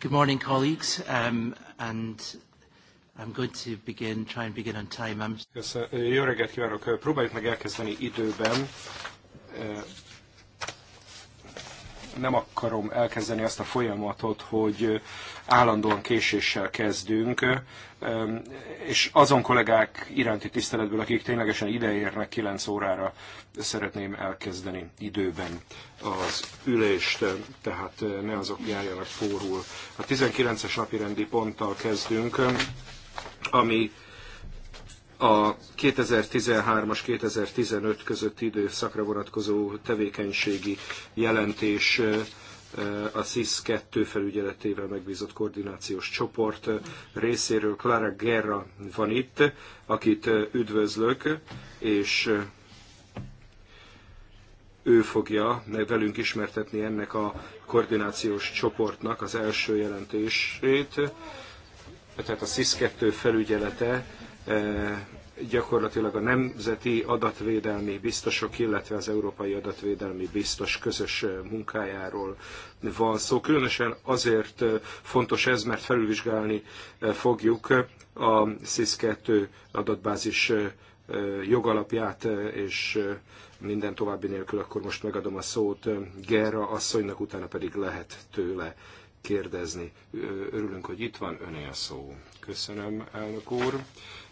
Good morning, colleagues, um, and I'm going to begin, try and begin on time. I'm... Köszön, jó reggelt kívánok! Próbáljuk meg elkezdeni időben nem akarom elkezdeni azt a folyamatot, hogy állandóan késéssel kezdünk, és azon kollégák iránti tiszteletből, akik ténylegesen ideérnek 9 órára, szeretném elkezdeni időben az ülést, tehát ne azok járjanak fórul. A 19-es napi rendi ponttal kezdünk, ami a 2013-as 2015 közötti időszakra vonatkozó tevékenységi jelentés a SZISZ 2 felügyeletével megbízott koordinációs csoport részéről. Clara Guerra van itt, akit üdvözlök, és ő fogja velünk ismertetni ennek a koordinációs csoportnak az első jelentését, tehát a SZISZ 2 felügyelete gyakorlatilag a nemzeti adatvédelmi biztosok, illetve az európai adatvédelmi biztos közös munkájáról van szó. Különösen azért fontos ez, mert felülvizsgálni fogjuk a SIS-2 adatbázis jogalapját, és minden további nélkül akkor most megadom a szót Gerra asszonynak, utána pedig lehet tőle kérdezni. Örülünk, hogy itt van, öné a szó. Köszönöm, elnök úr.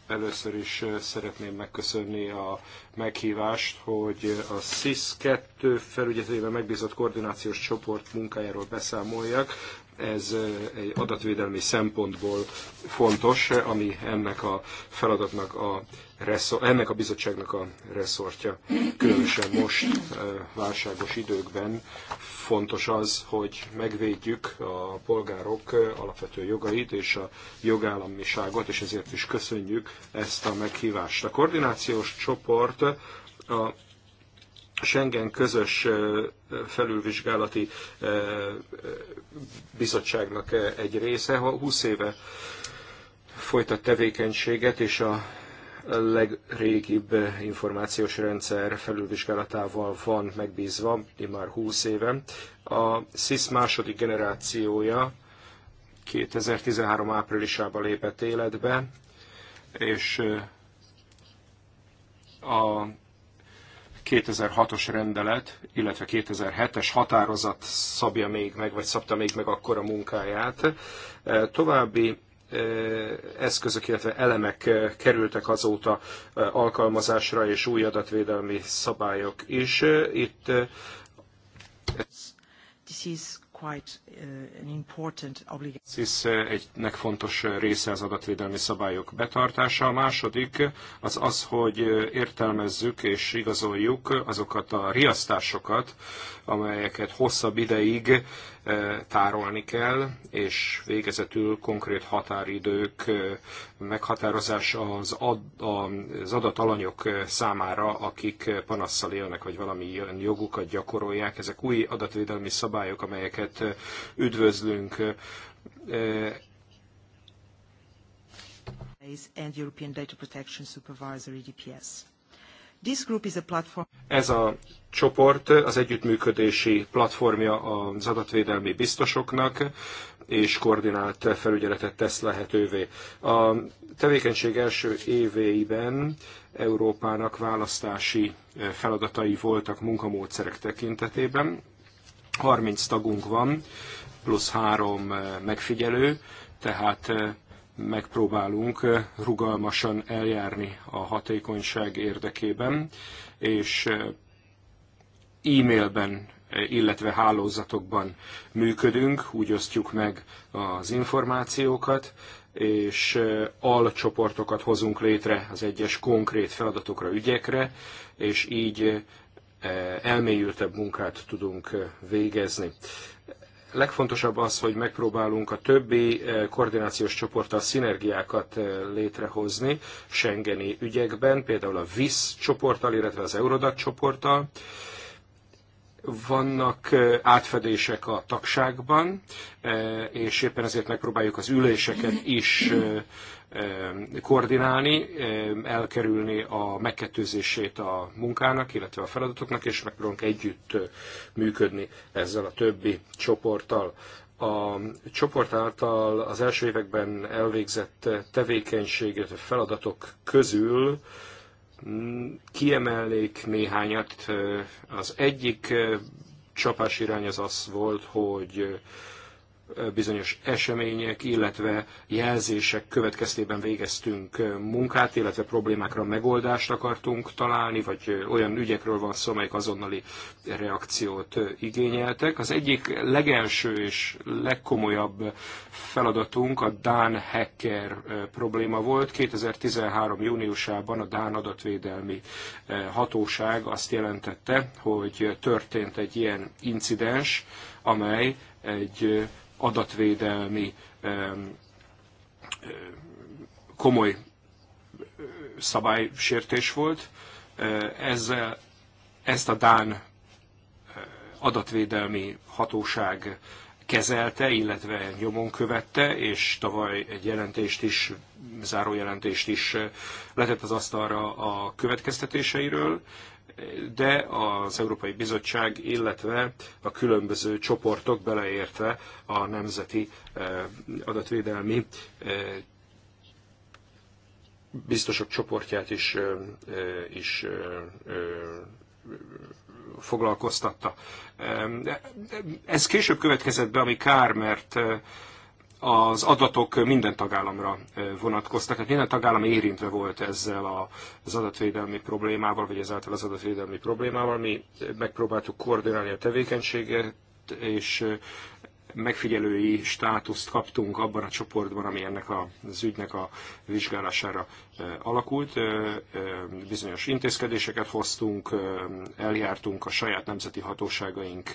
Először is szeretném megköszönni a meghívást, hogy a SIS 2 felügyeletében megbízott koordinációs csoport munkájáról beszámoljak, ez egy adatvédelmi szempontból fontos, ami ennek a feladatnak a reszor, ennek a bizottságnak a reszortja. Különösen most válságos időkben fontos az, hogy megvédjük a polgárok alapvető jogait és a jogállamiságot, és ezért is köszönjük ezt a meghívást. A koordinációs csoport a Schengen közös felülvizsgálati bizottságnak egy része, 20 éve folytat tevékenységet, és a legrégibb információs rendszer felülvizsgálatával van megbízva, már 20 éve. A SIS második generációja 2013 áprilisában lépett életbe, és a 2006-os rendelet, illetve 2007-es határozat szabja még meg, vagy szabta még meg akkor a munkáját. E, további e, eszközök, illetve elemek e, kerültek azóta alkalmazásra, és új adatvédelmi szabályok is. Itt This is CISZ uh, uh, egynek fontos uh, része az adatvédelmi szabályok betartása. A második az az, hogy értelmezzük és igazoljuk azokat a riasztásokat, amelyeket hosszabb ideig eh, tárolni kell, és végezetül konkrét határidők eh, meghatározása az, ad, az adatalanyok eh, számára, akik panasszal élnek, vagy ilyen jogukat gyakorolják. Ezek új adatvédelmi szabályok, amelyeket üdvözlünk and European Data Protection ez a csoport az együttműködési platformja az adatvédelmi biztosoknak, és koordinált felügyeletet tesz lehetővé. A tevékenység első évében Európának választási feladatai voltak munkamódszerek tekintetében. 30 tagunk van, plusz három megfigyelő, tehát megpróbálunk eh, rugalmasan eljárni a hatékonyság érdekében, és eh, e-mailben, eh, illetve hálózatokban működünk, úgy osztjuk meg az információkat, és alcsoportokat hozunk létre az egyes konkrét feladatokra, ügyekre, és így elmélyültebb munkát tudunk végezni legfontosabb az, hogy megpróbálunk a többi eh, koordinációs csoporttal szinergiákat eh, létrehozni Schengeni ügyekben, például a VISZ csoporttal, illetve az Eurodac csoporttal, vannak átfedések a tagságban, és éppen ezért megpróbáljuk az üléseket is koordinálni, elkerülni a megkettőzését a munkának, illetve a feladatoknak, és megpróbálunk együtt működni ezzel a többi csoporttal. A csoport által az első években elvégzett tevékenység, illetve feladatok közül Kiemelnék néhányat. Az egyik csapás irány az az volt, hogy bizonyos események, illetve jelzések következtében végeztünk munkát, illetve problémákra megoldást akartunk találni, vagy olyan ügyekről van szó, amelyek azonnali reakciót igényeltek. Az egyik legelső és legkomolyabb feladatunk a Dán hacker probléma volt. 2013. júniusában a Dán adatvédelmi hatóság azt jelentette, hogy történt egy ilyen incidens, amely egy adatvédelmi komoly szabálysértés volt. Ezzel, ezt a Dán adatvédelmi hatóság kezelte, illetve nyomon követte, és tavaly egy jelentést is, zárójelentést is letett az asztalra a következtetéseiről, de az Európai Bizottság, illetve a különböző csoportok beleértve a nemzeti eh, adatvédelmi eh, biztosok csoportját is, eh, is foglalkoztatta. Ez később következett be, ami kár, mert az adatok minden tagállamra vonatkoztak, tehát minden tagállam érintve volt ezzel az adatvédelmi problémával, vagy ezáltal az adatvédelmi problémával. Mi megpróbáltuk koordinálni a tevékenységet, és megfigyelői státuszt kaptunk abban a csoportban, ami ennek az ügynek a vizsgálására alakult. Bizonyos intézkedéseket hoztunk, eljártunk a saját nemzeti hatóságaink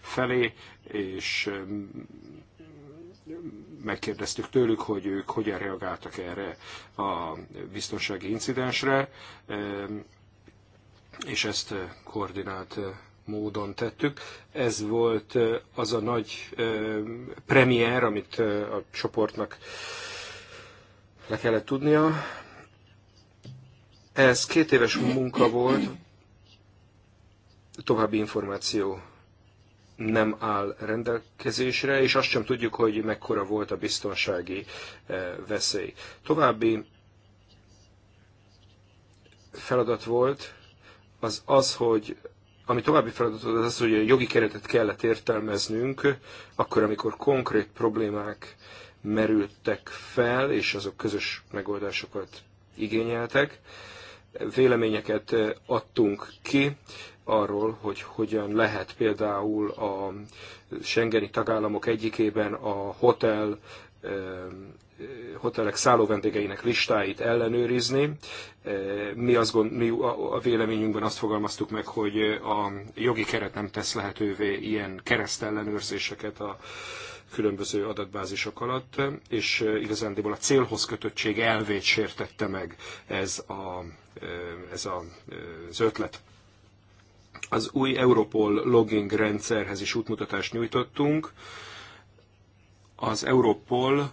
felé, és megkérdeztük tőlük, hogy ők hogyan reagáltak erre a biztonsági incidensre, eh, és ezt koordinált eh, módon tettük. Ez volt eh, az a nagy premier, amit a csoportnak le kellett tudnia. Ez két éves munka volt, további információ nem áll rendelkezésre, és azt sem tudjuk, hogy mekkora volt a biztonsági eh, veszély. További feladat volt az az, hogy ami további feladat az az, hogy a jogi keretet kellett értelmeznünk, akkor, amikor konkrét problémák merültek fel, és azok közös megoldásokat igényeltek. Véleményeket eh, adtunk ki, arról, hogy hogyan lehet például a Schengeni tagállamok egyikében a hotel hotelek szállóvendégeinek listáit ellenőrizni. Mi, azt gond, mi a véleményünkben azt fogalmaztuk meg, hogy a jogi keret nem tesz lehetővé ilyen ellenőrzéseket a különböző adatbázisok alatt, és igazándiból a célhoz kötöttség elvét sértette meg ez, a, ez a, az ötlet. Az új Europol logging rendszerhez is útmutatást nyújtottunk. Az Europol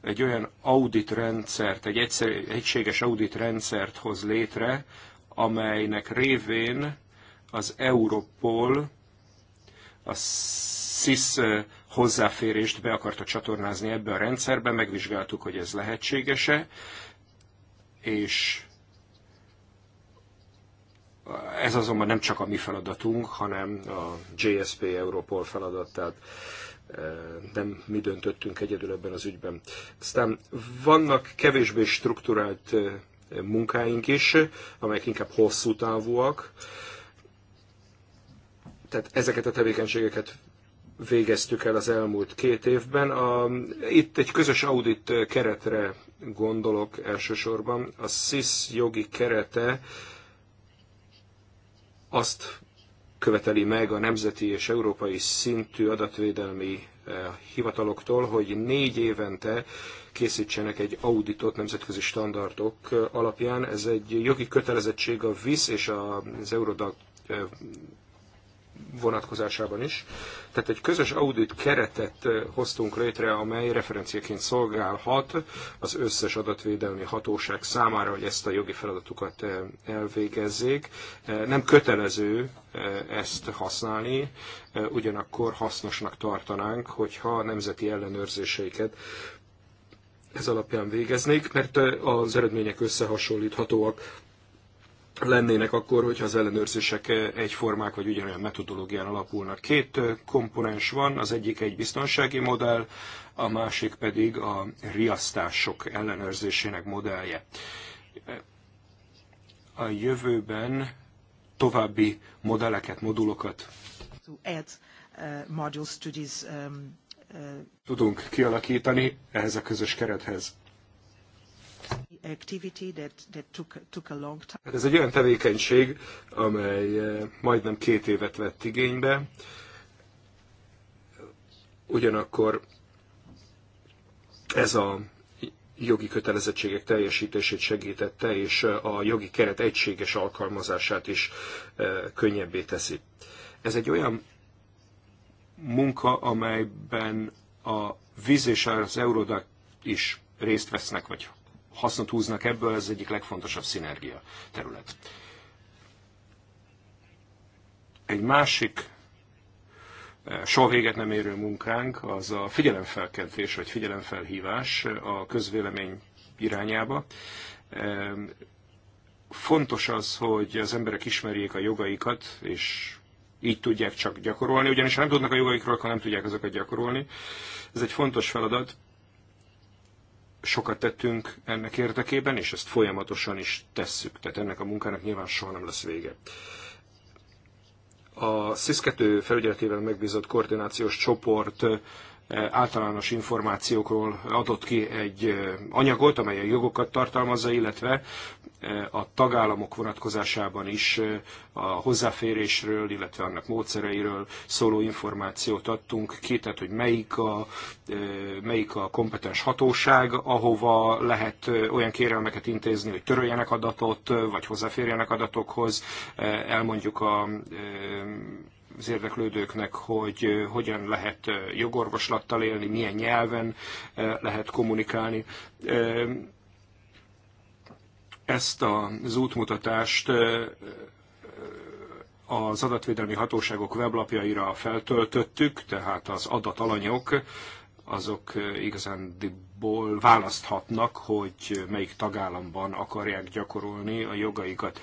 egy olyan audit rendszert, egy egyszer, egységes rendszert hoz létre, amelynek révén az Europol a SIS hozzáférést be akarta csatornázni ebbe a rendszerbe, megvizsgáltuk, hogy ez lehetséges-e, és ez azonban nem csak a mi feladatunk, hanem a JSP Europol tehát eh, nem mi döntöttünk egyedül ebben az ügyben. Aztán vannak kevésbé strukturált eh, munkáink is, amelyek inkább hosszú távúak. Tehát ezeket a tevékenységeket végeztük el az elmúlt két évben. A, itt egy közös audit eh, keretre gondolok elsősorban. A SIS jogi kerete azt követeli meg a nemzeti és európai szintű adatvédelmi eh, hivataloktól, hogy négy évente készítsenek egy auditot nemzetközi standardok eh, alapján. Ez egy jogi kötelezettség a VISZ és az Eurodac eh, vonatkozásában is. Tehát egy közös audit keretet eh, hoztunk létre, amely referenciaként szolgálhat az összes adatvédelmi hatóság számára, hogy ezt a jogi feladatukat eh, elvégezzék. Eh, nem kötelező ezt használni, ugyanakkor hasznosnak tartanánk, hogyha a nemzeti ellenőrzéseiket ez alapján végeznék, mert az eredmények összehasonlíthatóak lennének akkor, hogyha az ellenőrzések egyformák vagy ugyanolyan metodológián alapulnak. Két komponens van, az egyik egy biztonsági modell, a másik pedig a riasztások ellenőrzésének modellje. A jövőben további modelleket, modulokat uh, um, uh, tudunk kialakítani ehhez a közös kerethez. Ez egy olyan tevékenység, amely eh, majdnem két évet vett igénybe, ugyanakkor ez a jogi kötelezettségek teljesítését segítette, és eh, a jogi keret egységes alkalmazását is eh, könnyebbé teszi. Ez egy olyan munka, amelyben a víz és az eurodak is részt vesznek, vagy hasznot húznak ebből, ez egyik legfontosabb szinergia terület. Egy másik eh, soha véget nem érő munkánk az a figyelemfelkentés vagy figyelemfelhívás a közvélemény irányába. Fontos az, hogy az emberek ismerjék a jogaikat, és így tudják csak gyakorolni, ugyanis ha nem tudnak a jogaikról, akkor nem tudják azokat gyakorolni. Ez egy fontos feladat, sokat tettünk ennek érdekében, és ezt folyamatosan is tesszük. Tehát ennek a munkának nyilván soha nem lesz vége. A SZISZ-2 felügyeletével megbízott koordinációs csoport általános információkról adott ki egy anyagot, amely a jogokat tartalmazza, illetve a tagállamok vonatkozásában is a hozzáférésről, illetve annak módszereiről szóló információt adtunk ki, tehát hogy melyik a, melyik a kompetens hatóság, ahova lehet olyan kérelmeket intézni, hogy töröljenek adatot, vagy hozzáférjenek adatokhoz, elmondjuk a az érdeklődőknek, hogy hogyan lehet jogorvoslattal élni, milyen nyelven lehet kommunikálni. Ezt az útmutatást az adatvédelmi hatóságok weblapjaira feltöltöttük, tehát az adatalanyok, azok igazán ból választhatnak, hogy melyik tagállamban akarják gyakorolni a jogaikat.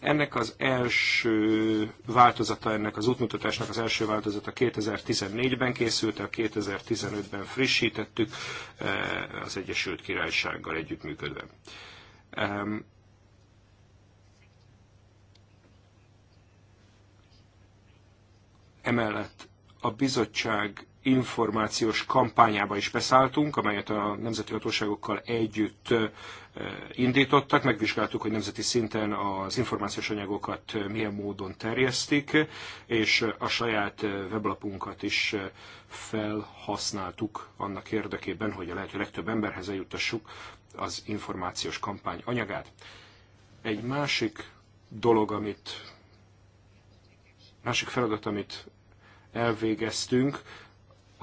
Ennek az első változata, ennek az útmutatásnak az első változata 2014-ben készült, a 2015-ben frissítettük eh, az Egyesült Királysággal együttműködve. Emellett a bizottság információs kampányába is beszálltunk, amelyet a nemzeti hatóságokkal együtt indítottak, megvizsgáltuk, hogy nemzeti szinten az információs anyagokat milyen módon terjesztik, és a saját weblapunkat is felhasználtuk annak érdekében, hogy a lehető legtöbb emberhez eljutassuk az információs kampány anyagát. Egy másik dolog, amit másik feladat, amit elvégeztünk,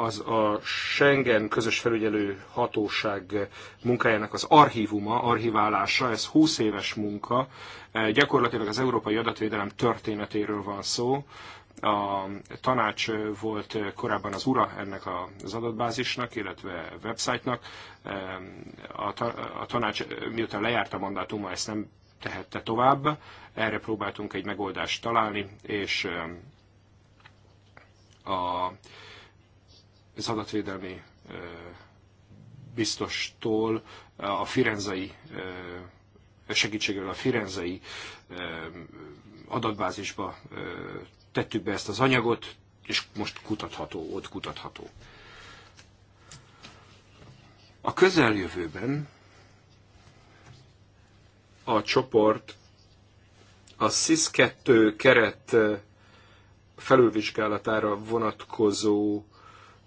az a Schengen közös felügyelő hatóság munkájának az archívuma, archiválása, ez 20 éves munka, eh, gyakorlatilag az európai adatvédelem történetéről van szó, a tanács volt eh, korábban az ura ennek az adatbázisnak, illetve websájtnak. Eh, a tanács miután lejárt a mandátuma, ezt nem tehette tovább. Erre próbáltunk egy megoldást találni, és a az adatvédelmi biztostól a firenzai segítségével a firenzei adatbázisba tettük be ezt az anyagot, és most kutatható, ott kutatható. A közeljövőben a csoport a SIS-2 keret felülvizsgálatára vonatkozó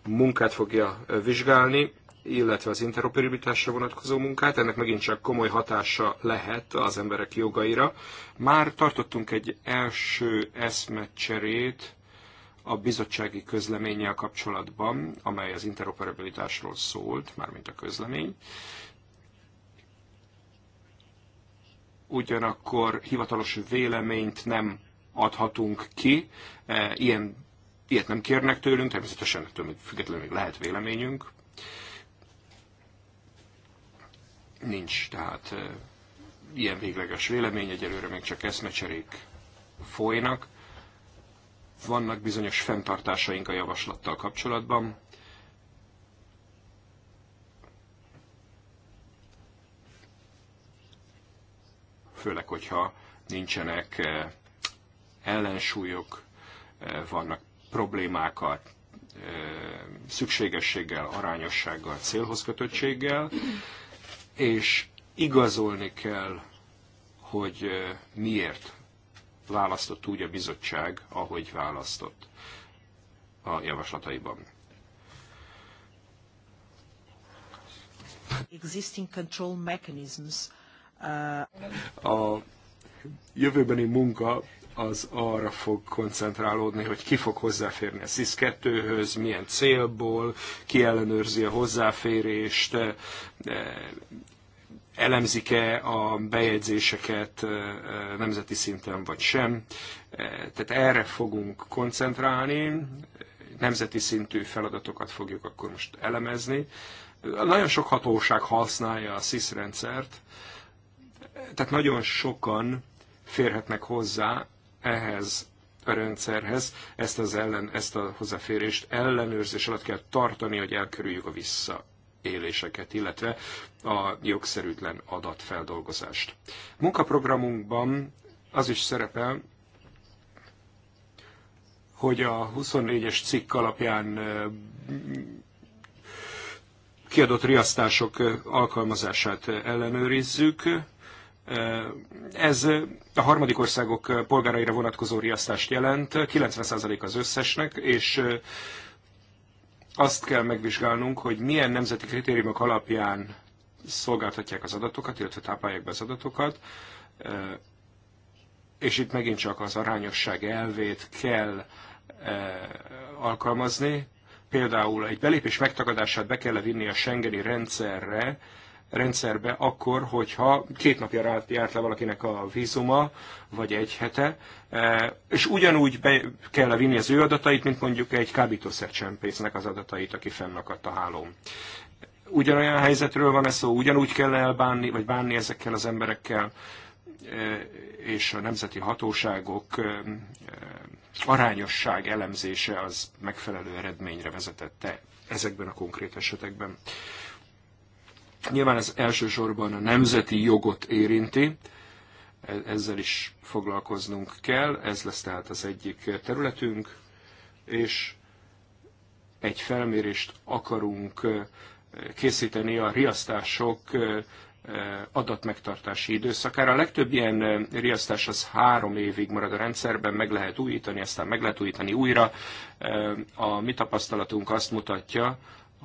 munkát fogja vizsgálni, illetve az interoperabilitásra vonatkozó munkát, ennek megint csak komoly hatása lehet az emberek jogaira. Már tartottunk egy első eszmecserét a bizottsági közleménnyel kapcsolatban, amely az interoperabilitásról szólt, mármint a közlemény. Ugyanakkor hivatalos véleményt nem adhatunk ki, e, ilyen Ilyet nem kérnek tőlünk, természetesen ettől még függetlenül még lehet véleményünk. Nincs tehát ilyen végleges vélemény, egyelőre még csak eszmecserék folynak. Vannak bizonyos fenntartásaink a javaslattal kapcsolatban. Főleg, hogyha nincsenek ellensúlyok, vannak problémákat szükségességgel, arányossággal, célhoz kötöttséggel, és igazolni kell, hogy miért választott úgy a bizottság, ahogy választott a javaslataiban. Existing control mechanisms. A jövőbeni munka az arra fog koncentrálódni, hogy ki fog hozzáférni a SIS-2-höz, milyen célból, ki ellenőrzi a hozzáférést, eh, elemzik-e a bejegyzéseket eh, nemzeti szinten vagy sem. Eh, tehát erre fogunk koncentrálni, nemzeti szintű feladatokat fogjuk akkor most elemezni. Nagyon sok hatóság használja a SIS rendszert, tehát nagyon sokan férhetnek hozzá ehhez a rendszerhez, ezt az ellen, ezt a hozzáférést ellenőrzés alatt kell tartani, hogy elkerüljük a visszaéléseket, illetve a jogszerűtlen adatfeldolgozást. Munkaprogramunkban az is szerepel, hogy a 24-es cikk alapján kiadott riasztások alkalmazását ellenőrizzük, ez a harmadik országok polgáraira vonatkozó riasztást jelent, 90% az összesnek, és azt kell megvizsgálnunk, hogy milyen nemzeti kritériumok alapján szolgáltatják az adatokat, illetve táplálják be az adatokat, és itt megint csak az arányosság elvét kell alkalmazni. Például egy belépés megtagadását be kell vinni a Schengeni rendszerre, rendszerbe akkor, hogyha két napja járt le valakinek a vízuma, vagy egy hete, e, és ugyanúgy be kell vinni az ő adatait, mint mondjuk egy kábítószercsempésznek az adatait, aki fennakadt a hálón. Ugyanolyan helyzetről van ez szó, ugyanúgy kell elbánni, vagy bánni ezekkel az emberekkel, e, és a nemzeti hatóságok e, arányosság elemzése az megfelelő eredményre vezetette ezekben a konkrét esetekben. Nyilván ez elsősorban a nemzeti jogot érinti, e- ezzel is foglalkoznunk kell, ez lesz tehát az egyik területünk, és egy felmérést akarunk e, készíteni a riasztások e, adatmegtartási időszakára. A legtöbb ilyen riasztás az három évig marad a rendszerben, meg lehet újítani, aztán meg lehet újítani újra. A mi tapasztalatunk azt mutatja,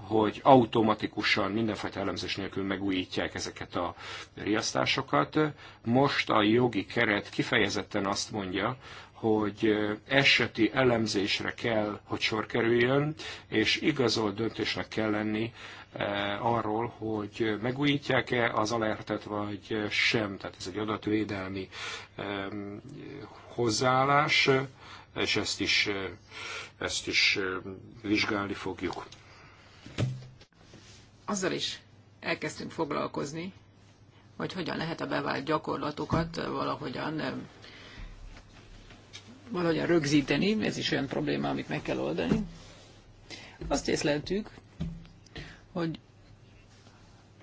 hogy automatikusan mindenfajta elemzés nélkül megújítják ezeket a riasztásokat. Most a jogi keret kifejezetten azt mondja, hogy eseti elemzésre kell, hogy sor kerüljön, és igazolt döntésnek kell lenni eh, arról, hogy megújítják-e az alertet, vagy sem. Tehát ez egy adatvédelmi hozzáállás, és ezt is, eh, ezt is vizsgálni fogjuk azzal is elkezdtünk foglalkozni, hogy hogyan lehet a bevált gyakorlatokat eh, valahogyan, eh, valahogyan rögzíteni. Ez is olyan probléma, amit meg kell oldani. Azt észleltük, hogy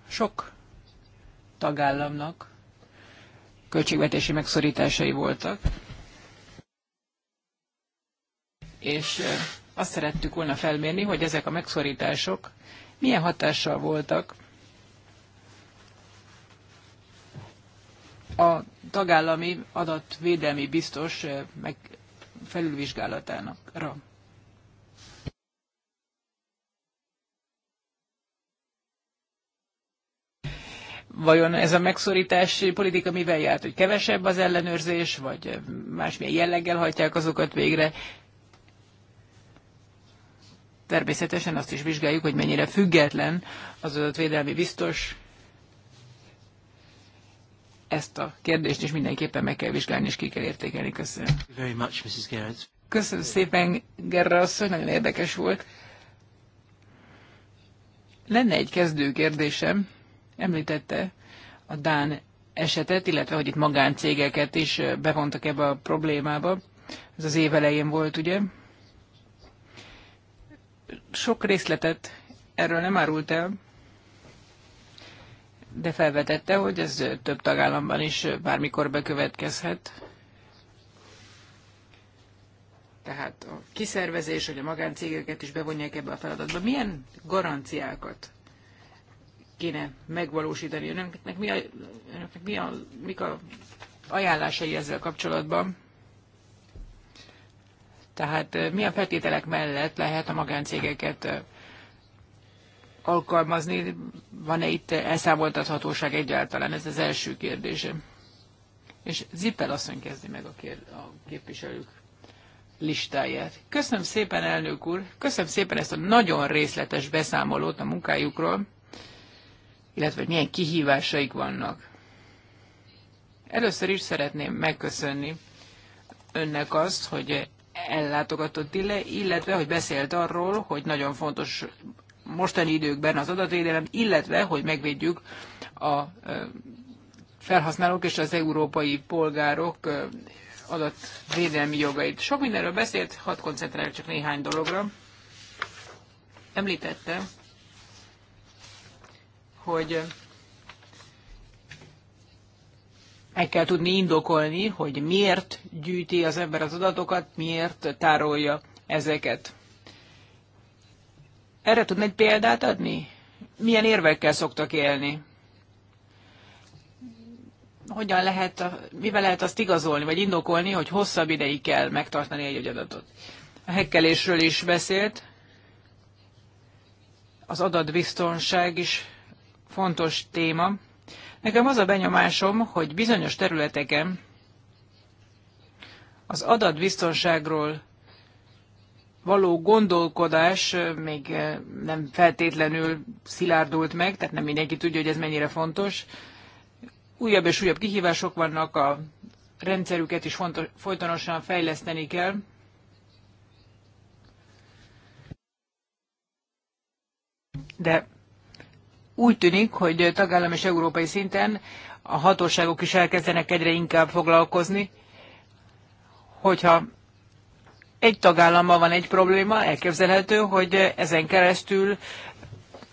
sok tagállamnak költségvetési megszorításai voltak, és eh, azt szerettük volna felmérni, hogy ezek a megszorítások milyen hatással voltak a tagállami adatvédelmi biztos eh, meg felülvizsgálatának. Vajon ez a megszorítási politika mivel járt, hogy kevesebb az ellenőrzés, vagy eh, másmilyen jelleggel hajtják azokat végre? természetesen azt is vizsgáljuk, hogy mennyire független az adatvédelmi biztos. Ezt a kérdést is mindenképpen meg kell vizsgálni, és ki kell értékelni. Köszönöm. Very much, Mrs. Köszönöm szépen, Gerra asszony, nagyon érdekes volt. Lenne egy kezdő kérdésem. Említette a Dán esetet, illetve hogy itt magáncégeket is bevontak ebbe a problémába. Ez az év elején volt, ugye? sok részletet erről nem árult el, de felvetette, hogy ez több tagállamban is bármikor bekövetkezhet. Tehát a kiszervezés, hogy a magáncégeket is bevonják ebbe a feladatba. Milyen garanciákat kéne megvalósítani? Önöknek mi, a, önöknek mi a, mik a ajánlásai ezzel kapcsolatban? Tehát milyen feltételek mellett lehet a magáncégeket alkalmazni? Van-e itt elszámoltathatóság egyáltalán? Ez az első kérdésem. És Zippel asszony kezdi meg a, kér, a képviselők listáját. Köszönöm szépen, elnök úr! Köszönöm szépen ezt a nagyon részletes beszámolót a munkájukról, illetve hogy milyen kihívásaik vannak. Először is szeretném megköszönni önnek azt, hogy ellátogatott ille, illetve hogy beszélt arról, hogy nagyon fontos mostani időkben az adatvédelem, illetve hogy megvédjük a felhasználók és az európai polgárok adatvédelmi jogait. Sok mindenről beszélt, hadd koncentrálj csak néhány dologra. Említette, hogy meg kell tudni indokolni, hogy miért gyűjti az ember az adatokat, miért tárolja ezeket. Erre tudna egy példát adni? Milyen érvekkel szoktak élni? Hogyan lehet, mivel lehet azt igazolni, vagy indokolni, hogy hosszabb ideig kell megtartani egy adatot? A hekkelésről is beszélt, az adatbiztonság is fontos téma. Nekem az a benyomásom, hogy bizonyos területeken az adatbiztonságról való gondolkodás még nem feltétlenül szilárdult meg, tehát nem mindenki tudja, hogy ez mennyire fontos. Újabb és újabb kihívások vannak, a rendszerüket is fontos, folytonosan fejleszteni kell. De úgy tűnik, hogy tagállam és európai szinten a hatóságok is elkezdenek egyre inkább foglalkozni, hogyha egy tagállammal van egy probléma, elképzelhető, hogy ezen keresztül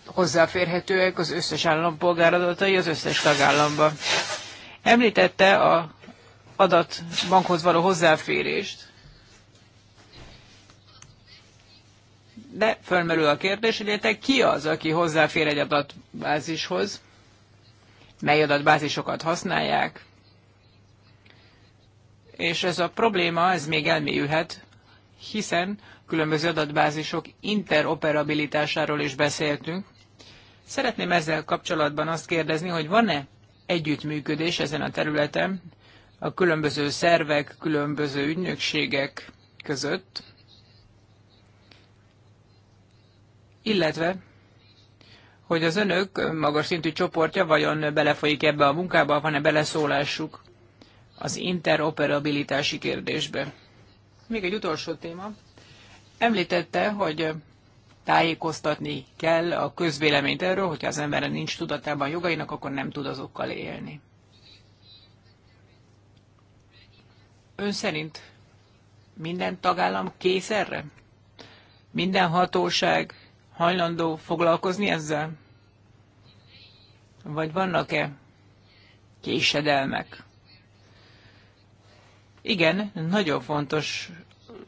hozzáférhetőek az összes állampolgár adatai az összes tagállamban. Említette a adatbankhoz való hozzáférést. De fölmerül a kérdés, hogy te ki az, aki hozzáfér egy adatbázishoz, mely adatbázisokat használják, és ez a probléma, ez még elmélyülhet, hiszen különböző adatbázisok interoperabilitásáról is beszéltünk. Szeretném ezzel kapcsolatban azt kérdezni, hogy van-e együttműködés ezen a területen a különböző szervek, különböző ügynökségek között, illetve hogy az önök magas szintű csoportja vajon belefolyik ebbe a munkába, van-e beleszólásuk az interoperabilitási kérdésbe. Még egy utolsó téma. Említette, hogy tájékoztatni kell a közvéleményt erről, hogyha az ember nincs tudatában jogainak, akkor nem tud azokkal élni. Ön szerint minden tagállam kész erre? Minden hatóság, hajlandó foglalkozni ezzel? Vagy vannak-e késedelmek? Igen, nagyon fontos,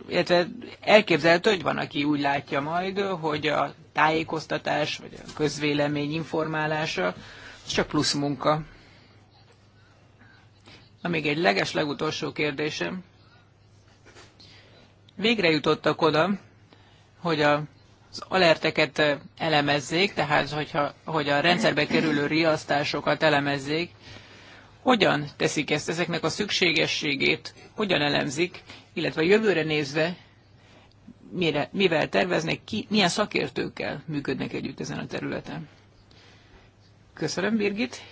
illetve elképzelhető, hogy van, aki úgy látja majd, hogy a tájékoztatás, vagy a közvélemény informálása, csak plusz munka. Na még egy leges legutolsó kérdésem. Végre jutottak oda, hogy a az alerteket elemezzék, tehát hogyha, hogy a rendszerbe kerülő riasztásokat elemezzék, hogyan teszik ezt, ezeknek a szükségességét, hogyan elemzik, illetve jövőre nézve, mire, mivel terveznek, ki, milyen szakértőkkel működnek együtt ezen a területen. Köszönöm, Birgit.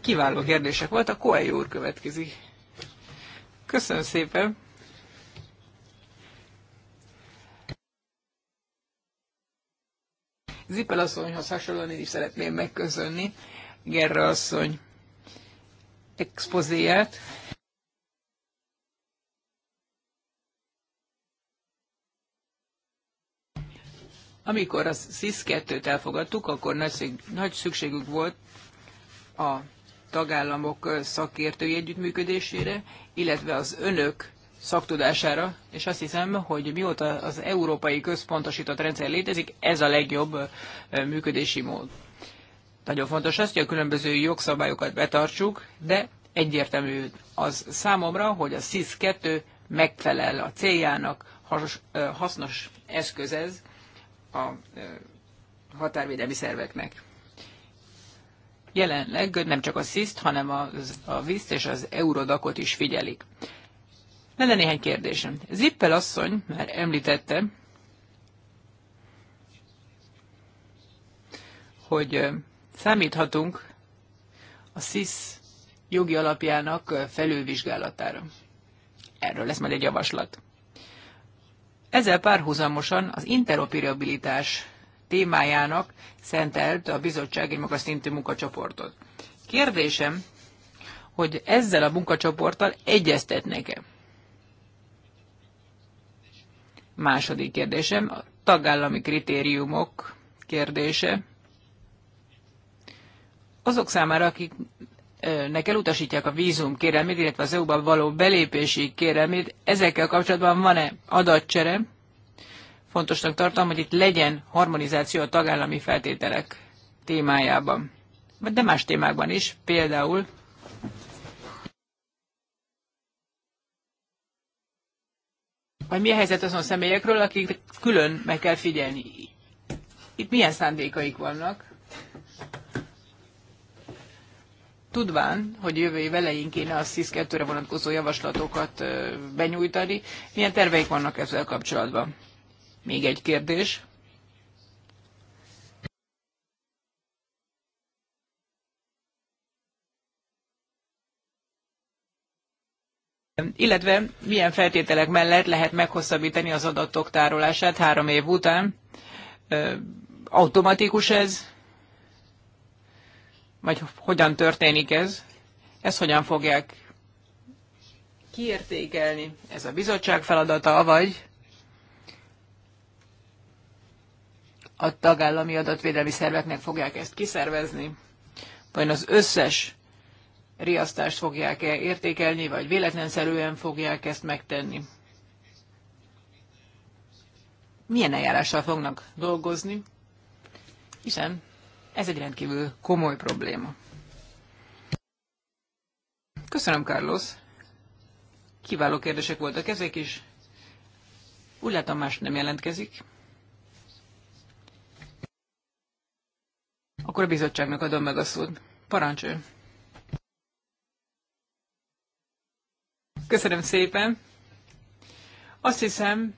Kiváló kérdések voltak. Koelyó úr következik. Köszönöm szépen. Zippel asszonyhoz hasonlóan én is szeretném megköszönni Gerra asszony expozéját. Amikor a SZIS-2-t elfogadtuk, akkor nagy, nagy szükségük volt a tagállamok szakértői együttműködésére, illetve az önök szaktudására, és azt hiszem, hogy mióta az európai központosított rendszer létezik, ez a legjobb működési mód. Nagyon fontos az, hogy a különböző jogszabályokat betartsuk, de egyértelmű az számomra, hogy a SIS 2 megfelel a céljának, hasznos eszköz ez a határvédelmi szerveknek. Jelenleg nem csak a SIS-t, hanem a vis t és az Eurodakot is figyelik. Lenne néhány kérdésem. Zippel asszony már említette, hogy számíthatunk a SZISZ jogi alapjának felülvizsgálatára. Erről lesz majd egy javaslat. Ezzel párhuzamosan az interoperabilitás témájának szentelt a bizottság egy magas szintű munkacsoportot. Kérdésem, hogy ezzel a munkacsoporttal egyeztetnek-e? Második kérdésem, a tagállami kritériumok kérdése. Azok számára, akiknek elutasítják a vízum kérelmét, illetve az EU-ban való belépési kérelmét, ezekkel kapcsolatban van-e adatcsere? Fontosnak tartom, hogy itt legyen harmonizáció a tagállami feltételek témájában, de más témákban is, például Vagy mi a helyzet azon személyekről, akik külön meg kell figyelni? Itt milyen szándékaik vannak? Tudván, hogy jövő év elején kéne a SZISZ 2 vonatkozó javaslatokat benyújtani, milyen terveik vannak ezzel kapcsolatban? Még egy kérdés. Illetve milyen feltételek mellett lehet meghosszabbítani az adatok tárolását három év után? Automatikus ez? Vagy hogyan történik ez? Ezt hogyan fogják kiértékelni? Ez a bizottság feladata, vagy a tagállami adatvédelmi szerveknek fogják ezt kiszervezni? Vajon az összes riasztást fogják-e értékelni, vagy véletlenszerűen fogják ezt megtenni. Milyen eljárással fognak dolgozni, hiszen ez egy rendkívül komoly probléma. Köszönöm, Carlos. Kiváló kérdések voltak ezek is. Úgy látom, más nem jelentkezik. Akkor a bizottságnak adom meg a szót. Parancsolj! Köszönöm szépen. Azt hiszem,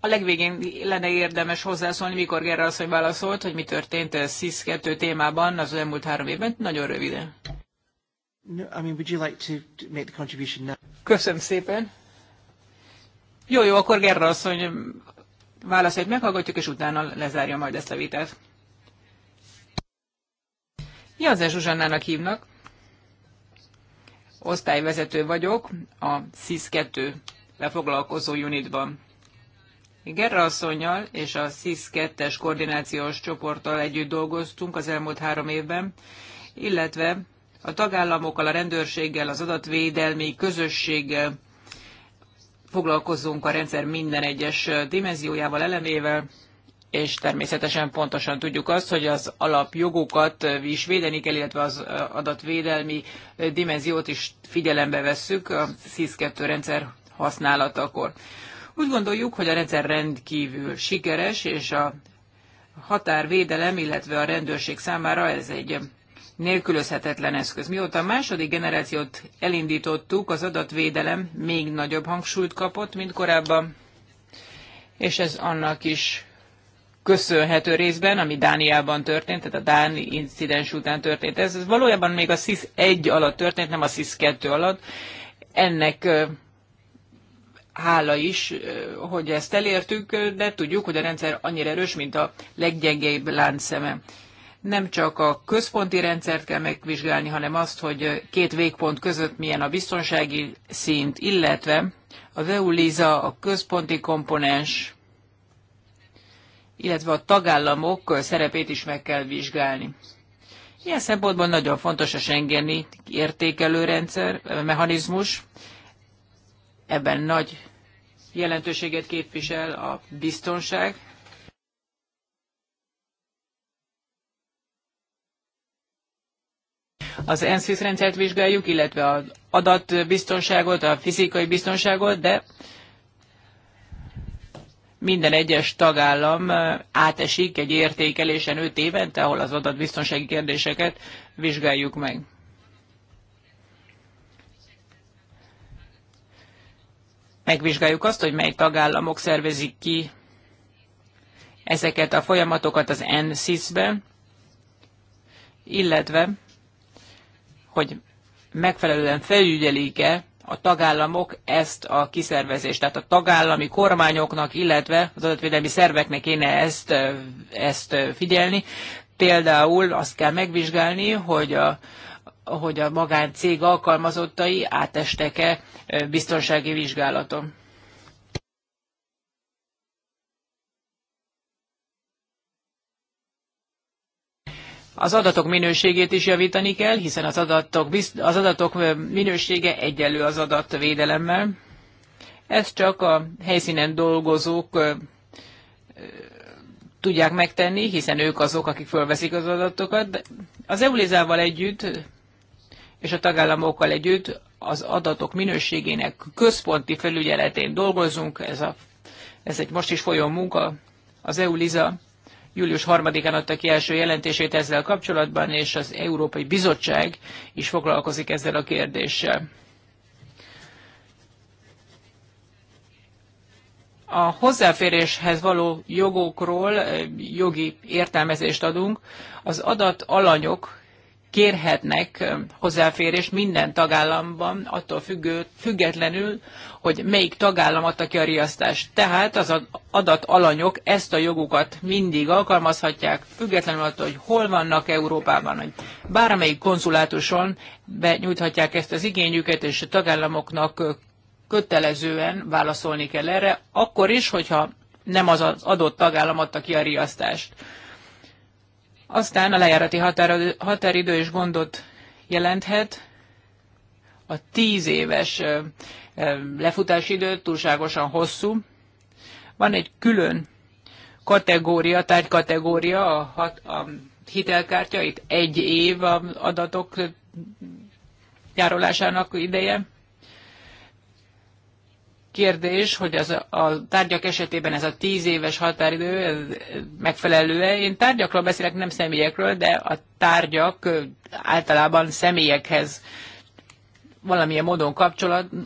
a legvégén lenne érdemes hozzászólni, mikor Gerra hogy válaszolt, hogy mi történt a SZISZ 2 témában az elmúlt három évben. Nagyon röviden. No, I mean, would you like to make the contribution now? Köszönöm szépen. Jó, jó, akkor Gerra asszony válaszait meghallgatjuk, és utána lezárja majd ezt a vitát. Janzen Zsuzsannának hívnak osztályvezető vagyok a sis 2 lefoglalkozó unitban. Gerra asszonynal és a sis 2 es koordinációs csoporttal együtt dolgoztunk az elmúlt három évben, illetve a tagállamokkal, a rendőrséggel, az adatvédelmi közösséggel foglalkozunk a rendszer minden egyes dimenziójával, elemével, és természetesen pontosan tudjuk azt, hogy az alapjogokat is védeni kell, illetve az adatvédelmi dimenziót is figyelembe vesszük a SIS-2 rendszer használatakor. Úgy gondoljuk, hogy a rendszer rendkívül sikeres, és a határvédelem, illetve a rendőrség számára ez egy nélkülözhetetlen eszköz. Mióta a második generációt elindítottuk, az adatvédelem még nagyobb hangsúlyt kapott, mint korábban, és ez annak is köszönhető részben, ami Dániában történt, tehát a Dáni incidens után történt. Ez, ez valójában még a sis 1 alatt történt, nem a sis 2 alatt. Ennek hála is, hogy ezt elértük, de tudjuk, hogy a rendszer annyira erős, mint a leggyengébb láncszeme. Nem csak a központi rendszert kell megvizsgálni, hanem azt, hogy két végpont között milyen a biztonsági szint, illetve a Veuliza, lisa a központi komponens, illetve a tagállamok szerepét is meg kell vizsgálni. Ilyen szempontból nagyon fontos a Schengeni értékelőrendszer, eh, mechanizmus. Ebben nagy jelentőséget képvisel a biztonság. Az ENSZIS rendszert vizsgáljuk, illetve az adatbiztonságot, a fizikai biztonságot, de minden egyes tagállam átesik egy értékelésen 5 évente, ahol az adatbiztonsági kérdéseket vizsgáljuk meg. Megvizsgáljuk azt, hogy mely tagállamok szervezik ki ezeket a folyamatokat az nsis be illetve, hogy megfelelően felügyelik-e a tagállamok ezt a kiszervezést, tehát a tagállami kormányoknak, illetve az adatvédelmi szerveknek kéne ezt, ezt figyelni. Például azt kell megvizsgálni, hogy a, hogy a magáncég alkalmazottai átestek-e biztonsági vizsgálaton. Az adatok minőségét is javítani kell, hiszen az adatok, az adatok minősége egyenlő az adatvédelemmel. Ezt csak a helyszínen dolgozók tudják megtenni, hiszen ők azok, akik fölveszik az adatokat. De az val együtt és a tagállamokkal együtt az adatok minőségének központi felügyeletén dolgozunk. Ez, a, ez egy most is folyó munka. Az EULIZA Július 3-án adta ki első jelentését ezzel kapcsolatban, és az Európai Bizottság is foglalkozik ezzel a kérdéssel. A hozzáféréshez való jogokról eh, jogi értelmezést adunk. Az adat alanyok kérhetnek hozzáférést minden tagállamban, attól függő, függetlenül, hogy melyik tagállam adta ki a riasztást. Tehát az adat alanyok ezt a jogukat mindig alkalmazhatják, függetlenül attól, hogy hol vannak Európában, hogy bármelyik konzulátuson benyújthatják ezt az igényüket, és a tagállamoknak kötelezően válaszolni kell erre, akkor is, hogyha nem az, az adott tagállam adta ki a riasztást. Aztán a lejárati határ, határidő is gondot jelenthet. A tíz éves lefutási idő túlságosan hosszú. Van egy külön kategória, tárgykategória, a, hat, a hitelkártya, itt egy év a adatok tárolásának ideje kérdés, hogy az, a tárgyak esetében ez a tíz éves határidő megfelelő-e. Én tárgyakról beszélek, nem személyekről, de a tárgyak általában személyekhez valamilyen módon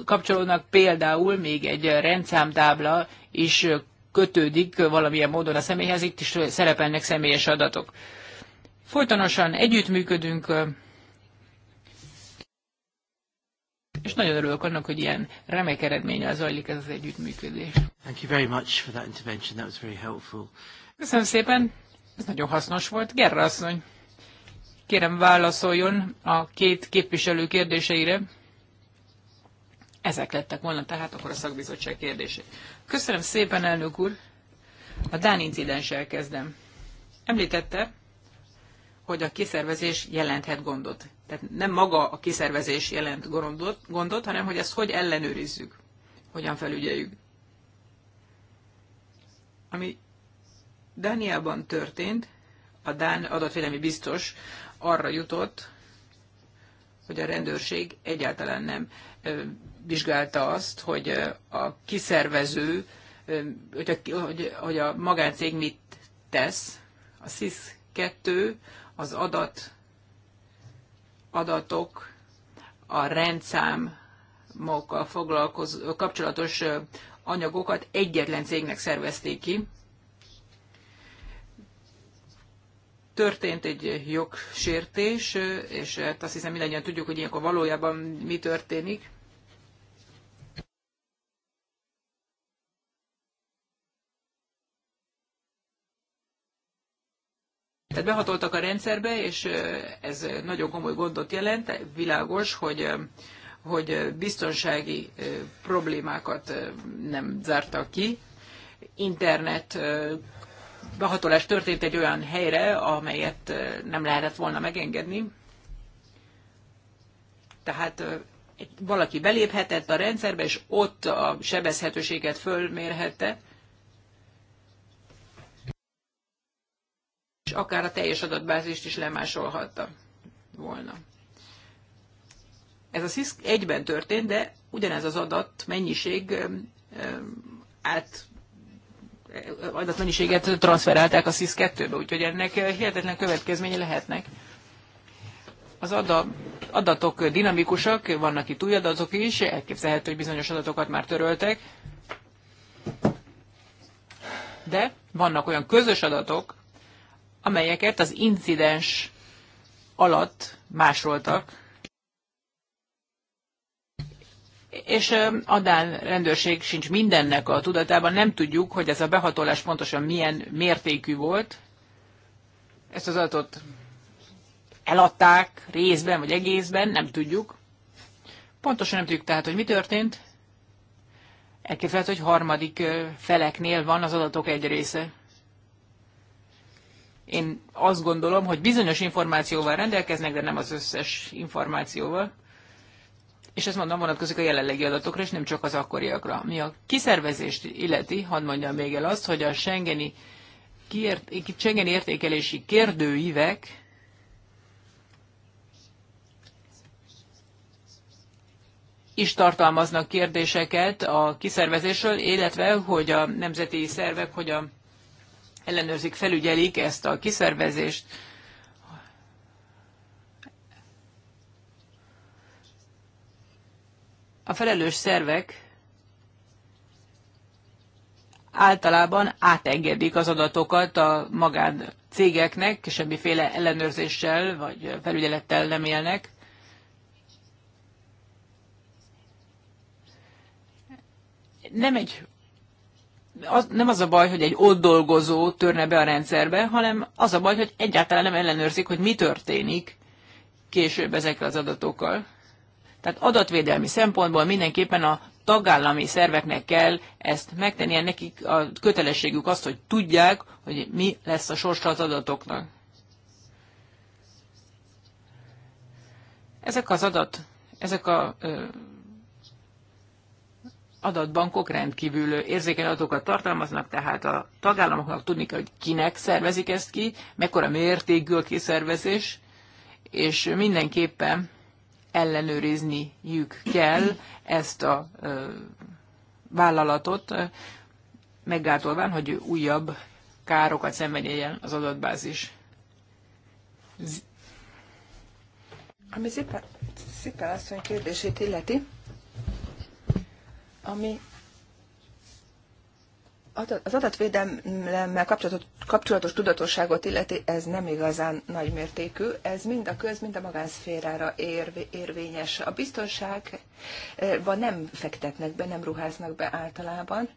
kapcsolódnak. Például még egy rendszámtábla is kötődik valamilyen módon a személyhez, itt is szerepelnek személyes adatok. Folytonosan együttműködünk és nagyon örülök annak, hogy ilyen remek eredménye zajlik ez az együttműködés. Thank you very much for that intervention. That was very helpful. Köszönöm szépen. Ez nagyon hasznos volt. Gerra asszony, kérem válaszoljon a két képviselő kérdéseire. Ezek lettek volna tehát akkor a szakbizottság kérdése. Köszönöm szépen, elnök úr. A Dán incidenssel kezdem. Említette, hogy a kiszervezés jelenthet gondot. Tehát nem maga a kiszervezés jelent gondot, gondot, hanem hogy ezt hogy ellenőrizzük, hogyan felügyeljük. Ami Dániában történt, a Dán adatvédelmi biztos arra jutott, hogy a rendőrség egyáltalán nem vizsgálta azt, hogy a kiszervező, hogy a, hogy, hogy a magáncég mit tesz. A SIS-2 az adat adatok a rendszámokkal foglalkozó, kapcsolatos anyagokat egyetlen cégnek szervezték ki. Történt egy jogsértés, és hát azt hiszem mindannyian tudjuk, hogy ilyenkor valójában mi történik. Tehát behatoltak a rendszerbe, és ez nagyon komoly gondot jelent, világos, hogy hogy biztonsági problémákat nem zártak ki. Internet behatolás történt egy olyan helyre, amelyet nem lehetett volna megengedni. Tehát valaki beléphetett a rendszerbe, és ott a sebezhetőséget fölmérhette. és akár a teljes adatbázist is lemásolhatta volna. Ez a SIS egyben történt, de ugyanez az adat mennyiség át adatmennyiséget transferálták a SIS 2-be, úgyhogy ennek hihetetlen következménye lehetnek. Az adatok dinamikusak, vannak itt új adatok is, elképzelhető, hogy bizonyos adatokat már töröltek, de vannak olyan közös adatok, amelyeket az incidens alatt másoltak, és a Dán rendőrség sincs mindennek a tudatában, nem tudjuk, hogy ez a behatolás pontosan milyen mértékű volt. Ezt az adatot eladták részben vagy egészben, nem tudjuk. Pontosan nem tudjuk tehát, hogy mi történt. Elképzelhető, hogy harmadik feleknél van az adatok egy része. Én azt gondolom, hogy bizonyos információval rendelkeznek, de nem az összes információval. És ezt mondom, vonatkozik a jelenlegi adatokra, és nem csak az akkoriakra. Mi a kiszervezést illeti, hadd mondjam még el azt, hogy a Schengeni, kiért, Schengeni értékelési kérdőívek is tartalmaznak kérdéseket a kiszervezésről, illetve hogy a nemzeti szervek hogy a ellenőrzik, felügyelik ezt a kiszervezést. A felelős szervek általában átengedik az adatokat a magán cégeknek, semmiféle ellenőrzéssel vagy felügyelettel nem élnek. Nem egy az, nem az a baj, hogy egy ott dolgozó törne be a rendszerbe, hanem az a baj, hogy egyáltalán nem ellenőrzik, hogy mi történik később ezekkel az adatokkal. Tehát adatvédelmi szempontból mindenképpen a tagállami szerveknek kell ezt megtennie, nekik a kötelességük azt, hogy tudják, hogy mi lesz a sorsa az adatoknak. Ezek az adat, ezek a adatbankok rendkívül érzékeny adatokat tartalmaznak, tehát a tagállamoknak tudni kell, hogy kinek szervezik ezt ki, mekkora mértékű a kiszervezés, és mindenképpen ellenőrizniük kell ezt a vállalatot, meggátolván, hogy újabb károkat szenvedjen az adatbázis. szépen, szépen azt mondja, kérdését illeti, ami az adatvédelemmel kapcsolatos, kapcsolatos tudatosságot illeti, ez nem igazán nagymértékű, ez mind a köz, mind a magánszférára ér, érvényes. A biztonságban nem fektetnek be, nem ruháznak be általában,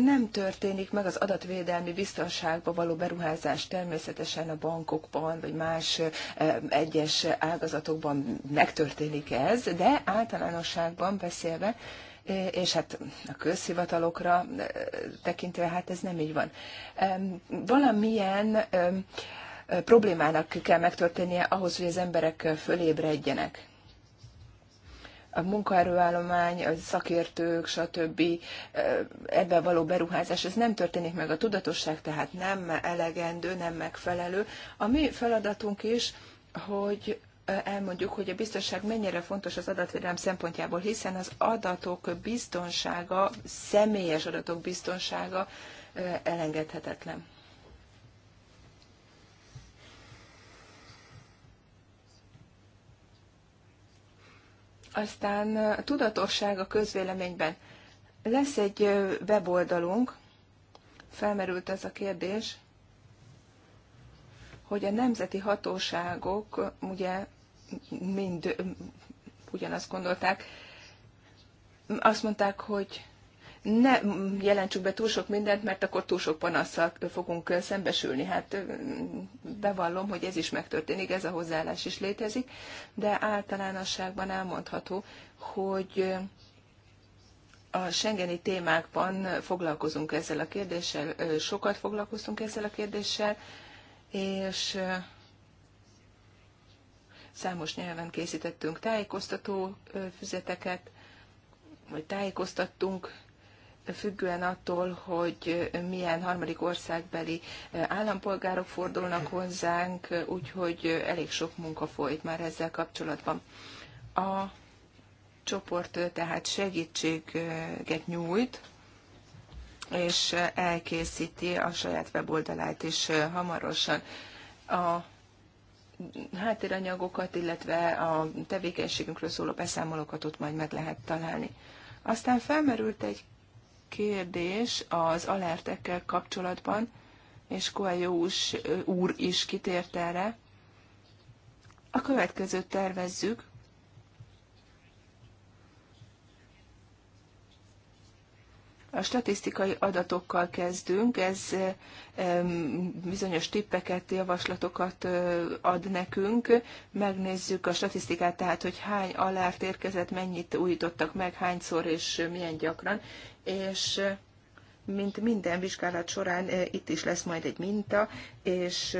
nem történik meg az adatvédelmi biztonságba való beruházás természetesen a bankokban, vagy más egyes ágazatokban megtörténik ez, de általánosságban beszélve, és hát a közhivatalokra tekintve, hát ez nem így van. Valamilyen problémának kell megtörténnie ahhoz, hogy az emberek fölébredjenek a munkaerőállomány, a szakértők, stb. ebbe való beruházás, ez nem történik meg. A tudatosság tehát nem elegendő, nem megfelelő. A mi feladatunk is, hogy elmondjuk, hogy a biztonság mennyire fontos az adatvédelem szempontjából, hiszen az adatok biztonsága, személyes adatok biztonsága elengedhetetlen. Aztán a tudatosság a közvéleményben. Lesz egy weboldalunk, felmerült ez a kérdés, hogy a nemzeti hatóságok ugye mind ugyanazt gondolták, azt mondták, hogy ne jelentsük be túl sok mindent, mert akkor túl sok panasszal fogunk szembesülni. Hát bevallom, hogy ez is megtörténik, ez a hozzáállás is létezik, de általánosságban elmondható, hogy a Schengeni témákban foglalkozunk ezzel a kérdéssel, sokat foglalkoztunk ezzel a kérdéssel, és számos nyelven készítettünk tájékoztató füzeteket, vagy tájékoztattunk függően attól, hogy milyen harmadik országbeli állampolgárok fordulnak hozzánk, úgyhogy elég sok munka folyt már ezzel kapcsolatban. A csoport tehát segítséget nyújt, és elkészíti a saját weboldalát is hamarosan. A háttéranyagokat, illetve a tevékenységünkről szóló beszámolókat ott majd meg lehet találni. Aztán felmerült egy kérdés az alertekkel kapcsolatban, és Koelyó úr is kitért erre. A következőt tervezzük. A statisztikai adatokkal kezdünk, ez bizonyos tippeket, javaslatokat ad nekünk. Megnézzük a statisztikát, tehát hogy hány alárt érkezett, mennyit újítottak meg, hányszor és milyen gyakran. És mint minden vizsgálat során itt is lesz majd egy minta, és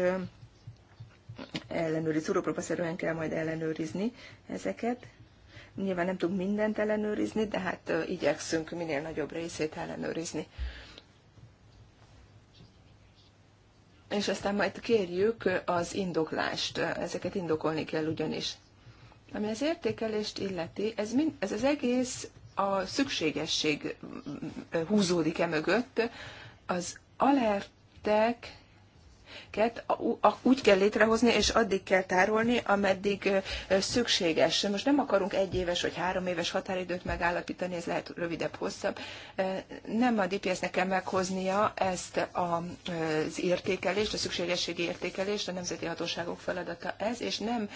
ellenőriz, szúrópróbaszerűen kell majd ellenőrizni ezeket. Nyilván nem tudunk mindent ellenőrizni, de hát igyekszünk minél nagyobb részét ellenőrizni. És aztán majd kérjük az indoklást, ezeket indokolni kell ugyanis. Ami az értékelést illeti, ez, mind, ez az egész a szükségesség húzódik e mögött. Az alertek ezeket úgy kell létrehozni, és addig kell tárolni, ameddig szükséges. Most nem akarunk egy éves vagy három éves határidőt megállapítani, ez lehet rövidebb, hosszabb. Nem a DPS-nek kell meghoznia ezt az értékelést, a szükségességi értékelést, a nemzeti hatóságok feladata ez, és nem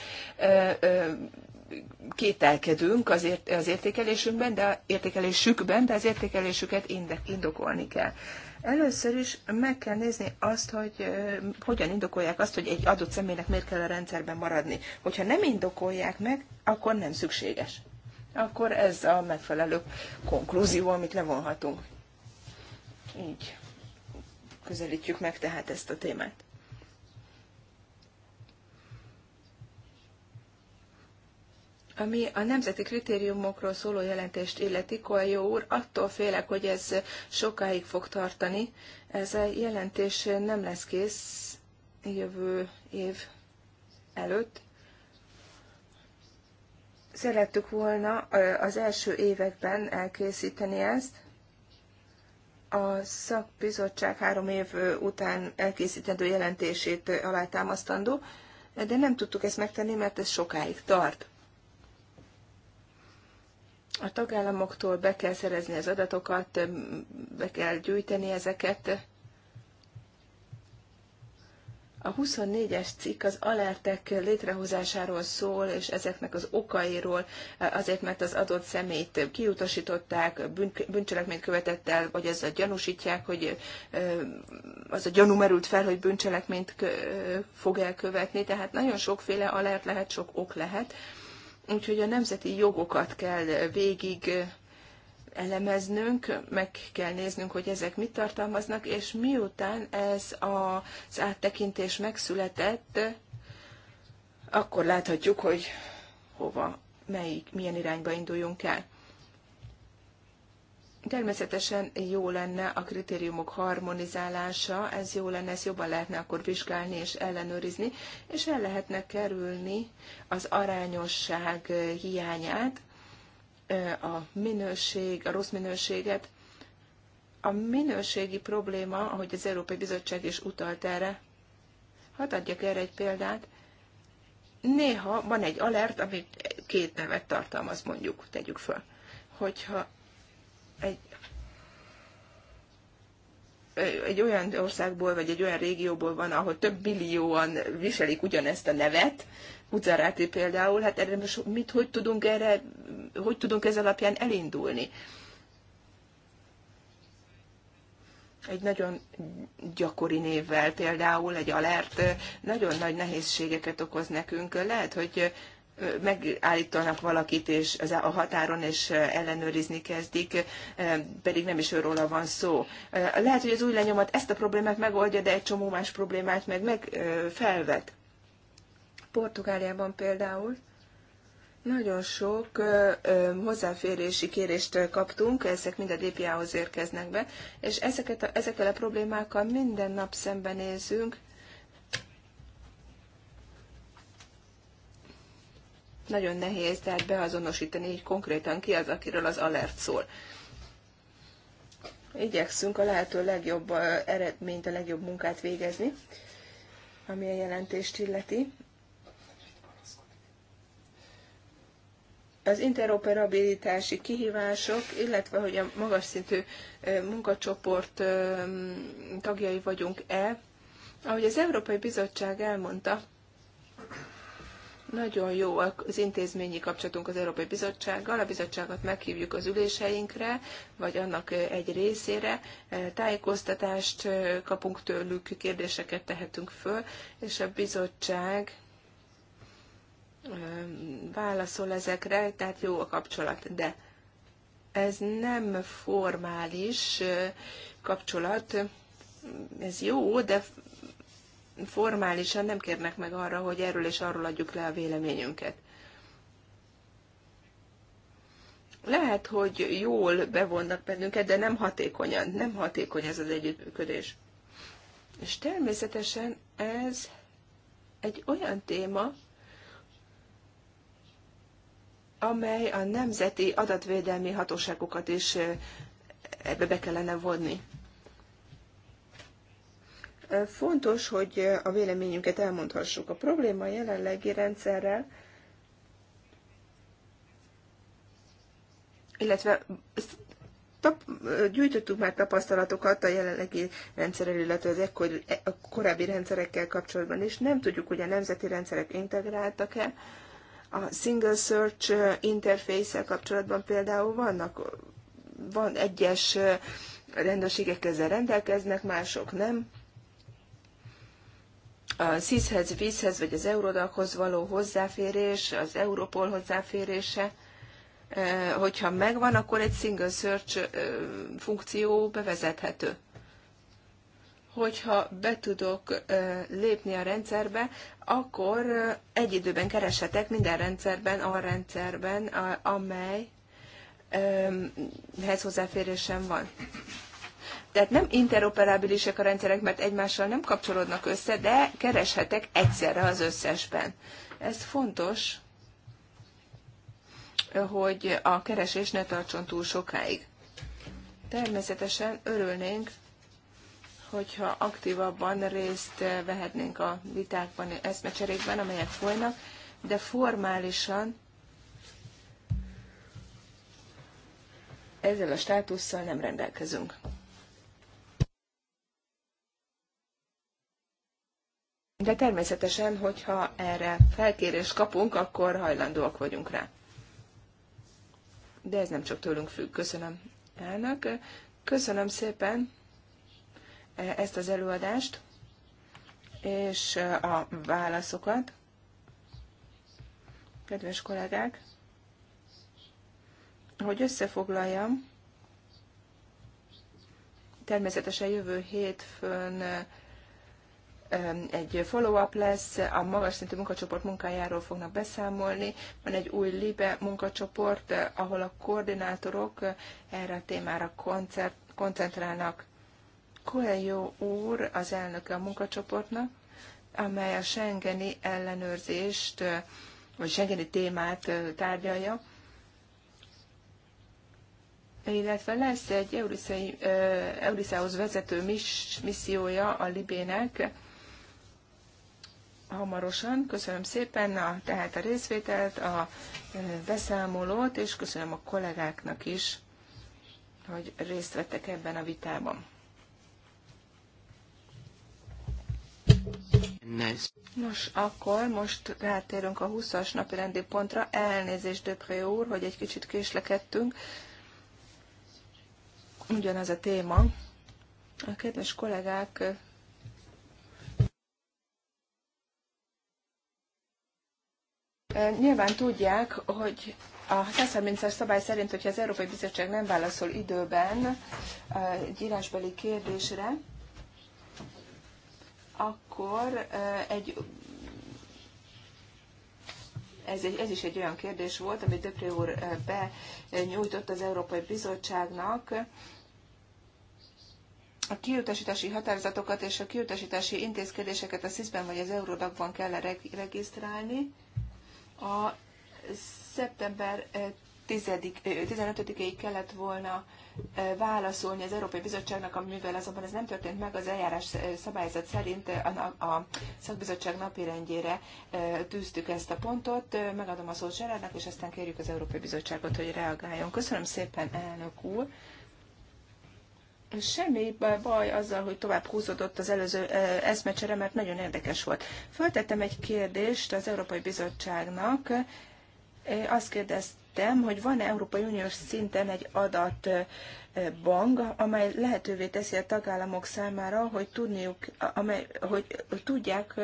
kételkedünk az, ért, az értékelésünkben, de értékelésükben, de az értékelésüket indokolni kell. Először is meg kell nézni azt, hogy hogyan indokolják azt, hogy egy adott személynek miért kell a rendszerben maradni. Hogyha nem indokolják meg, akkor nem szükséges. Akkor ez a megfelelő konklúzió, amit levonhatunk. Így közelítjük meg tehát ezt a témát. Ami a nemzeti kritériumokról szóló jelentést illeti, jó úr, attól félek, hogy ez sokáig fog tartani. Ez a jelentés nem lesz kész jövő év előtt. Szerettük volna az első években elkészíteni ezt. A szakbizottság három év után elkészítendő jelentését alátámasztandó, de nem tudtuk ezt megtenni, mert ez sokáig tart. A tagállamoktól be kell szerezni az adatokat, be kell gyűjteni ezeket. A 24-es cikk az alertek létrehozásáról szól, és ezeknek az okairól, azért, mert az adott szemét kiutasították, bűncselekményt követett el, vagy ezzel gyanúsítják, hogy az a gyanú merült fel, hogy bűncselekményt fog elkövetni. Tehát nagyon sokféle alert lehet, sok ok lehet. Úgyhogy a nemzeti jogokat kell végig elemeznünk, meg kell néznünk, hogy ezek mit tartalmaznak, és miután ez az áttekintés megszületett, akkor láthatjuk, hogy hova, melyik, milyen irányba induljunk el. Természetesen jó lenne a kritériumok harmonizálása, ez jó lenne, ezt jobban lehetne akkor vizsgálni és ellenőrizni, és el lehetne kerülni az arányosság hiányát, a minőség, a rossz minőséget. A minőségi probléma, ahogy az Európai Bizottság is utalt erre, hadd adjak erre egy példát, néha van egy alert, ami két nevet tartalmaz, mondjuk, tegyük föl. Hogyha egy, egy olyan országból, vagy egy olyan régióból van, ahol több millióan viselik ugyanezt a nevet, Kuzaráti például, hát erre most mit, hogy tudunk erre, hogy tudunk ez alapján elindulni? Egy nagyon gyakori névvel például, egy alert, nagyon nagy nehézségeket okoz nekünk. Lehet, hogy megállítanak valakit és az a határon, és ellenőrizni kezdik, pedig nem is őróla van szó. Lehet, hogy az új lenyomat ezt a problémát megoldja, de egy csomó más problémát meg, meg felvet. Portugáliában például nagyon sok hozzáférési kérést kaptunk, ezek mind a DPA-hoz érkeznek be, és ezeket a, ezekkel a problémákkal minden nap szembenézünk, Nagyon nehéz tehát beazonosítani így konkrétan ki az, akiről az alert szól. Igyekszünk a lehető legjobb eredményt, a legjobb munkát végezni, ami a jelentést illeti. az interoperabilitási kihívások, illetve hogy a magas szintű munkacsoport tagjai vagyunk-e. Ahogy az Európai Bizottság elmondta, nagyon jó az intézményi kapcsolatunk az Európai Bizottsággal. A bizottságot meghívjuk az üléseinkre, vagy annak egy részére. Tájékoztatást kapunk tőlük, kérdéseket tehetünk föl, és a bizottság válaszol ezekre, tehát jó a kapcsolat, de ez nem formális kapcsolat, ez jó, de formálisan nem kérnek meg arra, hogy erről és arról adjuk le a véleményünket. Lehet, hogy jól bevonnak bennünket, de nem hatékonyan. Nem hatékony ez az együttműködés. És természetesen ez egy olyan téma, amely a nemzeti adatvédelmi hatóságokat is eh, ebbe be kellene vonni. Fontos, hogy a véleményünket elmondhassuk. A probléma a jelenlegi rendszerrel, illetve tap, gyűjtöttük már tapasztalatokat a jelenlegi rendszerrel, illetve az ekkor, e, a korábbi rendszerekkel kapcsolatban is. Nem tudjuk, hogy a nemzeti rendszerek integráltak-e. A single search interface el kapcsolatban például vannak, van egyes rendőrségek ezzel rendelkeznek, mások nem a SZISZ-hez, vízhez vagy az Eurodakhoz való hozzáférés, az Europol hozzáférése, e, hogyha megvan, akkor egy single search e, funkció bevezethető. Hogyha be tudok e, lépni a rendszerbe, akkor egy időben kereshetek minden rendszerben, a rendszerben, amelyhez hozzáférésem van. Tehát nem interoperábilisek a rendszerek, mert egymással nem kapcsolódnak össze, de kereshetek egyszerre az összesben. Ez fontos, hogy a keresés ne tartson túl sokáig. Természetesen örülnénk, hogyha aktívabban részt vehetnénk a vitákban, eszmecserékben, amelyek folynak, de formálisan ezzel a státusszal nem rendelkezünk. De természetesen, hogyha erre felkérést kapunk, akkor hajlandóak vagyunk rá. De ez nem csak tőlünk függ. Köszönöm, elnök. Köszönöm szépen e, ezt az előadást és e, a válaszokat. Kedves kollégák, hogy összefoglaljam, természetesen jövő hétfőn e, egy follow-up lesz, a magas szintű munkacsoport munkájáról fognak beszámolni, van egy új LIBE munkacsoport, eh, ahol a koordinátorok eh, erre a témára koncert, koncentrálnak. Coelho úr az elnöke a munkacsoportnak, amely a Schengeni ellenőrzést, eh, vagy Schengeni témát tárgyalja, illetve lesz egy Euriszához vezető missziója a Libének, hamarosan. Köszönöm szépen a, tehát a részvételt, a beszámolót, és köszönöm a kollégáknak is, hogy részt vettek ebben a vitában. Nice. Nos, akkor most rátérünk a 20-as napi rendi pontra. Elnézést, Döpré úr, hogy egy kicsit késlekedtünk. Ugyanaz a téma. A kedves kollégák Nyilván tudják, hogy a 130-as szabály szerint, hogyha az Európai Bizottság nem válaszol időben egy írásbeli kérdésre, akkor egy ez, egy, ez is egy olyan kérdés volt, amit Döpré úr benyújtott az Európai Bizottságnak, a kiutasítási határozatokat és a kiutasítási intézkedéseket a SZISZ-ben vagy az Eurodagban kell regisztrálni, a szeptember 15-ig eh, eh, kellett volna eh, válaszolni az Európai Bizottságnak, amivel azonban ez nem történt meg, az eljárás szabályzat szerint a, szakbizottság szakbizottság napirendjére tűztük ezt a pontot. Megadom a szót Zserádnak, és aztán kérjük az Európai Bizottságot, hogy reagáljon. Köszönöm szépen, elnök úr! Semmi baj azzal, hogy tovább húzódott az előző eszmecsere, mert nagyon érdekes volt. Föltettem egy kérdést az Európai Bizottságnak. Azt kérdeztem, hogy van-e Európai Uniós szinten egy adatbank, amely lehetővé teszi a tagállamok számára, hogy, tudniuk, amely, hogy tudják,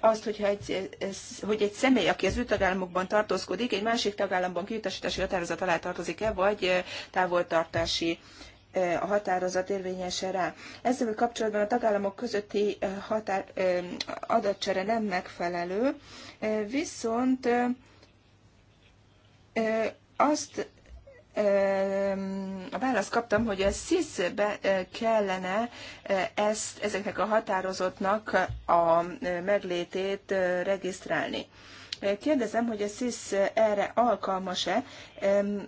azt, hogyha egy, hogy egy személy, aki az ő tagállamokban tartózkodik, egy másik tagállamban kiutasítási határozat alá tartozik-e, vagy távoltartási a határozat érvényese rá. Ezzel kapcsolatban a tagállamok közötti határ, adatcsere nem megfelelő, viszont azt a választ kaptam, hogy a SZISZ-be kellene ezt, ezeknek a határozatnak a meglétét regisztrálni. Kérdezem, hogy a SZISZ erre alkalmas-e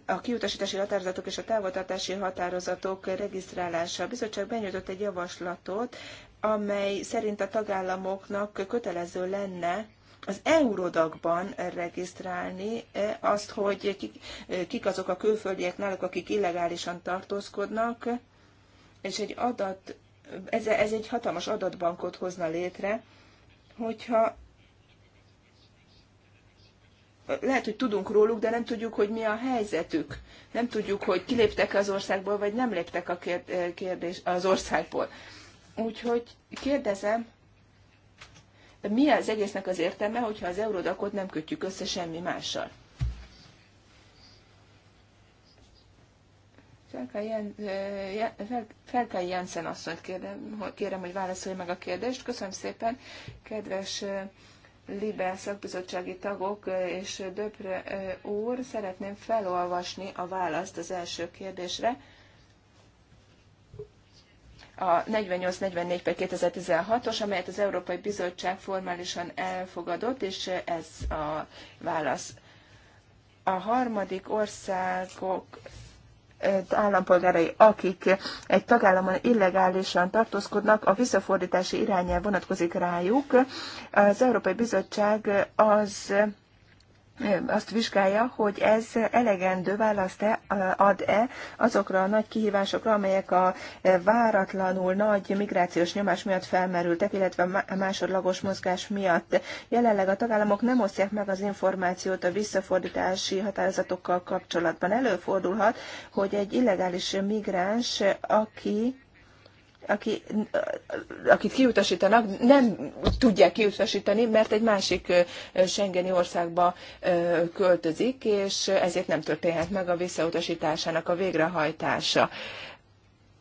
a kiutasítási határozatok és a távoltartási határozatok regisztrálása. A bizottság benyújtott egy javaslatot, amely szerint a tagállamoknak kötelező lenne az Eurodagban regisztrálni eh, azt, hogy eh, kik, azok a külföldiek náluk, akik illegálisan tartózkodnak, és egy adat, ez, ez egy hatalmas adatbankot hozna létre, hogyha lehet, hogy tudunk róluk, de nem tudjuk, hogy mi a helyzetük. Nem tudjuk, hogy kiléptek az országból, vagy nem léptek a eh, kérdés, az országból. Úgyhogy kérdezem, mi az egésznek az értelme, hogyha az eurodakot nem kötjük össze semmi mással? Felkai eh, Jensen asszonyt kérem, kérem, hogy válaszolja meg a kérdést. Köszönöm szépen, kedves eh, Libe szakbizottsági tagok és Döpre úr, szeretném felolvasni a választ az első kérdésre. A 48-44 per 2016-os, amelyet az Európai Bizottság formálisan elfogadott, és ez a válasz. A harmadik országok állampolgárai, akik egy tagállamon illegálisan tartózkodnak, a visszafordítási irányel vonatkozik rájuk. Az Európai Bizottság az azt vizsgálja, hogy ez elegendő választ-e, ad-e azokra a nagy kihívásokra, amelyek a váratlanul nagy migrációs nyomás miatt felmerültek, illetve a másodlagos mozgás miatt. Jelenleg a tagállamok nem osztják meg az információt a visszafordítási határozatokkal kapcsolatban. Előfordulhat, hogy egy illegális migráns, aki aki, akit kiutasítanak, nem tudják kiutasítani, mert egy másik Schengeni országba költözik, és ezért nem történhet meg a visszautasításának a végrehajtása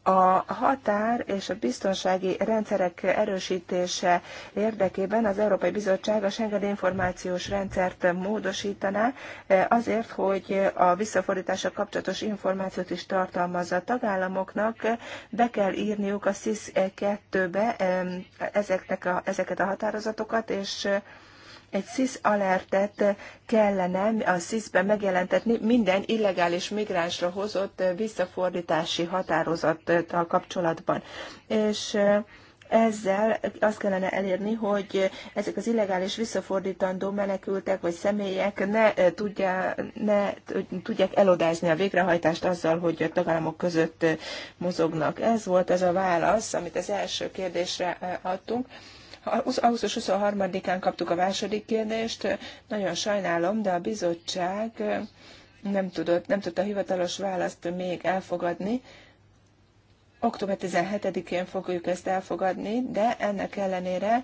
a határ és a biztonsági rendszerek erősítése érdekében az Európai Bizottság a Schengen információs rendszert módosítaná e, azért, hogy a visszafordítással kapcsolatos információt is tartalmazza a tagállamoknak. Be kell írniuk a SIS-2-be e, ezeknek a, ezeket a határozatokat, és egy SZISZ alertet kellene a SZISZ-ben megjelentetni minden illegális migránsra hozott visszafordítási határozattal kapcsolatban. És ezzel azt kellene elérni, hogy ezek az illegális visszafordítandó menekültek vagy személyek ne, tudja, ne tudják elodázni a végrehajtást azzal, hogy a tagállamok között mozognak. Ez volt az a válasz, amit az első kérdésre adtunk. Augusztus 23-án kaptuk a második kérdést. Nagyon sajnálom, de a bizottság nem, tudott, nem tudta a hivatalos választ még elfogadni. Október 17-én fogjuk ezt elfogadni, de ennek ellenére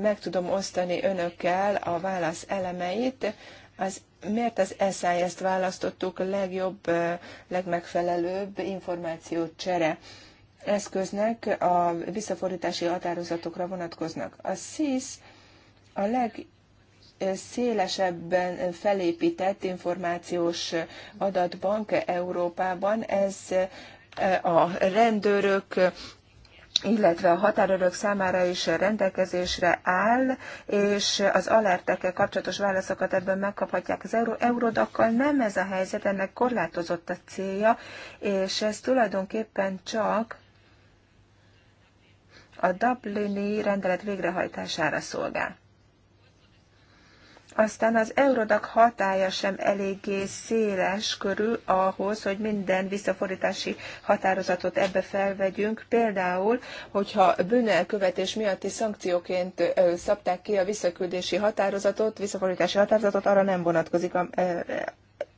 meg tudom osztani önökkel a válasz elemeit. Az, miért az SIS-t választottuk legjobb, legmegfelelőbb információt csere? eszköznek a visszafordítási határozatokra vonatkoznak. A SIS a legszélesebben felépített információs adatbank Európában. Ez eh, a rendőrök, illetve a határőrök számára is rendelkezésre áll, és az alertekkel kapcsolatos válaszokat ebben megkaphatják. Az eurodakkal nem ez a helyzet, ennek korlátozott a célja, és ez tulajdonképpen csak a Dublini rendelet végrehajtására szolgál. Aztán az eurodak hatája sem eléggé széles körül ahhoz, hogy minden visszafordítási határozatot ebbe felvegyünk. Például, hogyha bűnelkövetés miatti szankcióként szabták ki a visszaküldési határozatot, visszafordítási határozatot, arra nem vonatkozik a,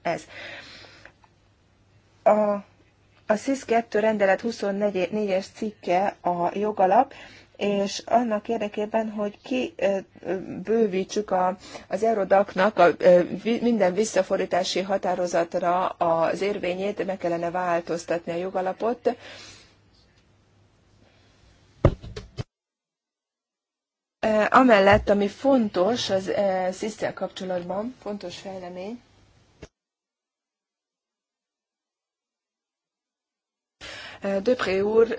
ez. A a SZISZ 2 rendelet 24-es cikke a jogalap, és annak érdekében, hogy ki bővítsük a, az Eurodaknak a, minden visszafordítási határozatra az érvényét, meg kellene változtatni a jogalapot. Amellett, ami fontos az sziszel kapcsolatban, fontos fejlemény, Döpré úr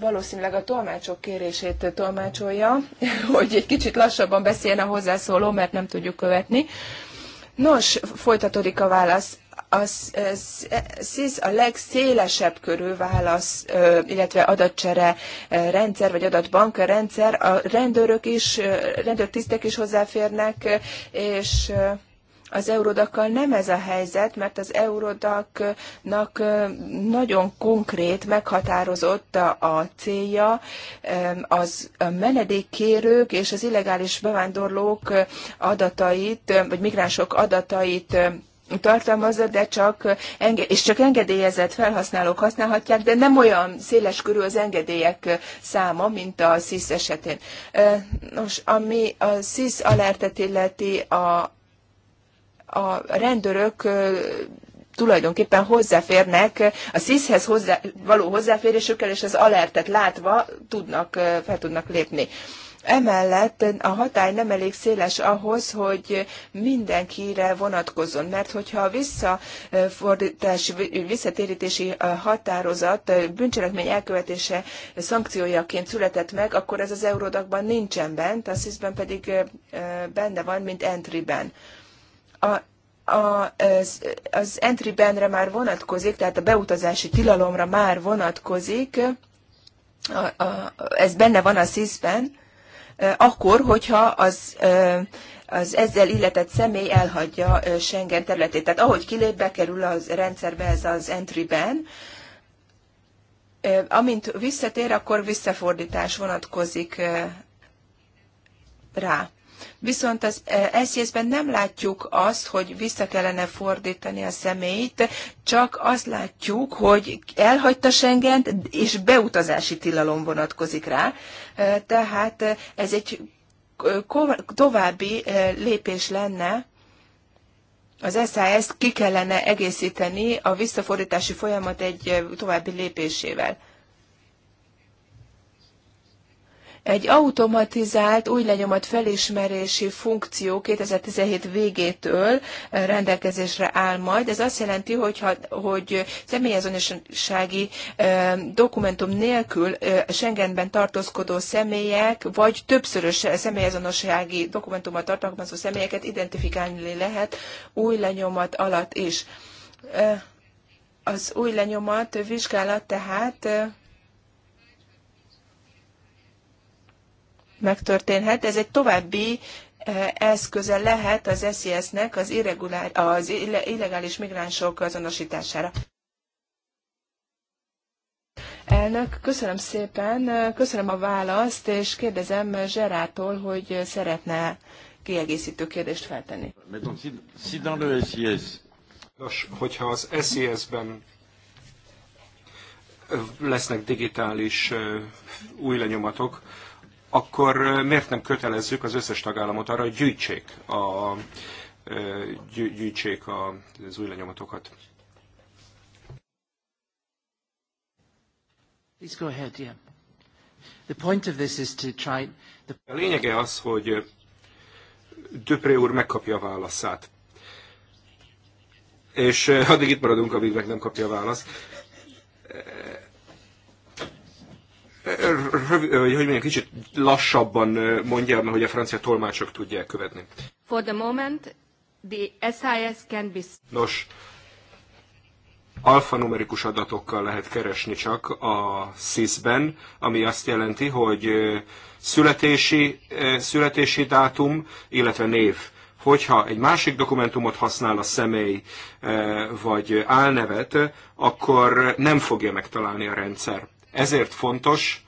valószínűleg a tolmácsok kérését tolmácsolja, hogy egy kicsit lassabban beszéljen a hozzászóló, mert nem tudjuk követni. Nos, folytatódik a válasz. Az SZISZ a legszélesebb körű válasz, illetve adatcsere rendszer, vagy adatbank rendszer. A rendőrök is, rendőrtisztek is hozzáférnek, és az eurodakkal nem ez a helyzet, mert az eurodaknak nagyon konkrét, meghatározott a célja, az menedékkérők és az illegális bevándorlók adatait, vagy migránsok adatait tartalmazza, de csak enge- és csak engedélyezett felhasználók használhatják, de nem olyan széles körül az engedélyek száma, mint a SIS esetén. Nos, ami a SIS alertet illeti a a rendőrök tulajdonképpen hozzáférnek, a SZISZ-hez hozzá, való hozzáférésükkel és az alertet látva tudnak, fel tudnak lépni. Emellett a hatály nem elég széles ahhoz, hogy mindenkire vonatkozzon, mert hogyha a visszafordítási, visszatérítési határozat bűncselekmény elkövetése szankciójaként született meg, akkor ez az Eurodakban nincsen bent, a SZISZ-ben pedig benne van, mint entry-ben a, a, az, az entry bandre már vonatkozik, tehát a beutazási tilalomra már vonatkozik, a, a, ez benne van a sis ben akkor, hogyha az, az ezzel illetett személy elhagyja Schengen területét. Tehát ahogy kilép, bekerül a rendszerbe ez az entry ban, amint visszatér, akkor visszafordítás vonatkozik rá. Viszont az eszélyben nem látjuk azt, hogy vissza kellene fordítani a személyt, csak azt látjuk, hogy elhagyta Schengent, és beutazási tilalom vonatkozik rá. E, tehát e, ez egy további e, lépés lenne, az SAS-t ki kellene egészíteni a visszafordítási folyamat egy további lépésével. Egy automatizált új lenyomat felismerési funkció 2017 végétől eh, rendelkezésre áll majd. Ez azt jelenti, hogy, ha hogy személyazonossági eh, dokumentum nélkül eh, Schengenben tartózkodó személyek, vagy többszörös személyazonossági dokumentumot tartalmazó személyeket identifikálni lehet új lenyomat alatt is. Az új lenyomat vizsgálat tehát megtörténhet. Ez egy további eh, eszköze lehet az SZSZ-nek e az, az illegális migránsok azonosítására. Elnök, köszönöm szépen, eh, köszönöm a választ, és kérdezem Zserától, hogy szeretne kiegészítő kérdést feltenni. E Nos, hogyha az SZSZ-ben e eh, lesznek digitális új lenyomatok, akkor miért nem kötelezzük az összes tagállamot arra, hogy gyűjtsék, a, gyűjtsék az új lenyomatokat? Please go ahead, yeah. The point of this is to try... The... A lényege az, hogy Döpré úr megkapja a válaszát. És addig itt maradunk, amíg meg nem kapja a választ. hogy mondjam, kicsit lassabban mondja, mert hogy a francia tolmácsok tudják követni. For the moment, the SIS can be... Nos, alfanumerikus adatokkal lehet keresni csak a SIS-ben, ami azt jelenti, hogy születési, születési dátum, illetve név. Hogyha egy másik dokumentumot használ a személy, vagy álnevet, akkor nem fogja megtalálni a rendszer. Ezért fontos,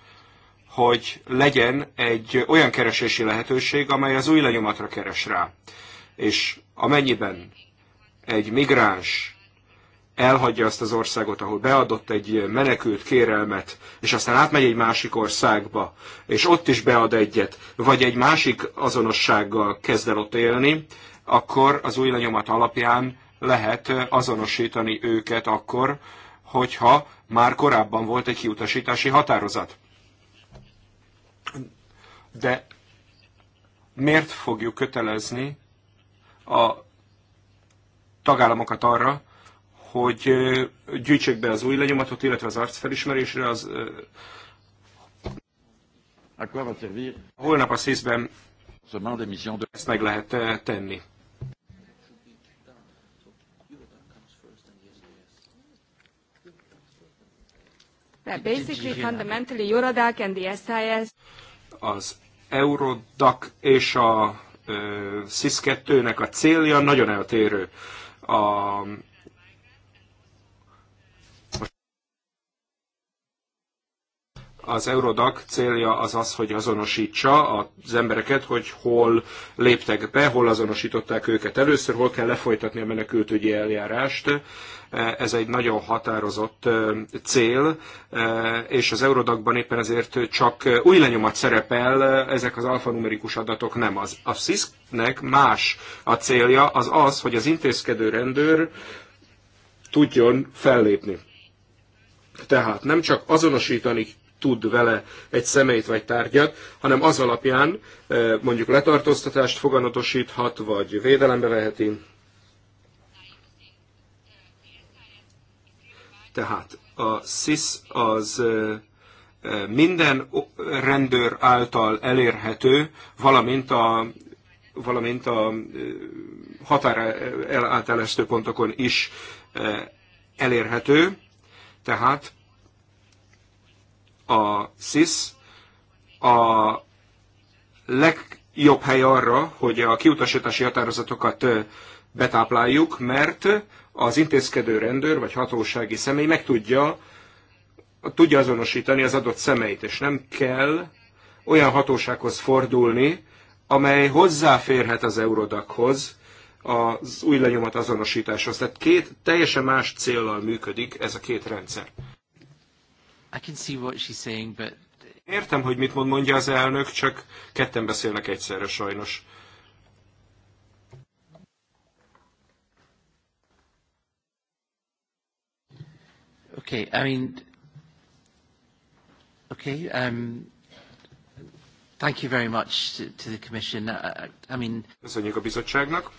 hogy legyen egy olyan keresési lehetőség, amely az új lenyomatra keres rá. És amennyiben egy migráns elhagyja azt az országot, ahol beadott egy menekült kérelmet, és aztán átmegy egy másik országba, és ott is bead egyet, vagy egy másik azonossággal kezd el ott élni, akkor az új lenyomat alapján lehet azonosítani őket akkor, hogyha már korábban volt egy kiutasítási határozat de miért fogjuk kötelezni a tagállamokat arra, hogy gyűjtsék be az új lenyomatot, illetve az arcfelismerésre, az holnap a szízben ezt meg lehet tenni. basically, fundamentally, Eurodac and the SIS. Az Eurodac és a SIS-2-nek a célja nagyon eltérő. A az Eurodac célja az az, hogy azonosítsa az embereket, hogy hol léptek be, hol azonosították őket először, hol kell lefolytatni a menekültügyi eljárást. Ez egy nagyon határozott cél, és az Eurodacban éppen ezért csak új lenyomat szerepel, ezek az alfanumerikus adatok nem. Az, a CISZ-nek más a célja, az az, hogy az intézkedő rendőr tudjon fellépni. Tehát nem csak azonosítani tud vele egy személyt vagy tárgyat, hanem az alapján eh, mondjuk letartóztatást foganatosíthat, vagy védelembe veheti. Tehát a SIS az eh, eh, minden rendőr által elérhető, valamint a, valamint a határ átelesztő pontokon is elérhető, tehát a SIS a legjobb hely arra, hogy a kiutasítási határozatokat betápláljuk, mert az intézkedő rendőr vagy hatósági személy meg tudja, tudja azonosítani az adott személyt, és nem kell olyan hatósághoz fordulni, amely hozzáférhet az Eurodakhoz, az új lenyomat azonosításhoz. Tehát két teljesen más célral működik ez a két rendszer. Értem, hogy mit mond mondja az elnök, csak ketten beszélnek egyszerre sajnos. Okay, I mean, okay, um, thank you very much to, to the Commission. I, I mean... Köszönjük a bizottságnak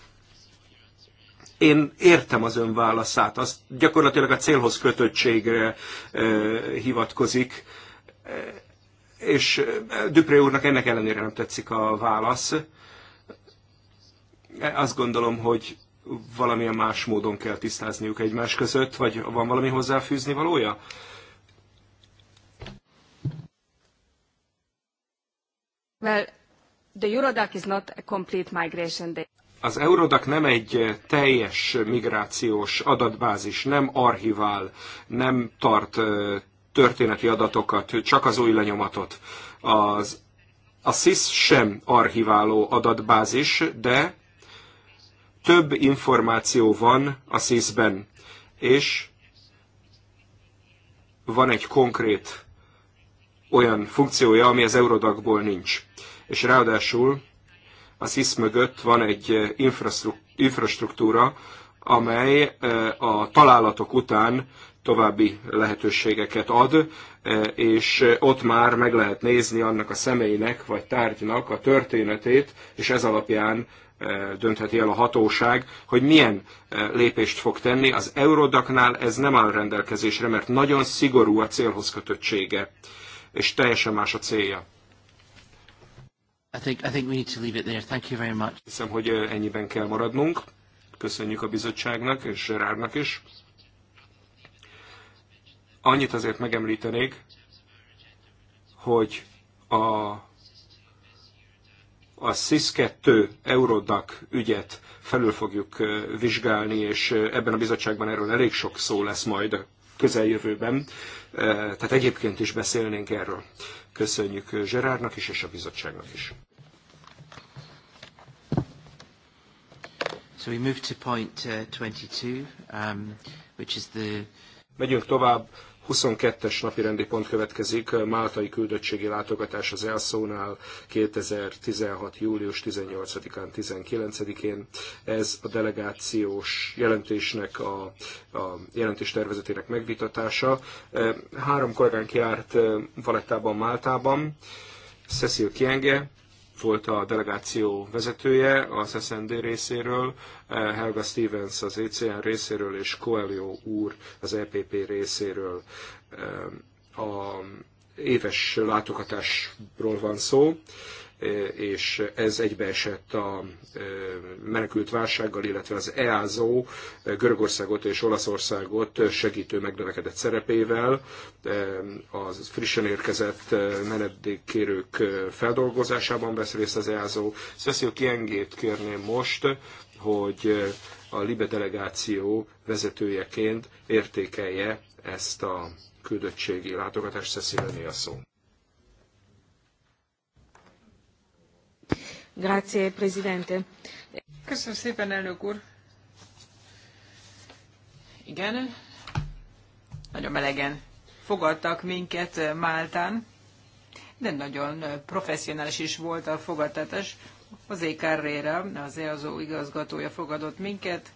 én értem az ön válaszát, az gyakorlatilag a célhoz kötöttségre hivatkozik, és Dupré úrnak ennek ellenére nem tetszik a válasz. Azt gondolom, hogy valamilyen más módon kell tisztázniuk egymás között, vagy van valami hozzáfűzni valója? Well, the Eurodac is not a complete migration day. Az Eurodac nem egy eh, teljes migrációs adatbázis, nem archivál, nem tart eh, történeti adatokat, csak az új lenyomatot. Az, a SIS sem archiváló adatbázis, de több információ van a SIS-ben, és van egy konkrét olyan funkciója, ami az Eurodagból nincs. És ráadásul a ISZ mögött van egy eh, infrastruktúra, amely eh, a találatok után további lehetőségeket ad, eh, és ott már meg lehet nézni annak a személynek vagy tárgynak a történetét, és ez alapján döntheti el a hatóság, hogy milyen lépést fog tenni. Az Eurodaknál ez nem áll rendelkezésre, mert nagyon szigorú a célhoz kötöttsége, és teljesen más a célja. Hiszem, hogy ennyiben kell maradnunk. Köszönjük a bizottságnak és Rárnak is. Annyit azért megemlítenék, hogy a, a SIS-2 Eurodac ügyet felül fogjuk vizsgálni, és ebben a bizottságban erről elég sok szó lesz majd a közeljövőben, tehát egyébként is beszélnénk erről. Köszönjük Zserárnak is, és a bizottságnak is. So we move to point 22, uh, um, which is the... Megyünk tovább 22-es napi rendi pont következik, Máltai küldöttségi látogatás az elszónál 2016. július 18-án, 19-én. Ez a delegációs jelentésnek a, a jelentés tervezetének megvitatása. Három kollégánk járt eh, Valettában, Máltában, Cecil Kienge, volt a delegáció vezetője az SND részéről, eh, Helga Stevens az ECN részéről, és Coelho úr az EPP részéről. Eh, a éves látogatásról van szó. E, és ez egybeesett a e, menekült válsággal, illetve az EASO e, Görögországot és Olaszországot segítő megnövekedett szerepével, az frissen érkezett menedékkérők feldolgozásában vesz részt az EASO. Cecil Kiengét kérném most, hogy a Libe delegáció vezetőjeként értékelje ezt a küldöttségi látogatást, Cecilia a szó. Köszönöm szépen, elnök úr. Igen, nagyon melegen fogadtak minket eh, Máltán, de nagyon eh, professzionális is volt a fogadtatás. José Carrera, az EASO igazgatója fogadott minket,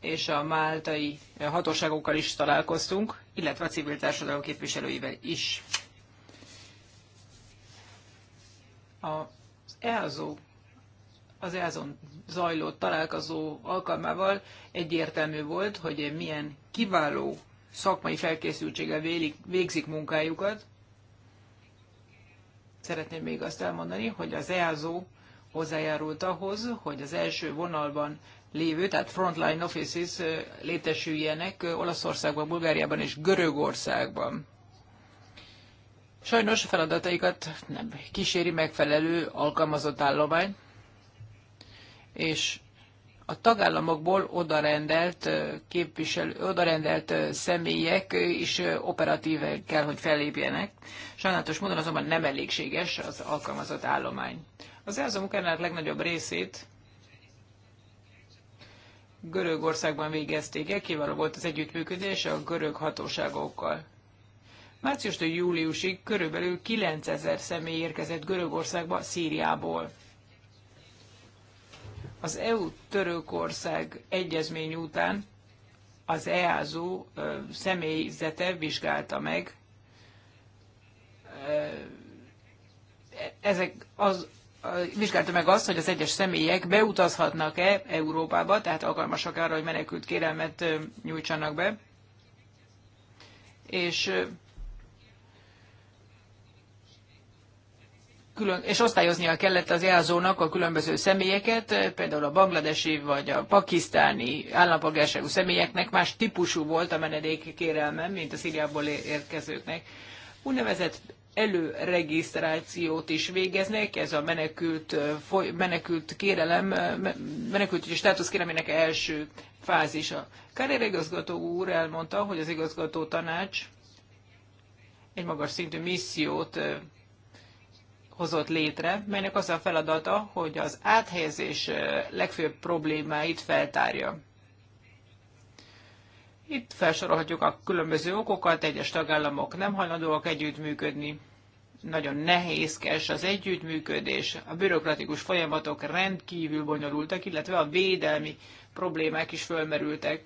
és a máltai eh, hatóságokkal is találkoztunk, illetve a civil társadalom képviselőivel is. A EASO, az easo zajló találkozó alkalmával egyértelmű volt, hogy milyen kiváló szakmai felkészültséggel végzik munkájukat. Szeretném még azt elmondani, hogy az EASO hozzájárult ahhoz, hogy az első vonalban lévő, tehát frontline offices létesüljenek Olaszországban, Bulgáriában és Görögországban. Sajnos feladataikat nem kíséri megfelelő alkalmazott állomány, és a tagállamokból odarendelt, képviselő, odarendelt személyek is operatíven kell, hogy fellépjenek. Sajnálatos módon azonban nem elégséges az alkalmazott állomány. Az ELSZA munkának legnagyobb részét Görögországban végezték el, kiváló volt az együttműködés a görög hatóságokkal. Márciustól júliusig körülbelül 9000 személy érkezett Görögországba Szíriából. Az EU-Törökország egyezmény után az EASO személyzete vizsgálta meg ezek az, vizsgálta meg azt, hogy az egyes személyek beutazhatnak-e Európába, tehát alkalmasak arra, hogy menekült kérelmet nyújtsanak be. És külön, és osztályoznia kellett az EASO-nak a különböző személyeket, eh, például a bangladesi vagy a pakisztáni állampolgárságú személyeknek más típusú volt a menedék kérelme, mint a Szíriából érkezőknek. Úgynevezett előregisztrációt is végeznek, ez a menekült, eh, menekült kérelem, eh, menekült státusz kéremének első fázisa. Karér igazgató úr elmondta, hogy az igazgató tanács egy magas szintű missziót hozott létre, melynek az a feladata, hogy az áthelyezés legfőbb problémáit feltárja. Itt felsorolhatjuk a különböző okokat, egyes tagállamok nem hajlandóak együttműködni, nagyon nehézkes az együttműködés, a bürokratikus folyamatok rendkívül bonyolultak, illetve a védelmi problémák is fölmerültek.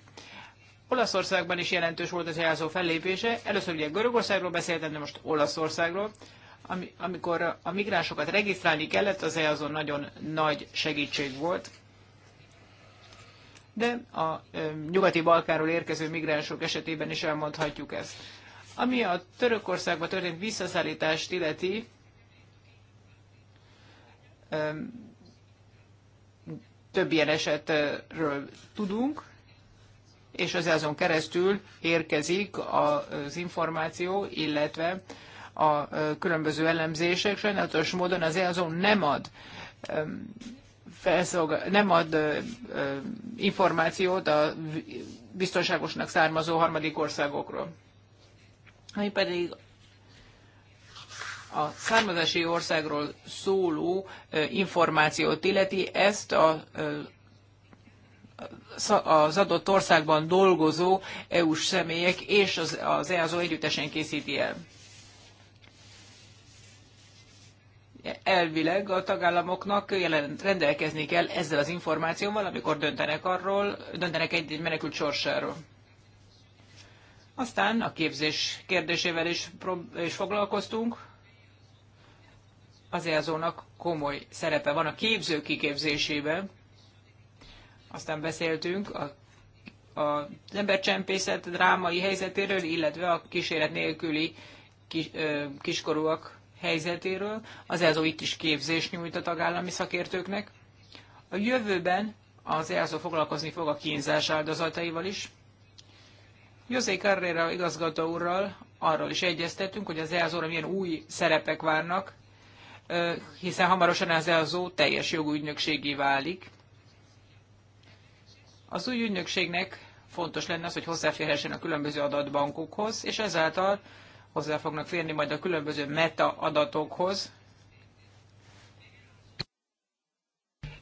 Olaszországban is jelentős volt az jelzó fellépése. Először ugye Görögországról beszéltem, de most Olaszországról amikor a migránsokat regisztrálni kellett, az azon nagyon nagy segítség volt. De a nyugati Balkáról érkező migránsok esetében is elmondhatjuk ezt. Ami a Törökországban történt visszaszállítást illeti, több ilyen esetről tudunk, és az azon keresztül érkezik az információ, illetve a különböző elemzések. Sajnálatos módon az EASO nem ad felszolga, nem ad információt a biztonságosnak származó harmadik országokról. Ami pedig a származási országról szóló információt illeti, ezt a az adott országban dolgozó EU-s személyek és az, az EASO együttesen készíti el. elvileg a tagállamoknak jelen, rendelkezni kell ezzel az információval, amikor döntenek arról, döntenek egy, egy menekült sorsáról. Aztán a képzés kérdésével is, is foglalkoztunk. Az EASO-nak komoly szerepe van a képző kiképzésében. Aztán beszéltünk a, a, az embercsempészet drámai helyzetéről, illetve a kíséret nélküli kis, ö, kiskorúak helyzetéről. Az ELZO itt is képzés nyújt a tagállami szakértőknek. A jövőben az ELZO foglalkozni fog a kínzás áldozataival is. José Carrera igazgató úrral arról is egyeztettünk, hogy az ELZO-ra milyen új szerepek várnak, hiszen hamarosan az ELZO teljes jogú ügynökségé válik. Az új ügynökségnek fontos lenne az, hogy hozzáférhessen a különböző adatbankokhoz, és ezáltal hozzá fognak férni majd a különböző meta adatokhoz,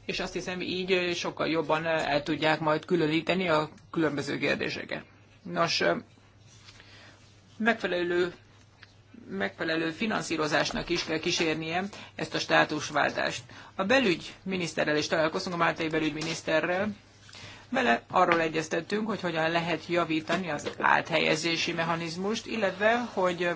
és azt hiszem így sokkal jobban el tudják majd különíteni a különböző kérdéseket. Nos, megfelelő, megfelelő finanszírozásnak is kell kísérnie ezt a státusváltást. A belügyminiszterrel is találkoztunk, a Máltai belügyminiszterrel, vele arról egyeztettünk, hogy hogyan lehet javítani az áthelyezési mechanizmust, illetve, hogy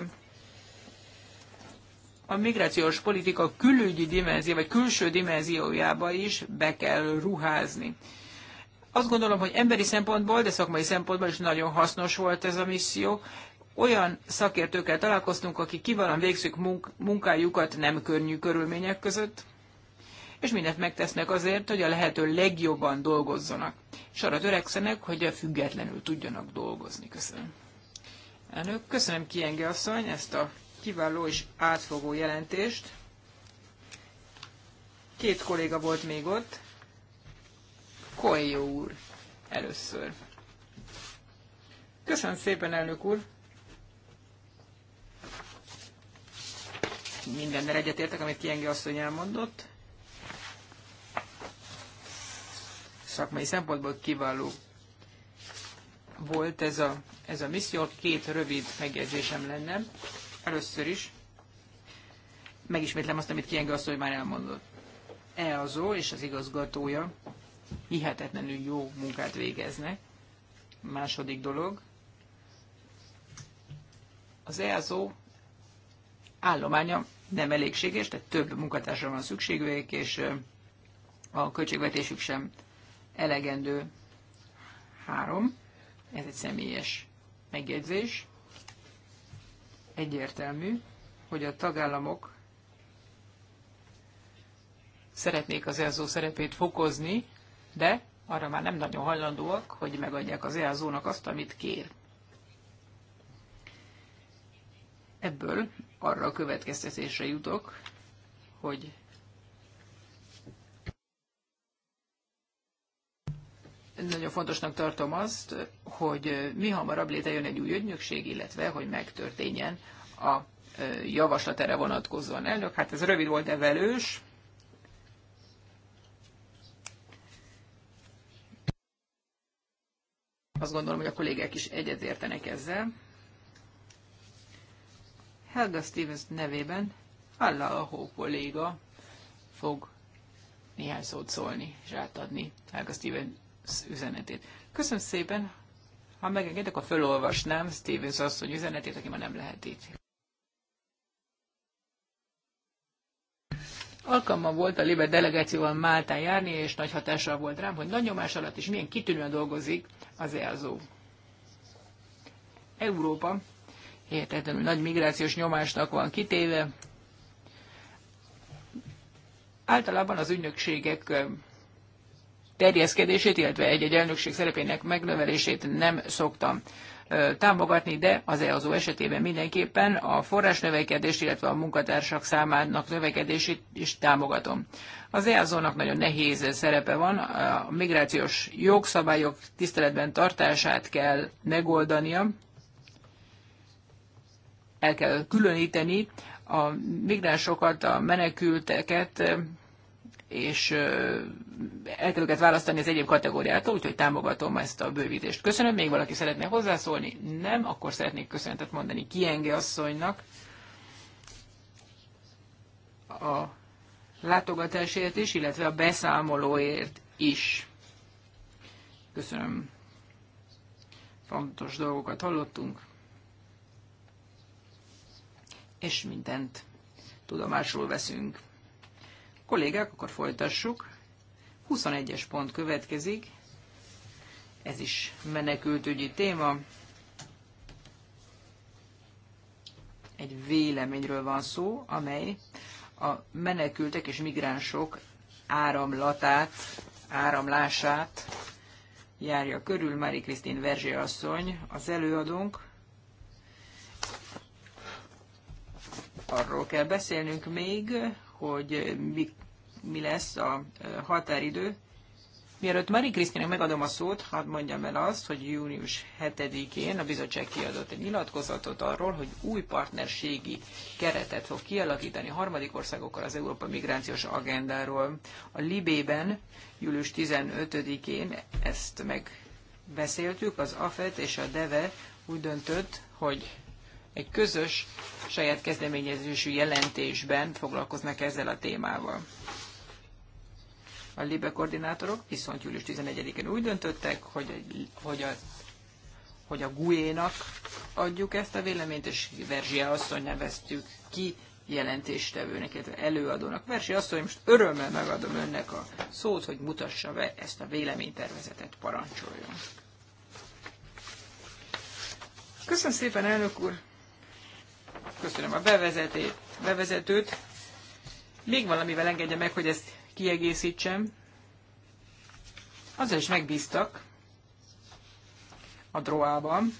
a migrációs politika külügyi dimenzió, vagy külső dimenziójába is be kell ruházni. Azt gondolom, hogy emberi szempontból, de szakmai szempontból is nagyon hasznos volt ez a misszió. Olyan szakértőkkel találkoztunk, akik kivalan végzik munkájukat nem környű körülmények között és mindent megtesznek azért, hogy a lehető legjobban dolgozzanak. És arra törekszenek, hogy függetlenül tudjanak dolgozni. Köszönöm. Elnök, köszönöm Kienge asszony ezt a kiváló és átfogó jelentést. Két kolléga volt még ott. Koljó úr először. Köszönöm szépen, elnök úr! Mindennel egyetértek, amit Kienge asszony elmondott. szakmai szempontból kiváló volt ez a, ez a misszió. Két rövid megjegyzésem lenne. Először is megismétlem azt, amit Kienge asszony már elmondott. EAZO és az igazgatója hihetetlenül jó munkát végeznek. Második dolog, az EASO állománya nem elégséges, tehát több munkatársra van szükségük, és a költségvetésük sem elegendő három. Ez egy személyes megjegyzés. Egyértelmű, hogy a tagállamok szeretnék az ELZO szerepét fokozni, de arra már nem nagyon hajlandóak, hogy megadják az elzo azt, amit kér. Ebből arra a következtetésre jutok, hogy nagyon fontosnak tartom azt, hogy mi hamarabb létrejön egy új ügynökség, illetve hogy megtörténjen a javaslat erre vonatkozóan. Elnök, hát ez rövid volt, de velős. Azt gondolom, hogy a kollégák is egyetértenek ezzel. Helga Stevens nevében Hó kolléga fog néhány szót szólni és átadni Helga Stevens üzenetét. Köszönöm szépen, ha megengedek, a felolvasnám Stevens asszony üzenetét, aki ma nem lehet itt. Alkalmam volt a Liber delegációval Máltán járni, és nagy hatással volt rám, hogy nagy nyomás alatt is milyen kitűnően dolgozik az ELZO. Európa hihetetlenül nagy migrációs nyomásnak van kitéve. Általában az ügynökségek terjeszkedését, illetve egy-egy elnökség szerepének megnövelését nem szoktam támogatni, de az EAZO esetében mindenképpen a forrás növekedést, illetve a munkatársak számának növekedését is támogatom. Az EAZO-nak nagyon nehéz szerepe van, a migrációs jogszabályok tiszteletben tartását kell megoldania, el kell különíteni a migránsokat, a menekülteket és el kell őket választani az egyéb kategóriától, úgyhogy támogatom ezt a bővítést. Köszönöm, még valaki szeretne hozzászólni? Nem, akkor szeretnék köszönetet mondani Kienge asszonynak a látogatásért is, illetve a beszámolóért is. Köszönöm. Fontos dolgokat hallottunk. És mindent tudomásul veszünk. Kollégák, akkor folytassuk. 21-es pont következik. Ez is menekültügyi téma. Egy véleményről van szó, amely a menekültek és migránsok áramlatát, áramlását járja körül. Mári Krisztin Verzsé asszony, az előadónk. Arról kell beszélnünk még, hogy mi, mi lesz a határidő. Mielőtt Mari Krisztinek megadom a szót, hadd mondjam el azt, hogy június 7-én a bizottság kiadott egy nyilatkozatot arról, hogy új partnerségi keretet fog kialakítani harmadik országokkal az Európa migrációs agendáról. A Libében július 15-én ezt megbeszéltük, az AFET és a DEVE úgy döntött, hogy egy közös, saját kezdeményezésű jelentésben foglalkoznak ezzel a témával. A LIBE koordinátorok viszont július 11-én úgy döntöttek, hogy, hogy a hogy a GUE-nak adjuk ezt a véleményt, és Verzsia asszony neveztük ki jelentéstevőnek, illetve előadónak. Versi azt, hogy most örömmel megadom önnek a szót, hogy mutassa be ezt a véleménytervezetet, parancsoljon. Köszönöm szépen, elnök úr! köszönöm a bevezetét, bevezetőt. Még valamivel engedje meg, hogy ezt kiegészítsem. Azzal is megbíztak a droában,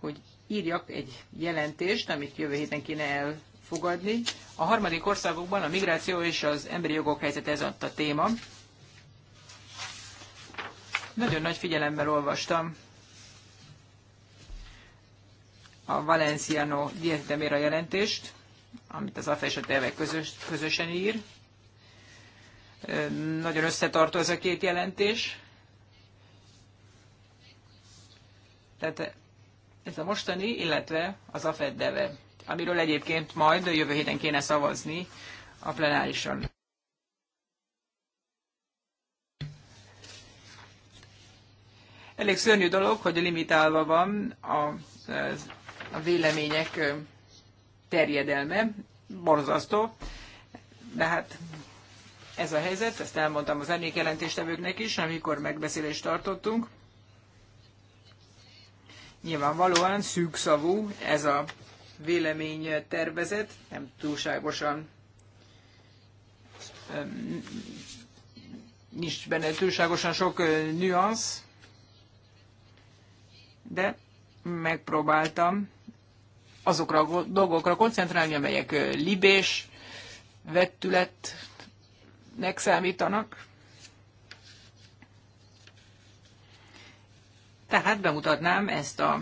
hogy írjak egy jelentést, amit jövő héten kéne elfogadni. A harmadik országokban a migráció és az emberi jogok helyzet ez adta téma. Nagyon nagy figyelemmel olvastam a Valenciano Dietemére jelentést, amit az AFE és a tervek közös, közösen ír. Nagyon összetartó ez a két jelentés. Tehát ez a mostani, illetve az AFED deve, amiről egyébként majd jövő héten kéne szavazni a plenárison. Elég szörnyű dolog, hogy limitálva van a a vélemények terjedelme, borzasztó, de hát ez a helyzet, ezt elmondtam az emlékjelentéstevőknek is, amikor megbeszélést tartottunk. Nyilvánvalóan szűkszavú ez a vélemény tervezet, nem túlságosan nincs benne túlságosan sok nüansz, de megpróbáltam azokra a dolgokra koncentrálni, amelyek libés vettületnek számítanak. Tehát bemutatnám ezt a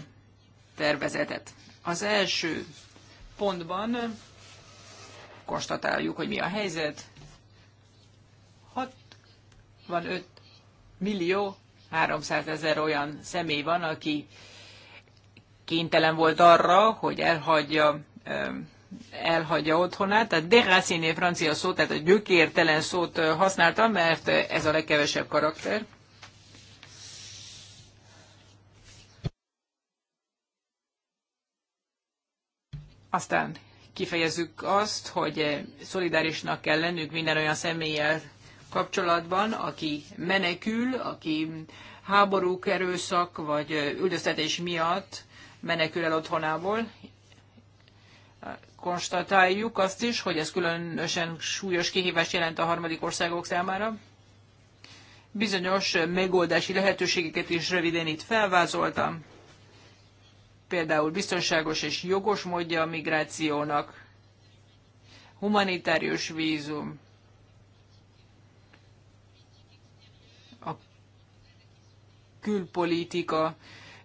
tervezetet. Az első pontban konstatáljuk, hogy mi a helyzet. 65 millió 300 ezer olyan személy van, aki kénytelen volt arra, hogy elhagyja, elhagyja otthonát. Tehát déraciné francia szót, tehát a gyökértelen szót használta, mert ez a legkevesebb karakter. Aztán kifejezzük azt, hogy eh, szolidárisnak kell lennünk minden olyan személlyel kapcsolatban, aki menekül, aki háborúk, erőszak vagy üldöztetés miatt menekül el otthonából. Konstatáljuk azt is, hogy ez különösen súlyos kihívást jelent a harmadik országok számára. Bizonyos megoldási lehetőségeket is röviden itt felvázoltam. Például biztonságos és jogos módja a migrációnak, humanitárius vízum, külpolitika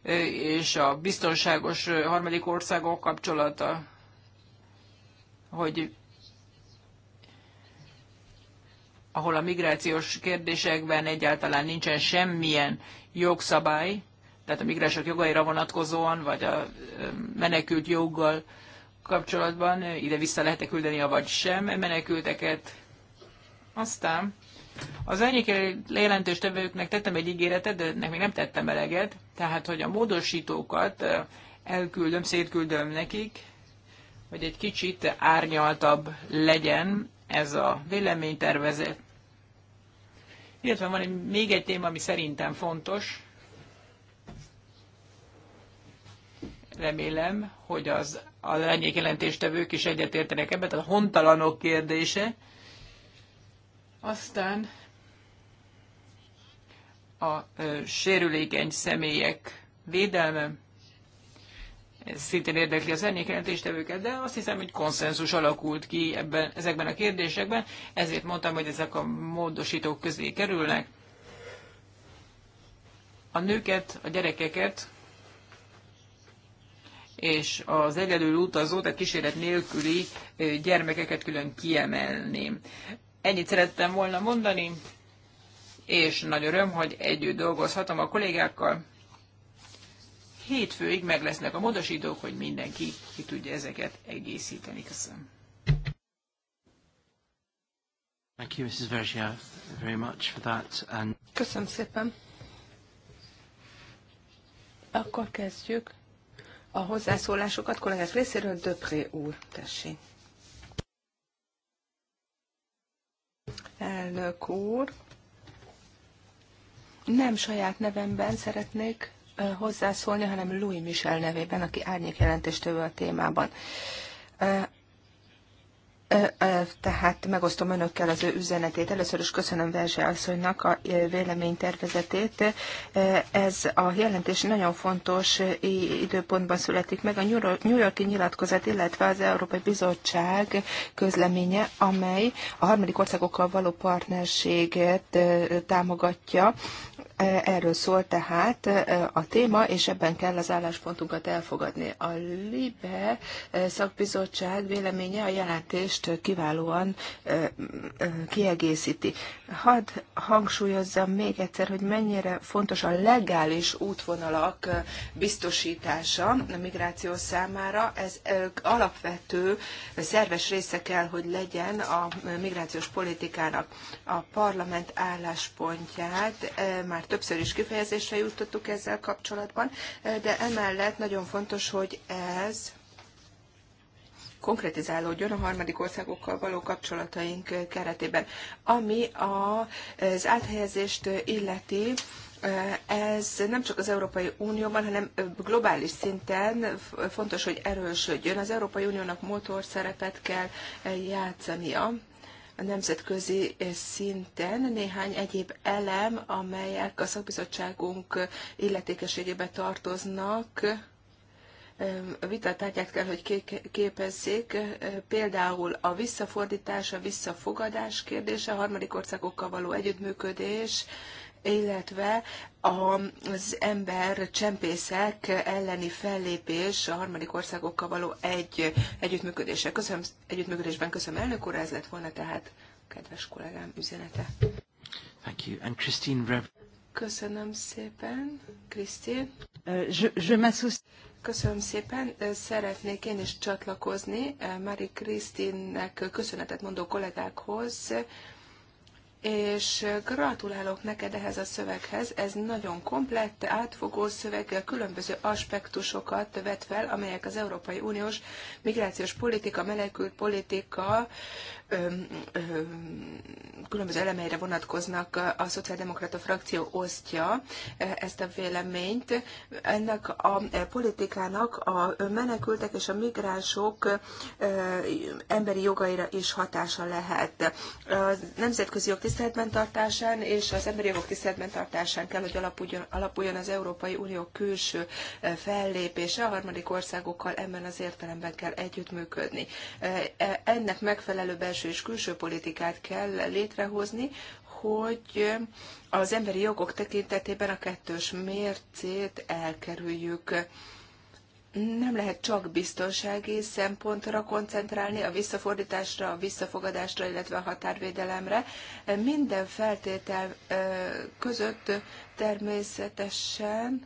és a biztonságos harmadik országok kapcsolata, hogy ahol a migrációs kérdésekben egyáltalán nincsen semmilyen jogszabály, tehát a migránsok jogaira vonatkozóan, vagy a menekült joggal kapcsolatban ide vissza lehet -e küldeni, vagy sem menekülteket. Aztán az egyik jelentős tevőknek tettem egy ígéretet, de ennek még nem tettem eleget, tehát hogy a módosítókat elküldöm, szétküldöm nekik, hogy egy kicsit árnyaltabb legyen ez a véleménytervezet. Illetve van egy, még egy téma, ami szerintem fontos. Remélem, hogy az a lányék jelentéstevők is egyetértenek ebben, a hontalanok kérdése. Aztán a sérülékeny személyek védelme, ez szintén érdekli az árnyékjelentéstevőket, de azt hiszem, hogy konszenzus alakult ki ebben, ezekben a kérdésekben, ezért mondtam, hogy ezek a módosítók közé kerülnek. A nőket, a gyerekeket és az egyedül utazó, tehát kíséret nélküli gyermekeket külön kiemelném. Ennyit szerettem volna mondani, és nagy öröm, hogy együtt dolgozhatom a kollégákkal. Hétfőig meg lesznek a módosítók, hogy mindenki ki tudja ezeket egészíteni. Köszönöm. Thank you, Mrs. Vergia, very much for that. And... Köszönöm szépen. Akkor kezdjük a hozzászólásokat. Kollégák részéről Döpré úr, tessék. Elnök úr, nem saját nevemben szeretnék hozzászólni, hanem Louis Michel nevében, aki árnyék jelentéstől a témában. Tehát megosztom önökkel az ő üzenetét. Először is köszönöm Verzse asszonynak a véleménytervezetét. Ez a jelentés nagyon fontos időpontban születik meg. A New Yorki nyilatkozat, illetve az Európai Bizottság közleménye, amely a harmadik országokkal való partnerséget támogatja, Erről szól tehát a téma, és ebben kell az álláspontunkat elfogadni. A LIBE szakbizottság véleménye a jelentést kiválóan kiegészíti. Hadd hangsúlyozzam még egyszer, hogy mennyire fontos a legális útvonalak biztosítása a migráció számára. Ez alapvető szerves része kell, hogy legyen a migrációs politikának. A parlament álláspontját már többször is kifejezésre juttattuk ezzel kapcsolatban, eh, de emellett nagyon fontos, hogy ez konkretizálódjon a harmadik országokkal való kapcsolataink eh, keretében. Ami az áthelyezést eh, illeti, ez nem csak az Európai Unióban, hanem globális szinten fontos, hogy erősödjön. Az Európai Uniónak motor szerepet kell játszania a nemzetközi szinten néhány egyéb elem, amelyek a szakbizottságunk illetékességébe tartoznak, vitatárgyát kell, hogy képezzék, például a visszafordítás, a visszafogadás kérdése, a harmadik országokkal való együttműködés, illetve az ember csempészek elleni fellépés a harmadik országokkal való egy együttműködése. Köszönöm, együttműködésben köszönöm elnök úr, ez lett volna tehát kedves kollégám üzenete. Thank you. And Christine Rev Köszönöm szépen, Krisztin. Uh, je, je Köszönöm szépen. Szeretnék én is csatlakozni Mari Krisztinnek köszönetet mondó kollégákhoz és gratulálok neked ehhez a szöveghez. Ez nagyon komplett, átfogó szöveg, különböző aspektusokat vet fel, amelyek az Európai Uniós migrációs politika, menekült politika különböző elemeire vonatkoznak, a szociáldemokrata frakció osztja ezt a véleményt. Ennek a politikának a menekültek és a migránsok emberi jogaira is hatása lehet. A nemzetközi jog tiszteletben tartásán és az emberi jogok tiszteletben tartásán kell, hogy alapuljon, alapuljon az Európai Unió külső fellépése, a harmadik országokkal ebben az értelemben kell együttműködni. E, ennek megfelelő belső belső és külső politikát kell létrehozni, hogy az emberi jogok tekintetében a kettős mércét elkerüljük. Nem lehet csak biztonsági szempontra koncentrálni, a visszafordításra, a visszafogadásra, illetve a határvédelemre. Minden feltétel között természetesen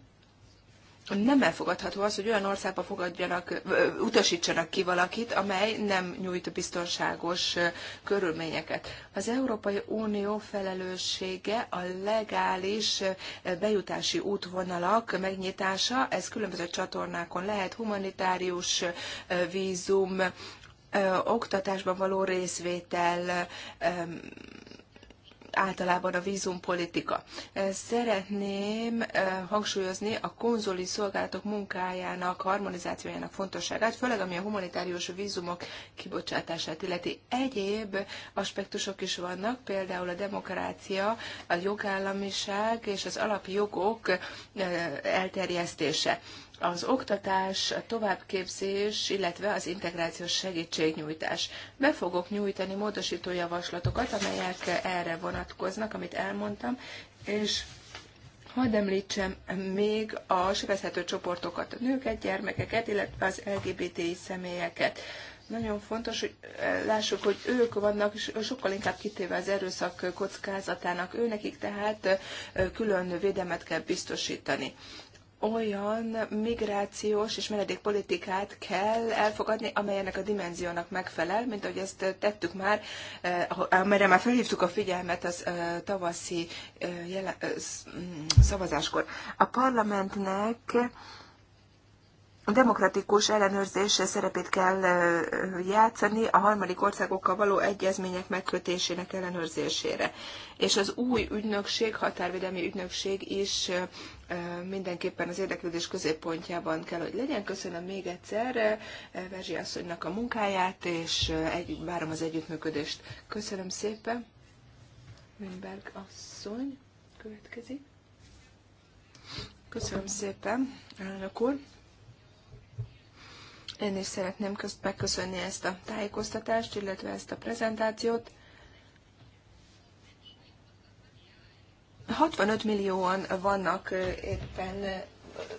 nem elfogadható az, hogy olyan országba fogadjanak, utasítsanak ki valakit, amely nem nyújt biztonságos körülményeket. Az Európai Unió felelőssége a legális bejutási útvonalak megnyitása, ez különböző csatornákon lehet humanitárius vízum, oktatásban való részvétel, általában a vízumpolitika. Szeretném eh, hangsúlyozni a konzoli szolgálatok munkájának, harmonizációjának fontosságát, főleg ami a humanitárius vízumok kibocsátását illeti. Egyéb aspektusok is vannak, például a demokrácia, a jogállamiság és az alapjogok eh, elterjesztése az oktatás, a továbbképzés, illetve az integrációs segítségnyújtás. Be fogok nyújtani módosító javaslatokat, amelyek erre vonatkoznak, amit elmondtam, és Hadd említsem még a sebezhető csoportokat, a nőket, gyermekeket, illetve az LGBTI személyeket. Nagyon fontos, hogy eh, lássuk, hogy ők vannak sokkal inkább kitéve az erőszak kockázatának, őnekik tehát eh, külön védelmet kell biztosítani olyan migrációs és menedékpolitikát kell elfogadni, amelyenek a dimenziónak megfelel, mint ahogy ezt tettük már, eh, amire már felhívtuk a figyelmet az eh, tavaszi eh, mm, szavazáskor. A parlamentnek demokratikus ellenőrzés szerepét kell játszani a harmadik országokkal való egyezmények megkötésének ellenőrzésére. És az új ügynökség, határvédelmi ügynökség is mindenképpen az érdeklődés középpontjában kell, hogy legyen. Köszönöm még egyszer Verzsi asszonynak a munkáját, és együtt, várom az együttműködést. Köszönöm szépen. Münberg asszony következik. Köszönöm szépen, elnök úr. Én is szeretném megköszönni ezt a tájékoztatást, illetve ezt a prezentációt. 65 millióan vannak eh, éppen eh,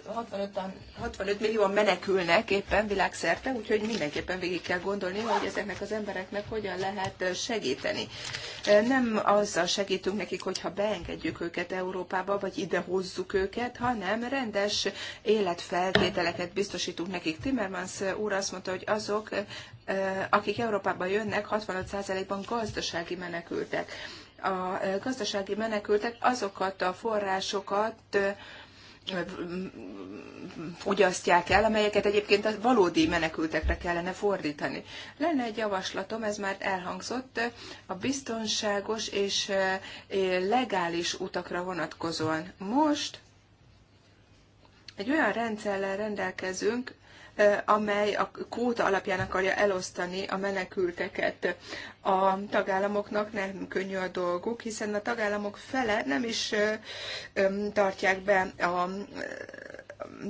65-an, 65 millióan menekülnek éppen világszerte, úgyhogy mindenképpen végig kell gondolni, hogy ezeknek az embereknek hogyan lehet segíteni. Nem azzal segítünk nekik, hogyha beengedjük őket Európába, vagy ide hozzuk őket, hanem rendes életfeltételeket biztosítunk nekik. Timmermans úr azt mondta, hogy azok, akik Európába jönnek, 65%-ban gazdasági menekültek. A gazdasági menekültek azokat a forrásokat, fogyasztják el, amelyeket egyébként a valódi menekültekre kellene fordítani. Lenne egy javaslatom, ez már elhangzott, a biztonságos és eh, legális utakra vonatkozóan. Most egy olyan rendszerrel rendelkezünk, amely a kvóta alapján akarja elosztani a menekülteket. A tagállamoknak nem könnyű a dolguk, hiszen a tagállamok fele nem is tartják be, a,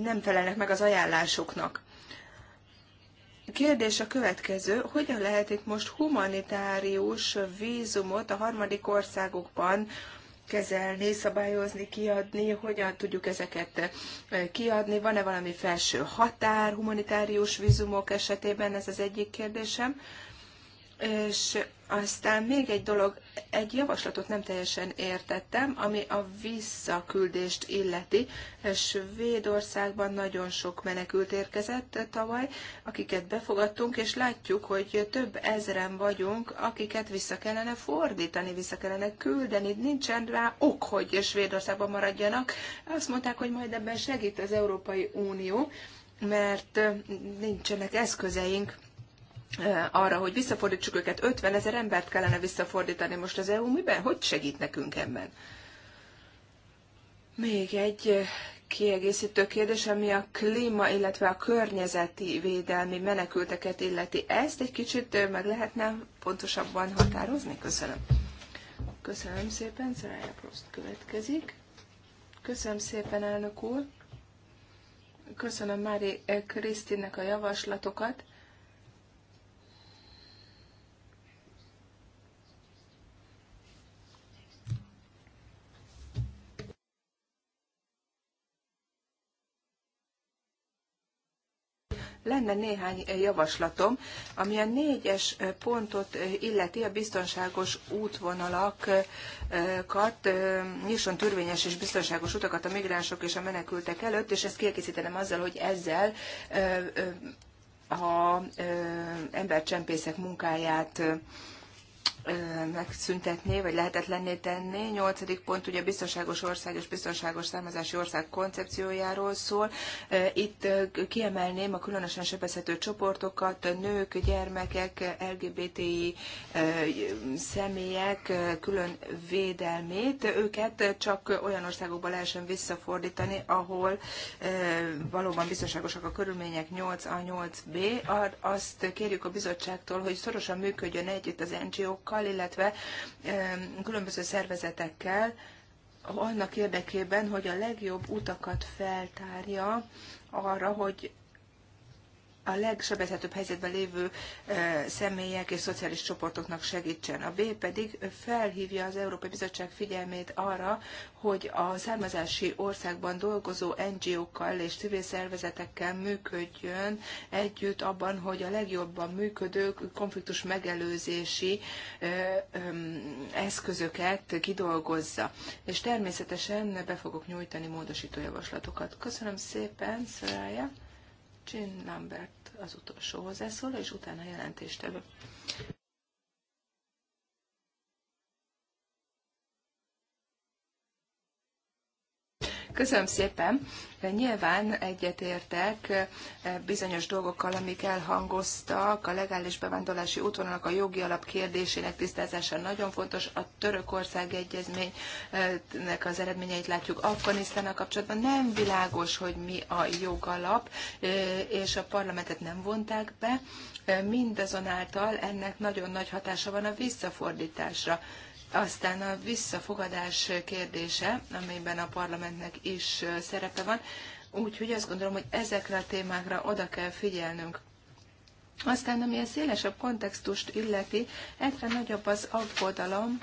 nem felelnek meg az ajánlásoknak. Kérdés a következő, hogyan lehet itt most humanitárius vízumot a harmadik országokban kezelni, szabályozni, kiadni, hogyan tudjuk ezeket e, kiadni, van-e valami felső határ humanitárius vízumok esetében, ez az egyik kérdésem. És aztán még egy dolog, egy javaslatot nem teljesen értettem, ami a visszaküldést illeti. Svédországban nagyon sok menekült érkezett tavaly, akiket befogadtunk, és látjuk, hogy több ezeren vagyunk, akiket vissza kellene fordítani, vissza kellene küldeni. Nincsen rá ok, hogy Svédországban maradjanak. Azt mondták, hogy majd ebben segít az Európai Unió, mert nincsenek eszközeink arra, hogy visszafordítsuk őket. 50 ezer embert kellene visszafordítani most az EU. Miben? Hogy segít nekünk ebben? Még egy kiegészítő kérdés, ami a klíma, illetve a környezeti védelmi menekülteket illeti. Ezt egy kicsit meg lehetne pontosabban határozni? Köszönöm. Köszönöm szépen, Szerája Prost következik. Köszönöm szépen, elnök úr. Köszönöm Mári Krisztinnek a javaslatokat. Lenne néhány eh, javaslatom, ami a négyes eh, pontot eh, illeti a biztonságos útvonalakat, nyisson törvényes és biztonságos utakat a migránsok és a menekültek előtt, és ezt kiegészítenem azzal, hogy ezzel ha embercsempészek munkáját megszüntetné, vagy lehetetlenné tenni. Nyolcadik pont ugye biztonságos ország és biztonságos származási ország koncepciójáról szól. Itt kiemelném a különösen sebezhető csoportokat, nők, gyermekek, LGBTI személyek külön védelmét. Őket csak olyan országokba lehessen visszafordítani, ahol valóban biztonságosak a körülmények 8A, 8B. Azt kérjük a bizottságtól, hogy szorosan működjön együtt az NGO-kkal, tagállamokkal, illetve különböző szervezetekkel annak érdekében, hogy a legjobb utakat feltárja arra, hogy a legsebezhetőbb helyzetben lévő személyek és szociális csoportoknak segítsen. A B pedig felhívja az Európai Bizottság figyelmét arra, hogy a származási országban dolgozó NGO-kkal és civil szervezetekkel működjön együtt abban, hogy a legjobban működő konfliktus megelőzési eszközöket kidolgozza. És természetesen be fogok nyújtani módosítójavaslatokat. Köszönöm szépen, Szerája! Jean Lambert az utolsó hozzászól, és utána jelentéstevő. Köszönöm szépen. Nyilván egyetértek eh, bizonyos dolgokkal, amik elhangoztak. A legális bevándorlási útvonalak a jogi alap kérdésének tisztázása nagyon fontos. A Törökország egyezménynek az eredményeit látjuk Afganisztánnal kapcsolatban. Nem világos, hogy mi a jogalap, eh, és a parlamentet nem vonták be. Eh, mindazonáltal ennek nagyon nagy hatása van a visszafordításra. Aztán a visszafogadás kérdése, amelyben a parlamentnek is szerepe van, úgyhogy azt gondolom, hogy ezekre a témákra oda kell figyelnünk. Aztán, ami a szélesebb kontextust illeti, egyre nagyobb az aggodalom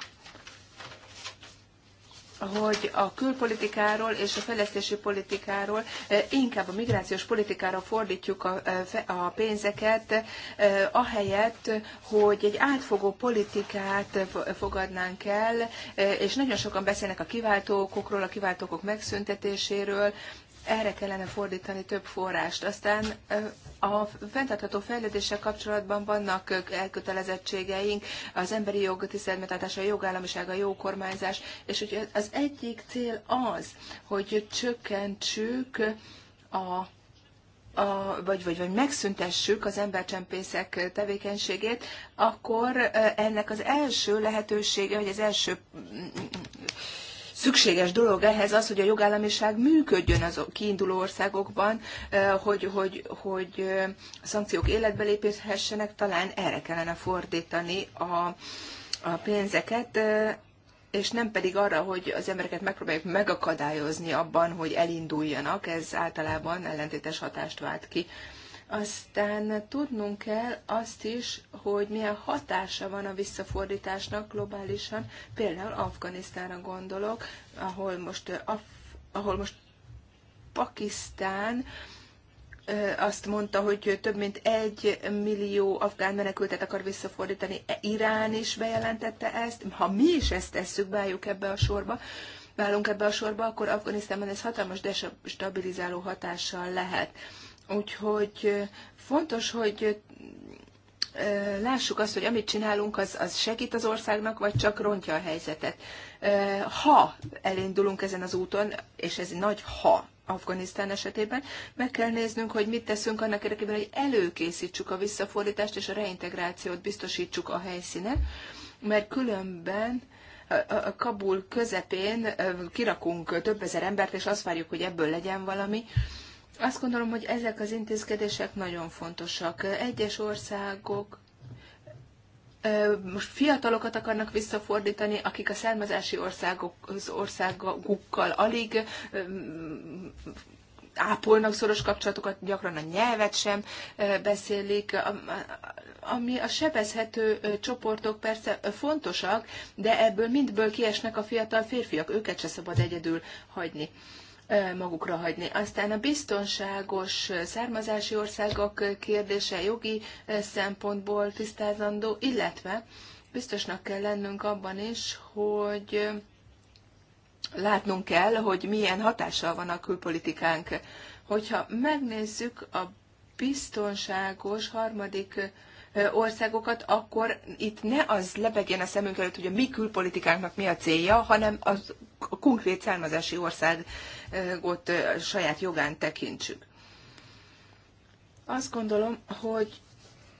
hogy a külpolitikáról és a fejlesztési politikáról eh, inkább a migrációs politikára fordítjuk a, eh, a pénzeket, eh, ahelyett, hogy egy átfogó politikát fogadnánk el, és nagyon sokan beszélnek a kiváltókokról, a kiváltókok megszüntetéséről, erre kellene fordítani több forrást. Aztán a fenntartható fejlődéssel kapcsolatban vannak elkötelezettségeink, az emberi jog tiszteletmetartása, a jogállamiság, a jó kormányzás, és ugye az egyik cél az, hogy csökkentsük a a, vagy, vagy, vagy megszüntessük az embercsempészek tevékenységét, akkor ennek az első lehetősége, vagy az első szükséges dolog ehhez az, hogy a jogállamiság működjön az kiinduló országokban, eh, hogy, hogy, hogy a eh, szankciók életbe léphessenek, talán erre kellene fordítani a, a pénzeket, eh, és nem pedig arra, hogy az embereket megpróbáljuk megakadályozni abban, hogy elinduljanak, ez általában ellentétes hatást vált ki aztán tudnunk kell azt is, hogy milyen hatása van a visszafordításnak globálisan, például Afganisztánra gondolok, ahol most, Af- ahol most Pakisztán azt mondta, hogy több mint egy millió afgán menekültet akar visszafordítani. E, Irán is bejelentette ezt. Ha mi is ezt tesszük, beálljuk ebbe a sorba, válunk ebbe a sorba, akkor Afganisztánban ez hatalmas destabilizáló hatással lehet. Úgyhogy fontos, hogy lássuk azt, hogy amit csinálunk, az, az segít az országnak, vagy csak rontja a helyzetet. Ha elindulunk ezen az úton, és ez egy nagy ha, Afganisztán esetében, meg kell néznünk, hogy mit teszünk annak érdekében, hogy előkészítsük a visszafordítást és a reintegrációt biztosítsuk a helyszínen, mert különben a Kabul közepén kirakunk több ezer embert, és azt várjuk, hogy ebből legyen valami. Azt gondolom, hogy ezek az intézkedések nagyon fontosak. Egyes országok most fiatalokat akarnak visszafordítani, akik a származási országok, az országokkal alig ápolnak szoros kapcsolatokat, gyakran a nyelvet sem beszélik, ami a sebezhető csoportok persze fontosak, de ebből mindből kiesnek a fiatal férfiak, őket se szabad egyedül hagyni magukra hagyni. Aztán a biztonságos származási országok kérdése jogi szempontból tisztázandó, illetve biztosnak kell lennünk abban is, hogy látnunk kell, hogy milyen hatással van a külpolitikánk. Hogyha megnézzük a biztonságos harmadik országokat, akkor itt ne az lebegjen a szemünk előtt, hogy a mi külpolitikánknak mi a célja, hanem az, a konkrét származási országot saját jogán tekintsük. Azt gondolom, hogy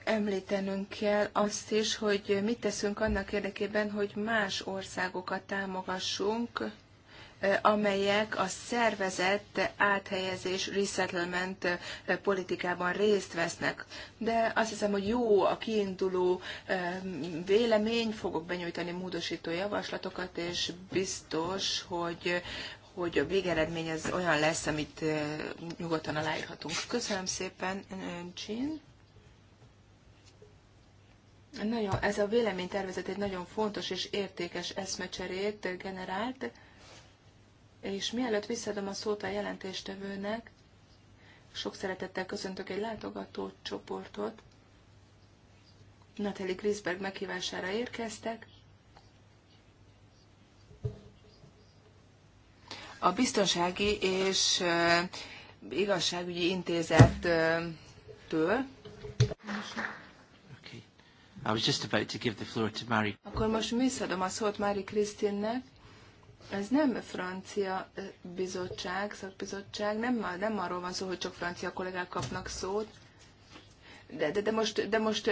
említenünk kell azt is, hogy mit teszünk annak érdekében, hogy más országokat támogassunk, amelyek a szervezett áthelyezés, resettlement eh, politikában részt vesznek. De azt hiszem, hogy jó a kiinduló eh, vélemény, fogok benyújtani módosító javaslatokat, és biztos, hogy hogy a végeredmény az olyan lesz, amit eh, nyugodtan aláírhatunk. Köszönöm szépen, Jean. Nagyon, ez a véleménytervezet egy nagyon fontos és értékes eszmecserét generált. És mielőtt visszadom a szót a jelentéstevőnek, sok szeretettel köszöntök egy látogató csoportot. Natalie Grisberg meghívására érkeztek. A Biztonsági és Igazságügyi Intézettől. Okay. I was just about to give the floor to Mary. Akkor most visszadom a szót Mári Krisztinnek ez nem francia bizottság, szakbizottság, nem, nem arról van szó, hogy csak francia kollégák kapnak szót, de, de, de, most, de most,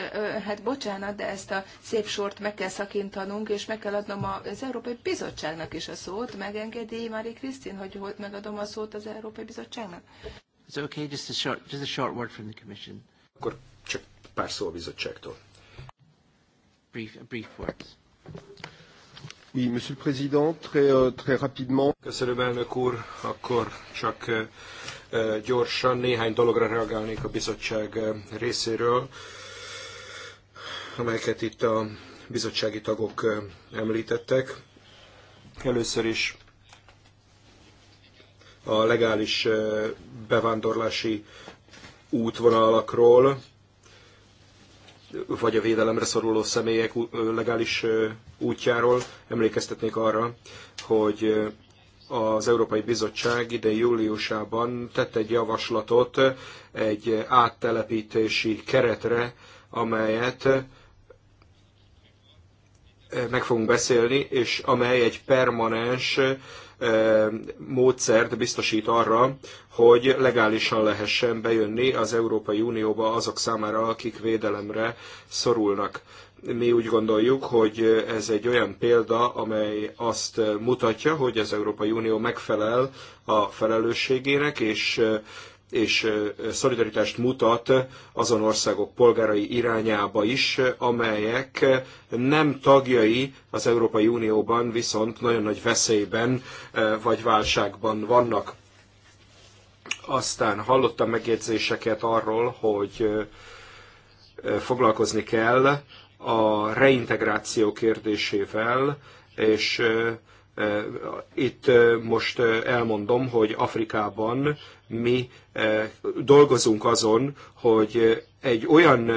hát bocsánat, de ezt a szép sort meg kell szakintanunk, és meg kell adnom az Európai Bizottságnak is a szót. Megengedi Mári Krisztin, hogy megadom a szót az Európai Bizottságnak? Is okay? Just a short, just a short word from the Commission. Akkor csak pár szó a bizottságtól. Brief, brief words. Oui, Monsieur le Président, très, euh, très rapidement. Köszönöm, elnök úr. Akkor csak gyorsan néhány dologra reagálnék a bizottság részéről, amelyeket itt a bizottsági tagok említettek. Először is a legális bevándorlási útvonalakról, vagy a védelemre szoruló személyek legális útjáról. Emlékeztetnék arra, hogy az Európai Bizottság idén júliusában tett egy javaslatot egy áttelepítési keretre, amelyet meg fogunk beszélni, és amely egy permanens módszert biztosít arra, hogy legálisan lehessen bejönni az Európai Unióba azok számára, akik védelemre szorulnak. Mi úgy gondoljuk, hogy ez egy olyan példa, amely azt mutatja, hogy az Európai Unió megfelel a felelősségének, és és szolidaritást mutat azon országok polgárai irányába is, amelyek nem tagjai az Európai Unióban, viszont nagyon nagy veszélyben vagy válságban vannak. Aztán hallottam megjegyzéseket arról, hogy foglalkozni kell a reintegráció kérdésével, és itt most elmondom, hogy Afrikában mi dolgozunk azon, hogy egy olyan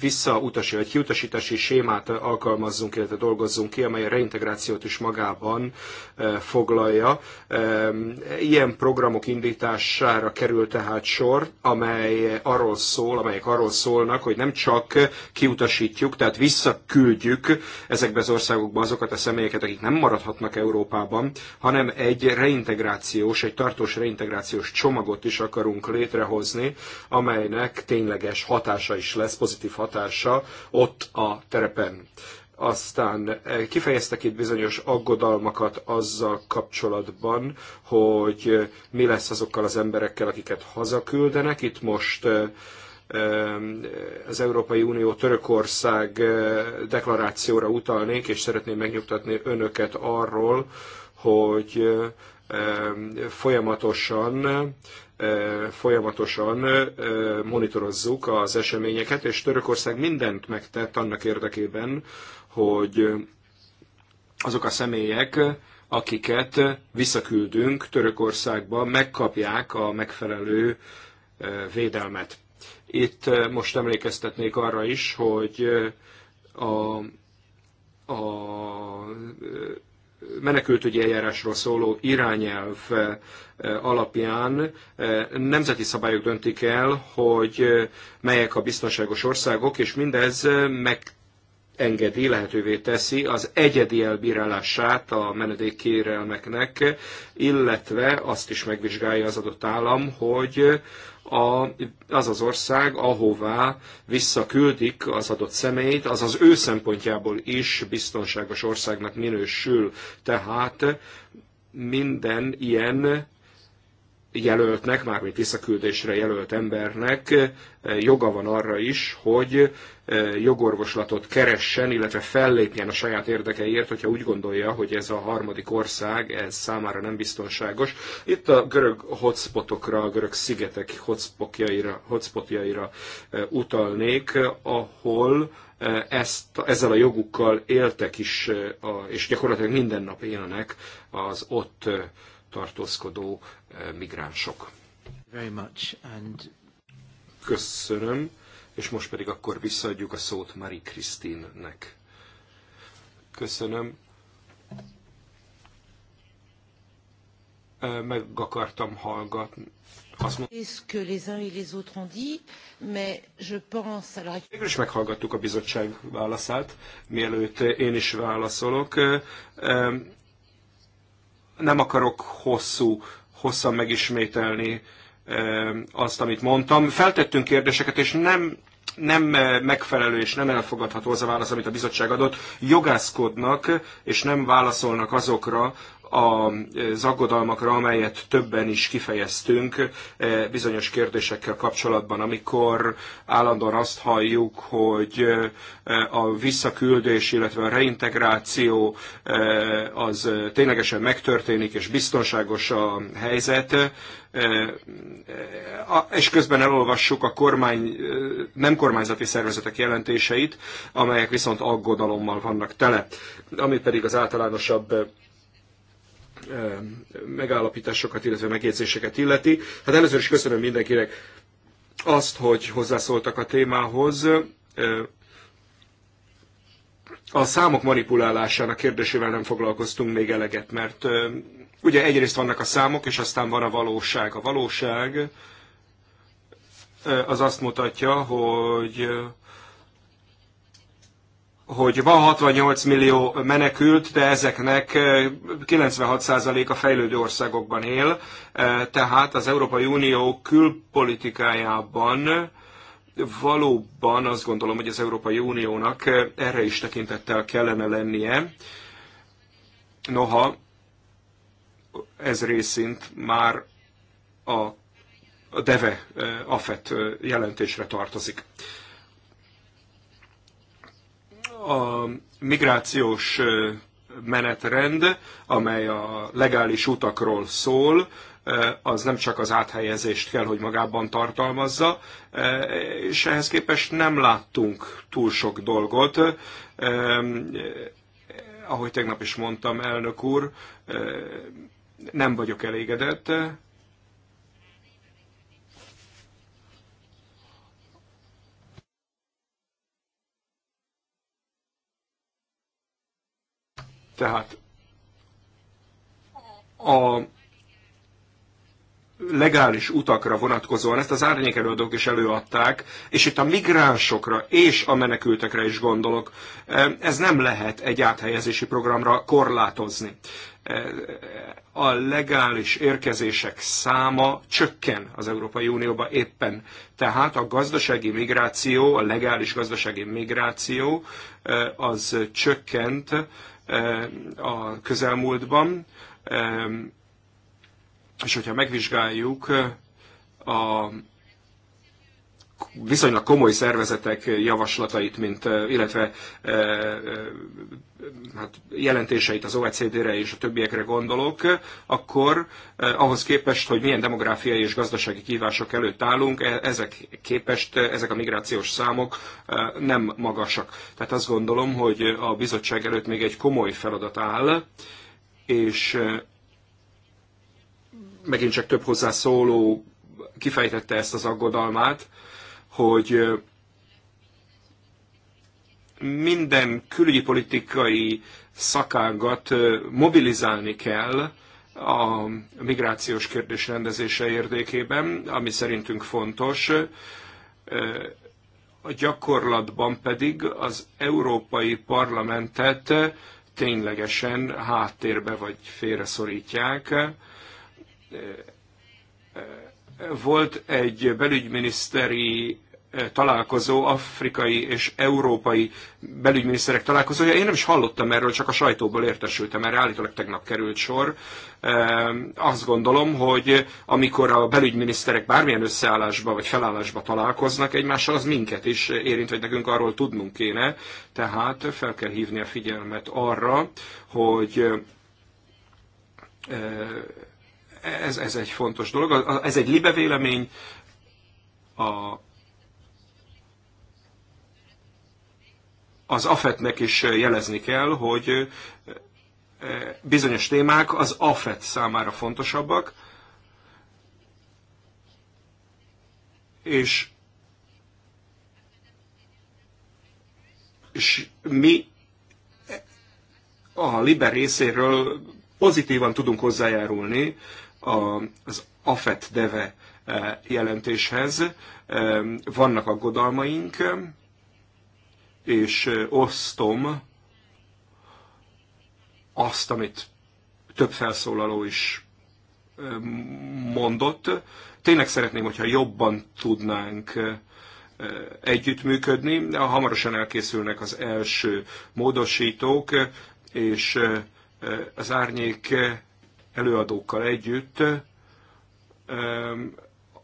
visszautasítási vagy kiutasítási sémát alkalmazzunk, illetve dolgozzunk ki, amely a reintegrációt is magában foglalja. Ilyen programok indítására kerül tehát sor, amely arról szól, amelyek arról szólnak, hogy nem csak kiutasítjuk, tehát visszaküldjük ezekbe az országokba azokat a személyeket, akik nem maradhatnak Európában, hanem egy reintegrációs, egy tartós reintegrációs csomagot is akarunk létrehozni, amelynek tényleges hatása is lesz, pozitív hatása ott a terepen. Aztán eh, kifejeztek itt bizonyos aggodalmakat azzal kapcsolatban, hogy eh, mi lesz azokkal az emberekkel, akiket hazaküldenek. Itt most eh, az Európai Unió Törökország deklarációra utalnék, és szeretném megnyugtatni önöket arról, hogy folyamatosan folyamatosan monitorozzuk az eseményeket, és Törökország mindent megtett annak érdekében, hogy azok a személyek, akiket visszaküldünk Törökországba, megkapják a megfelelő védelmet. Itt most emlékeztetnék arra is, hogy a, a menekültügyi eljárásról szóló irányelv e, e, alapján e, nemzeti szabályok döntik el, hogy melyek a biztonságos országok, és mindez meg engedi, lehetővé teszi az egyedi elbírálását a menedékkérelmeknek, illetve azt is megvizsgálja az adott állam, hogy a, az az ország, ahová visszaküldik az adott személyt, az az ő szempontjából is biztonságos országnak minősül. Tehát minden ilyen jelöltnek, mármint visszaküldésre jelölt embernek eh, joga van arra is, hogy eh, jogorvoslatot keressen, illetve fellépjen a saját érdekeiért, hogyha úgy gondolja, hogy ez a harmadik ország, ez számára nem biztonságos. Itt a görög hotspotokra, a görög szigetek hotspotjaira, hotspotjaira eh, utalnék, ahol ezt, ezzel a jogukkal éltek is, és gyakorlatilag minden nap élnek az ott tartózkodó eh, migránsok. Very much and... Köszönöm, és most pedig akkor visszaadjuk a szót Marie Krisztinnek. Köszönöm. Eh, meg akartam hallgatni, és Végül is meghallgattuk a bizottság válaszát, mielőtt én is válaszolok. Eh, nem akarok hosszú, hosszan megismételni azt, amit mondtam. Feltettünk kérdéseket, és nem, nem megfelelő és nem elfogadható az a válasz, amit a bizottság adott. Jogászkodnak, és nem válaszolnak azokra az aggodalmakra, amelyet többen is kifejeztünk e, bizonyos kérdésekkel kapcsolatban, amikor állandóan azt halljuk, hogy e, a visszaküldés, illetve a reintegráció e, az ténylegesen megtörténik, és biztonságos a helyzet, és közben elolvassuk a kormány, nem kormányzati szervezetek jelentéseit, amelyek viszont aggodalommal vannak tele, ami pedig az általánosabb megállapításokat, illetve megjegyzéseket illeti. Hát először is köszönöm mindenkinek azt, hogy hozzászóltak a témához. A számok manipulálásának kérdésével nem foglalkoztunk még eleget, mert ugye egyrészt vannak a számok, és aztán van a valóság. A valóság az azt mutatja, hogy hogy van 68 millió menekült, de ezeknek 96%-a fejlődő országokban él, tehát az Európai Unió külpolitikájában valóban azt gondolom, hogy az Európai Uniónak erre is tekintettel kellene lennie. Noha ez részint már a DEVE AFET jelentésre tartozik a migrációs menetrend, amely a legális utakról szól, az nem csak az áthelyezést kell, hogy magában tartalmazza, és ehhez képest nem láttunk túl sok dolgot. Ahogy tegnap is mondtam, elnök úr, nem vagyok elégedett, Tehát a legális utakra vonatkozóan, ezt az árnyékelőadók is előadták, és itt a migránsokra és a menekültekre is gondolok, e, ez nem lehet egy áthelyezési programra korlátozni. E, a legális érkezések száma csökken az Európai Unióba éppen. Tehát a gazdasági migráció, a legális gazdasági migráció e, az csökkent, a közelmúltban, és hogyha megvizsgáljuk a viszonylag komoly szervezetek javaslatait, mint, illetve hát jelentéseit az OECD-re és a többiekre gondolok, akkor ahhoz képest, hogy milyen demográfiai és gazdasági kívások előtt állunk, e, ezek képest ezek a migrációs számok nem magasak. Tehát azt gondolom, hogy a bizottság előtt még egy komoly feladat áll, és megint csak több hozzászóló kifejtette ezt az aggodalmát, hogy minden külügyi politikai szakágat mobilizálni kell a migrációs kérdés rendezése érdekében, ami szerintünk fontos. A gyakorlatban pedig az Európai Parlamentet ténylegesen háttérbe vagy félreszorítják. Volt egy belügyminiszteri eh, találkozó, afrikai és európai belügyminiszterek találkozója. Én nem is hallottam erről, csak a sajtóból értesültem erre, állítólag tegnap került sor. Eh, azt gondolom, hogy amikor a belügyminiszterek bármilyen összeállásba vagy felállásba találkoznak egymással, az minket is érint, vagy nekünk arról tudnunk kéne. Tehát fel kell hívni a figyelmet arra, hogy eh, ez, ez egy fontos dolog. Ez egy libe vélemény. A, az AFET-nek is jelezni kell, hogy bizonyos témák az AFET számára fontosabbak, és, és mi a Liber részéről pozitívan tudunk hozzájárulni az AFET deve eh, jelentéshez. Eh, vannak aggodalmaink, és eh, osztom azt, amit több felszólaló is mondott. Tényleg szeretném, hogyha jobban tudnánk együttműködni. Hamarosan elkészülnek az első módosítók, és az árnyék előadókkal együtt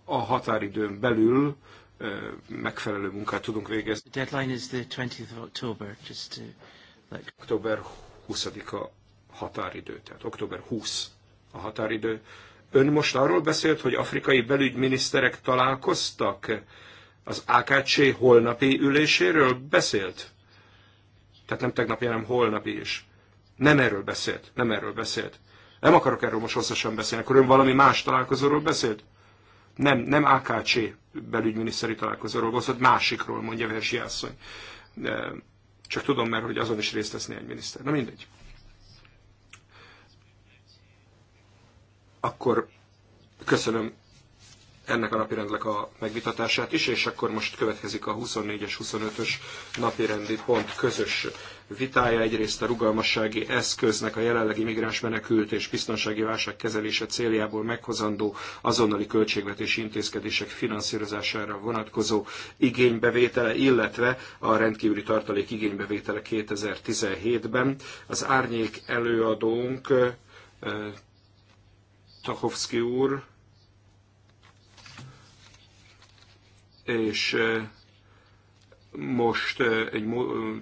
a határidőn belül megfelelő munkát tudunk végezni. The deadline is the 20th of October, just to like... Október 20-a határidő, tehát október 20 a határidő. Ön most arról beszélt, hogy afrikai belügyminiszterek találkoztak? Az AKC holnapi üléséről beszélt? Tehát nem tegnapi, hanem holnapi is. Nem erről beszélt, nem erről beszélt. Nem akarok erről most hosszasan beszélni. Akkor ön valami más találkozóról beszélt? Nem, nem AKC belügyminiszteri találkozóról volt, másikról, mondja Versi asszony. Csak tudom már, hogy azon is részt vesz néhány miniszter. Na mindegy. Akkor köszönöm ennek a napirendnek a megvitatását is, és akkor most következik a 24-es, 25-ös napirendi pont közös vitája egyrészt a rugalmassági eszköznek a jelenlegi migráns menekült és biztonsági válság kezelése céljából meghozandó azonnali költségvetési intézkedések finanszírozására vonatkozó igénybevétele, illetve a rendkívüli tartalék igénybevétele 2017-ben. Az árnyék előadónk Tachovsky úr és most egy,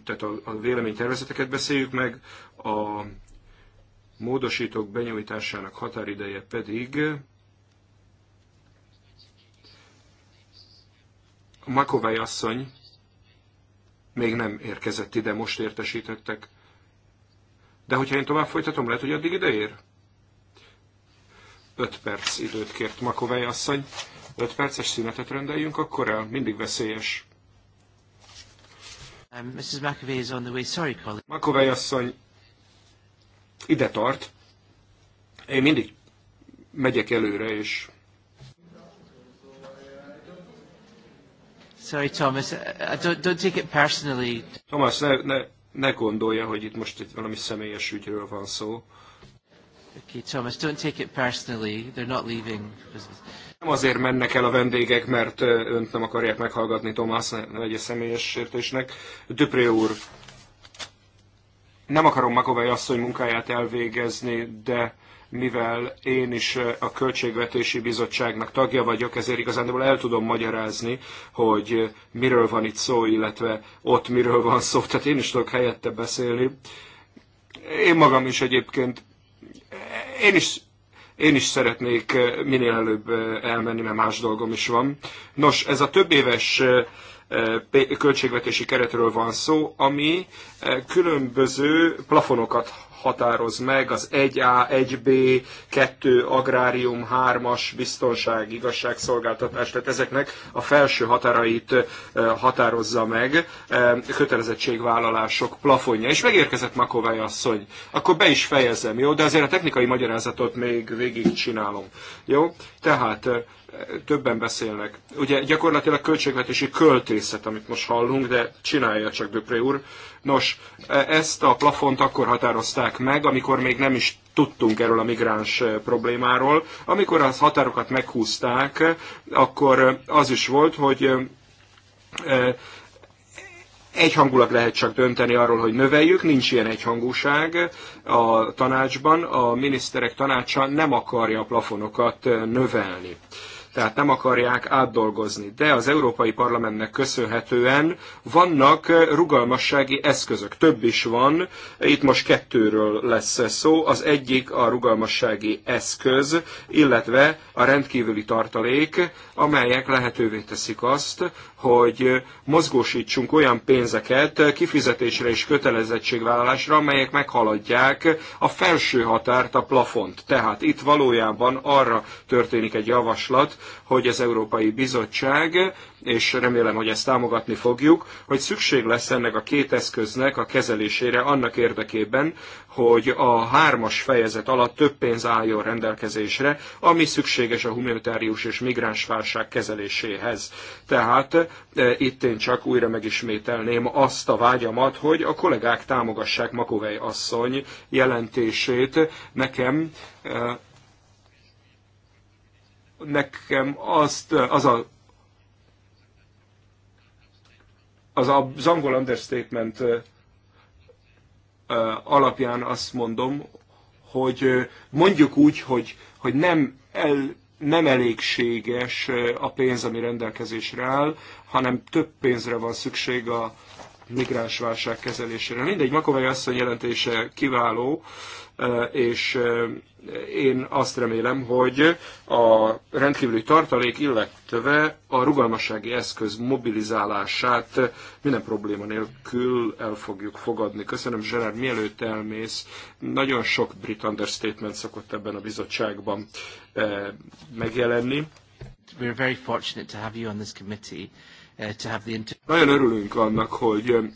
tehát a, a véleménytervezeteket beszéljük meg, a módosítók benyújtásának határideje pedig a Makovály asszony még nem érkezett ide, most értesítettek. De hogyha én tovább folytatom, lehet, hogy addig ide ér? 5 perc időt kért Makovály asszony. 5 perces szünetet rendeljünk, akkor el mindig veszélyes. Um, Mrs. McAvey is on the way. Sorry, colleague. McAvey asszony ide tart. Én mindig megyek előre, és... Sorry, Thomas. I don't, don't take it personally. Thomas, ne, ne, ne gondolja, hogy itt most itt valami személyes ügyről van szó. Okay, Thomas, don't take it personally. They're not leaving. Nem azért mennek el a vendégek, mert önt nem akarják meghallgatni, Thomas, ne vegye személyes sértésnek. Dupré úr, nem akarom Makovely asszony munkáját elvégezni, de mivel én is a Költségvetési Bizottságnak tagja vagyok, ezért igazából el tudom magyarázni, hogy miről van itt szó, illetve ott miről van szó. Tehát én is tudok helyette beszélni. Én magam is egyébként én is, én is szeretnék eh, minél előbb eh, elmenni, mert más dolgom is van. Nos, ez a több éves eh, költségvetési keretről van szó, ami különböző plafonokat határoz meg, az 1A, 1B, 2 agrárium, 3-as biztonság, igazságszolgáltatás, tehát ezeknek a felső határait határozza meg kötelezettségvállalások plafonja. És megérkezett Makovály asszony, akkor be is fejezem, jó? De azért a technikai magyarázatot még végig csinálom jó? Tehát többen beszélnek. Ugye gyakorlatilag költségvetési költészet, amit most hallunk, de csinálja csak Döpré úr. Nos, e, ezt a plafont akkor határozták meg, amikor még nem is tudtunk erről a migráns e, problémáról. Amikor az határokat meghúzták, akkor e, az is volt, hogy egyhangulat lehet csak dönteni arról, hogy növeljük, nincs ilyen egyhangúság a tanácsban, a miniszterek tanácsa nem akarja a plafonokat növelni tehát nem akarják átdolgozni. De az Európai Parlamentnek köszönhetően vannak rugalmassági eszközök. Több is van, itt most kettőről lesz szó. Az egyik a rugalmassági eszköz, illetve a rendkívüli tartalék, amelyek lehetővé teszik azt, hogy mozgósítsunk olyan pénzeket kifizetésre és kötelezettségvállalásra, amelyek meghaladják a felső határt, a plafont. Tehát itt valójában arra történik egy javaslat, hogy az Európai Bizottság, és remélem, hogy ezt támogatni fogjuk, hogy szükség lesz ennek a két eszköznek a kezelésére annak érdekében, hogy a hármas fejezet alatt több pénz álljon rendelkezésre, ami szükséges a humanitárius és migráns válság kezeléséhez. Tehát e, itt én csak újra megismételném azt a vágyamat, hogy a kollégák támogassák Makovej asszony jelentését. Nekem e, nekem azt, az a az, a, az angol understatement alapján azt mondom, hogy mondjuk úgy, hogy, hogy nem, el, nem elégséges a pénz, ami rendelkezésre áll, hanem több pénzre van szükség a migránsválság kezelésére. Mindegy, Makovai asszony jelentése kiváló, és én azt remélem, hogy a rendkívüli tartalék, illetve a rugalmassági eszköz mobilizálását minden probléma nélkül el fogjuk fogadni. Köszönöm, Zserár, mielőtt elmész, nagyon sok brit understatement szokott ebben a bizottságban megjelenni. We're very fortunate to have you on this committee. Uh, nagyon örülünk annak, hogy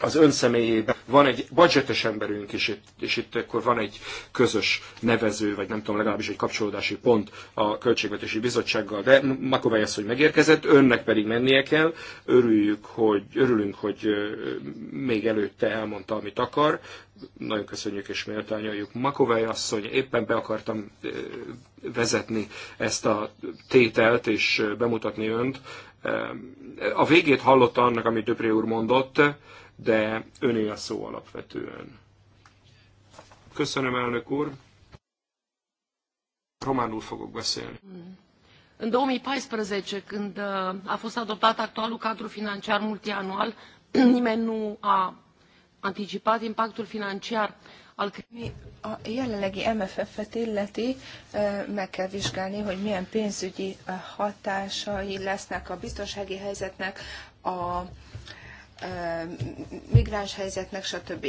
az ön személyében van egy budgetes emberünk is, itt, és itt akkor van egy közös nevező, vagy nem tudom, legalábbis egy kapcsolódási pont a Költségvetési Bizottsággal, de Makovály az, hogy megérkezett, önnek pedig mennie kell, örüljük, hogy, örülünk, hogy még előtte elmondta, amit akar, nagyon köszönjük és méltányoljuk. Makovely asszony, éppen be akartam vezetni ezt a tételt és bemutatni önt. A végét hallotta annak, amit Döpré úr mondott, de öné a szó alapvetően. Köszönöm, elnök úr. Románul fogok beszélni. Mm. În 2014, când uh, a fost adoptat actualul cadru financiar multianual, nimeni nu a anticipat impactul financiar al Mi a jelenlegi MFF-et illeti, uh, meg kell vizsgálni, hogy milyen pénzügyi uh, hatásai lesznek a biztonsági helyzetnek, a migráns helyzetnek, stb.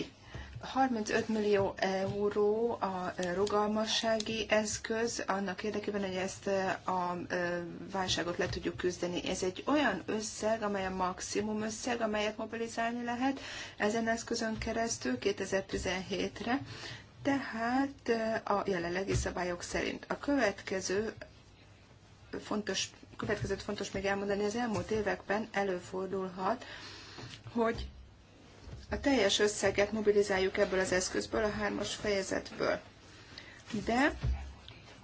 35 millió euró a rugalmassági eszköz, annak érdekében, hogy ezt a válságot le tudjuk küzdeni. Ez egy olyan összeg, amely a maximum összeg, amelyet mobilizálni lehet ezen eszközön keresztül 2017-re, tehát a jelenlegi szabályok szerint. A következő fontos, következőt fontos még elmondani, az elmúlt években előfordulhat, hogy a teljes összeget mobilizáljuk ebből az eszközből, a hármas fejezetből. De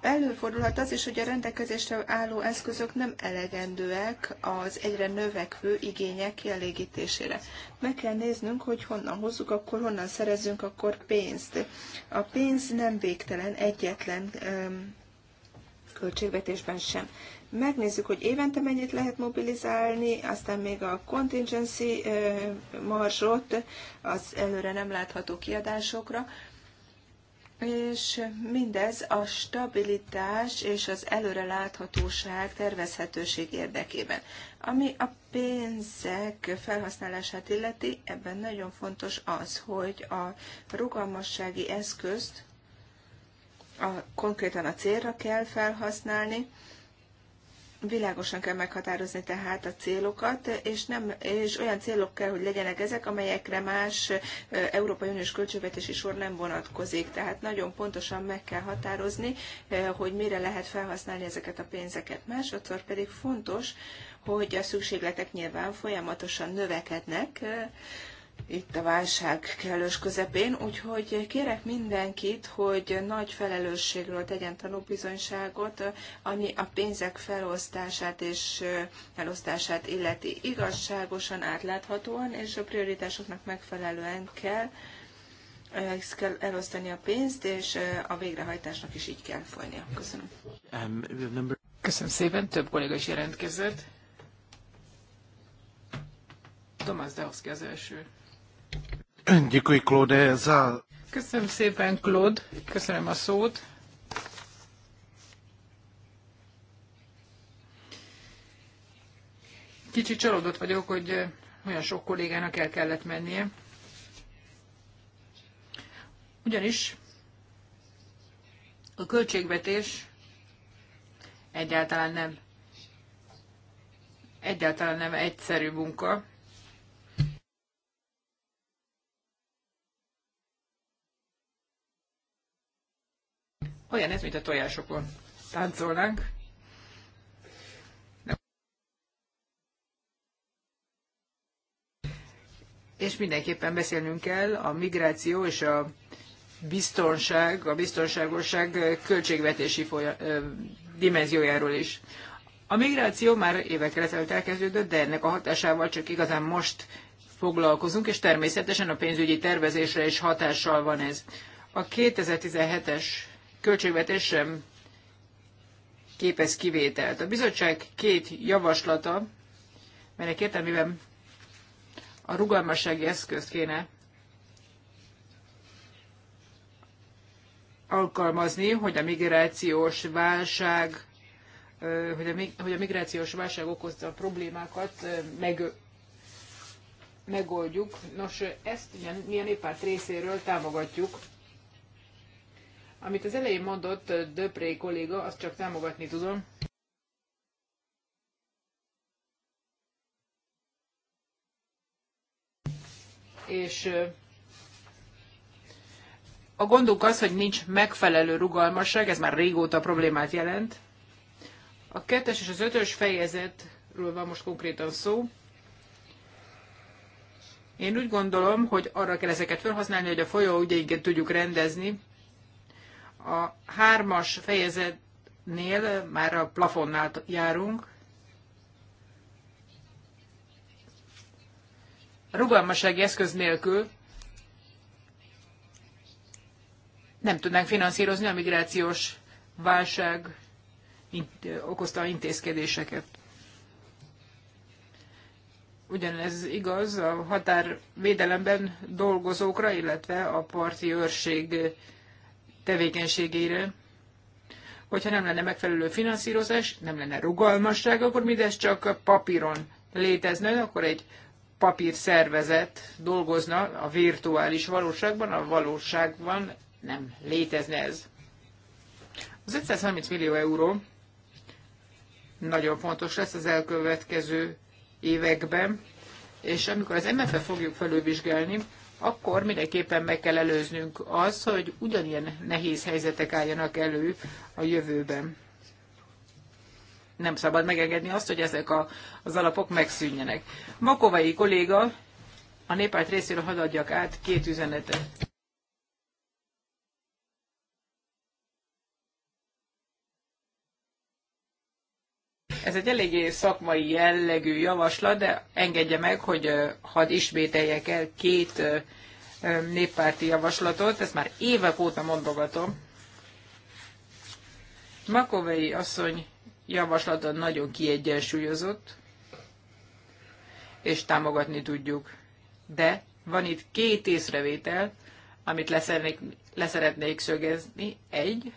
előfordulhat az is, hogy a rendelkezésre álló eszközök nem elegendőek az egyre növekvő igények kielégítésére. Meg kell néznünk, hogy honnan hozzuk, akkor honnan szerezzünk akkor pénzt. A pénz nem végtelen egyetlen öm, költségvetésben sem megnézzük, hogy évente mennyit lehet mobilizálni, aztán még a contingency marzsot az előre nem látható kiadásokra, és mindez a stabilitás és az előreláthatóság tervezhetőség érdekében. Ami a pénzek felhasználását illeti, ebben nagyon fontos az, hogy a rugalmassági eszközt a, konkrétan a célra kell felhasználni, Világosan kell meghatározni tehát a célokat, és, nem, és olyan célok kell, hogy legyenek ezek, amelyekre más Európai Uniós költségvetési sor nem vonatkozik. Tehát nagyon pontosan meg kell határozni, hogy mire lehet felhasználni ezeket a pénzeket. Másodszor pedig fontos, hogy a szükségletek nyilván folyamatosan növekednek, itt a válság kellős közepén, úgyhogy kérek mindenkit, hogy nagy felelősségről tegyen tanúbizonyságot, ami a pénzek felosztását és elosztását illeti igazságosan, átláthatóan, és a prioritásoknak megfelelően kell, kell elosztani a pénzt, és a végrehajtásnak is így kell folynia. Köszönöm. Um, Köszönöm szépen, több kolléga is jelentkezett. Tomasz Dehoszki az első. Děkuji, Claude, za... Köszönöm szépen, Claude. Köszönöm a szót. Kicsit csalódott vagyok, hogy olyan sok kollégának el kellett mennie. Ugyanis a költségvetés egyáltalán nem egyáltalán nem egyszerű munka. Olyan ez, mint a tojásokon táncolnánk. És mindenképpen beszélnünk kell a migráció és a biztonság, a biztonságosság költségvetési folya, ö, dimenziójáról is. A migráció már évekkel ezelőtt elkezdődött, de ennek a hatásával csak igazán most foglalkozunk, és természetesen a pénzügyi tervezésre is hatással van ez. A 2017-es költségvetés sem képez kivételt. A bizottság két javaslata, melynek értelmében a rugalmassági eszközt kéne alkalmazni, hogy a migrációs válság hogy a, hogy a migrációs válság okozta a problémákat meg, megoldjuk. Nos, ezt milyen, milyen néppárt részéről támogatjuk. Amit az elején mondott eh, Döpré kolléga, azt csak támogatni tudom. És eh, a gondunk az, hogy nincs megfelelő rugalmasság, ez már régóta problémát jelent. A kettes és az ötös fejezetről van most konkrétan szó. Én úgy gondolom, hogy arra kell ezeket felhasználni, hogy a folyó folyóügyeinket tudjuk rendezni, a hármas fejezetnél már a plafonnál járunk. A rugalmasági eszköz nélkül nem tudnánk finanszírozni a migrációs válság okozta intézkedéseket. Ugyanez igaz a határvédelemben dolgozókra, illetve a parti őrség tevékenységére. Hogyha nem lenne megfelelő finanszírozás, nem lenne rugalmasság, akkor mindez csak papíron létezne, akkor egy papír szervezet dolgozna a virtuális valóságban, a valóságban nem létezne ez. Az 530 millió euró nagyon fontos lesz az elkövetkező években, és amikor az MFF fogjuk felülvizsgálni, akkor mindenképpen meg kell előznünk az, hogy ugyanilyen nehéz helyzetek álljanak elő a jövőben. Nem szabad megengedni azt, hogy ezek a, az alapok megszűnjenek. Makovai kolléga a néppárt részéről hadd adjak át két üzenetet. Ez egy eléggé szakmai jellegű javaslat, de engedje meg, hogy hadd ismételjek el két néppárti javaslatot, ezt már évek óta mondogatom. Makovei asszony javaslata nagyon kiegyensúlyozott, és támogatni tudjuk. De van itt két észrevétel, amit leszernék, leszeretnék szögezni. Egy,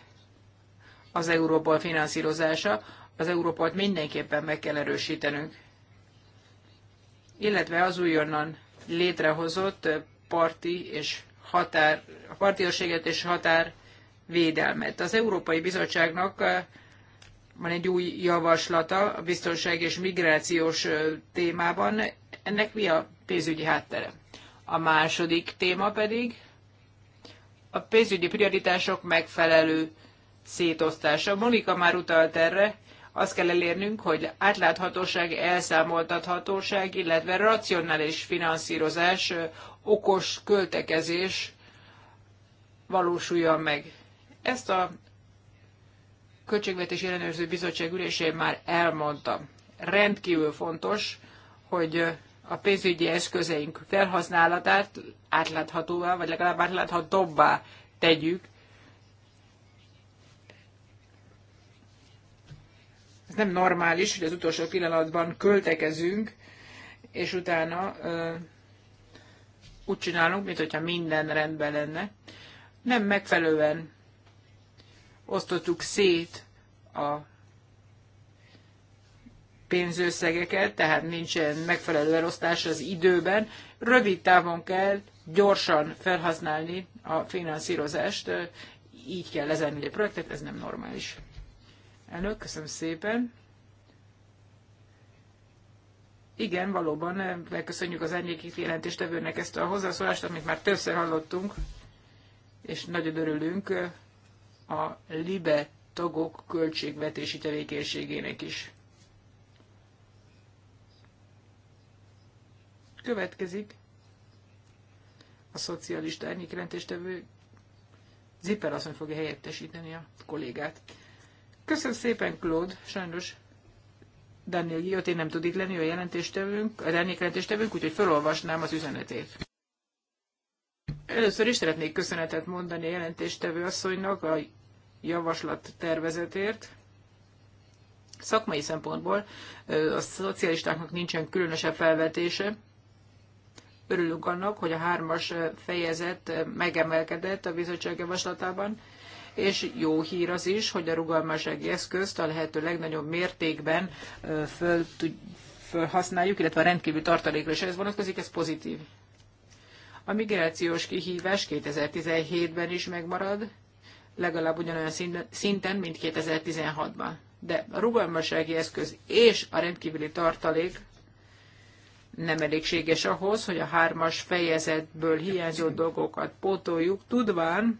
az Európa finanszírozása az Európát mindenképpen meg kell erősítenünk. Illetve az újonnan létrehozott parti és határ, partiosséget és határ védelmet. Az Európai Bizottságnak van egy új javaslata a biztonság és migrációs témában. Ennek mi a pénzügyi háttere? A második téma pedig a pénzügyi prioritások megfelelő szétosztása. Monika már utalt erre, azt kell elérnünk, hogy átláthatóság, elszámoltathatóság, illetve racionális finanszírozás, okos költekezés valósuljon meg. Ezt a Költségvetési Ellenőrző Bizottság ülésén már elmondta. Rendkívül fontos, hogy a pénzügyi eszközeink felhasználatát átláthatóvá, vagy legalább átláthatóbbá tegyük, ez nem normális, hogy az utolsó pillanatban költekezünk, és utána ö, úgy csinálunk, mintha hogyha minden rendben lenne. Nem megfelelően osztottuk szét a pénzösszegeket, tehát nincsen megfelelő elosztás az időben. Rövid távon kell gyorsan felhasználni a finanszírozást, így kell lezárni egy projektet, ez nem normális. Elnök, köszönöm szépen. Igen, valóban eh, megköszönjük az árnyékét jelentéstevőnek ezt a hozzászólást, amit már többször hallottunk, és nagyon örülünk eh, a LIBE tagok költségvetési tevékenységének is. Következik a szocialista árnyék jelentéstevő Zipper azt fogja helyettesíteni a kollégát. Köszönöm szépen, Claude. Sajnos Daniel én nem tud itt lenni, a jelentéstevőnk, a Daniel jelentéstevőnk, úgyhogy felolvasnám az üzenetét. Először is szeretnék köszönetet mondani a jelentéstevő asszonynak a javaslat tervezetért. Szakmai szempontból a szocialistáknak nincsen különösebb felvetése. Örülünk annak, hogy a hármas fejezet megemelkedett a bizottság javaslatában, és jó hír az is, hogy a rugalmasági eszközt a lehető legnagyobb mértékben föl, használjuk, illetve a rendkívül tartalékra is ez vonatkozik, ez pozitív. A migrációs kihívás 2017-ben is megmarad, legalább ugyanolyan szinten, mint 2016-ban. De a rugalmasági eszköz és a rendkívüli tartalék nem elégséges ahhoz, hogy a hármas fejezetből hiányzó dolgokat pótoljuk, tudván,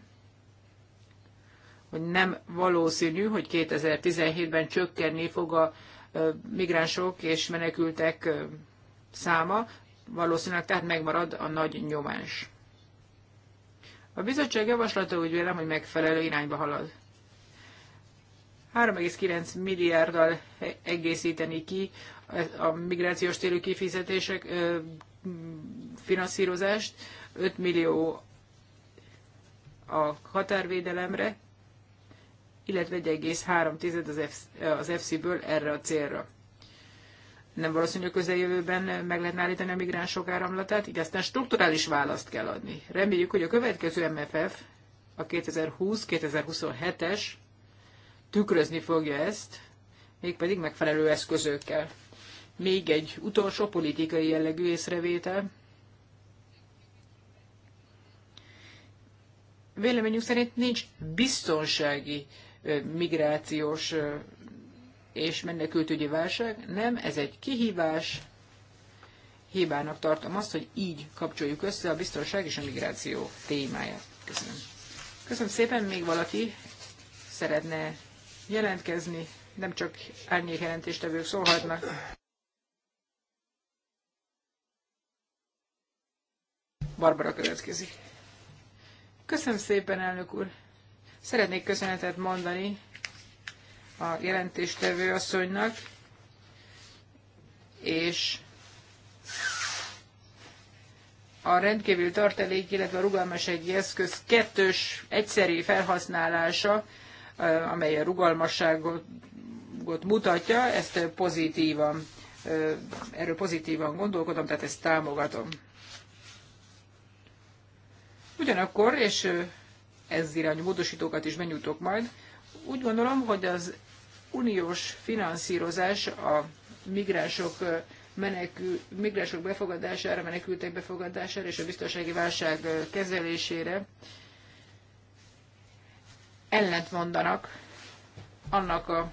hogy nem valószínű, hogy 2017-ben csökkenni fog a migránsok és menekültek száma, valószínűleg tehát megmarad a nagy nyomás. A bizottság javaslata úgy vélem, hogy megfelelő irányba halad. 3,9 milliárddal egészíteni ki a migrációs térű kifizetések finanszírozást, 5 millió a határvédelemre, illetve 1,3 az FC-ből erre a célra. Nem valószínű, hogy a közeljövőben meg lehet állítani a migránsok áramlatát, így aztán strukturális választ kell adni. Reméljük, hogy a következő MFF, a 2020-2027-es tükrözni fogja ezt, mégpedig megfelelő eszközökkel. Még egy utolsó politikai jellegű észrevétel. Véleményünk szerint nincs biztonsági migrációs és menekültügyi válság. Nem, ez egy kihívás. Hibának tartom azt, hogy így kapcsoljuk össze a biztonság és a migráció témáját. Köszönöm. Köszönöm szépen, még valaki szeretne jelentkezni, nem csak jelentéstevők szólhatnak. Barbara következik. Köszönöm szépen, elnök úr! Szeretnék köszönetet mondani a jelentéstevő asszonynak, és a rendkívül tartalék, illetve a egy eszköz kettős egyszerű felhasználása, amely a rugalmasságot mutatja, ezt pozitívan, erről pozitívan gondolkodom, tehát ezt támogatom. Ugyanakkor, és ez irányú módosítókat is benyújtok majd. Úgy gondolom, hogy az uniós finanszírozás a migránsok, menekül, migránsok befogadására, menekültek befogadására és a biztonsági válság kezelésére ellent mondanak annak a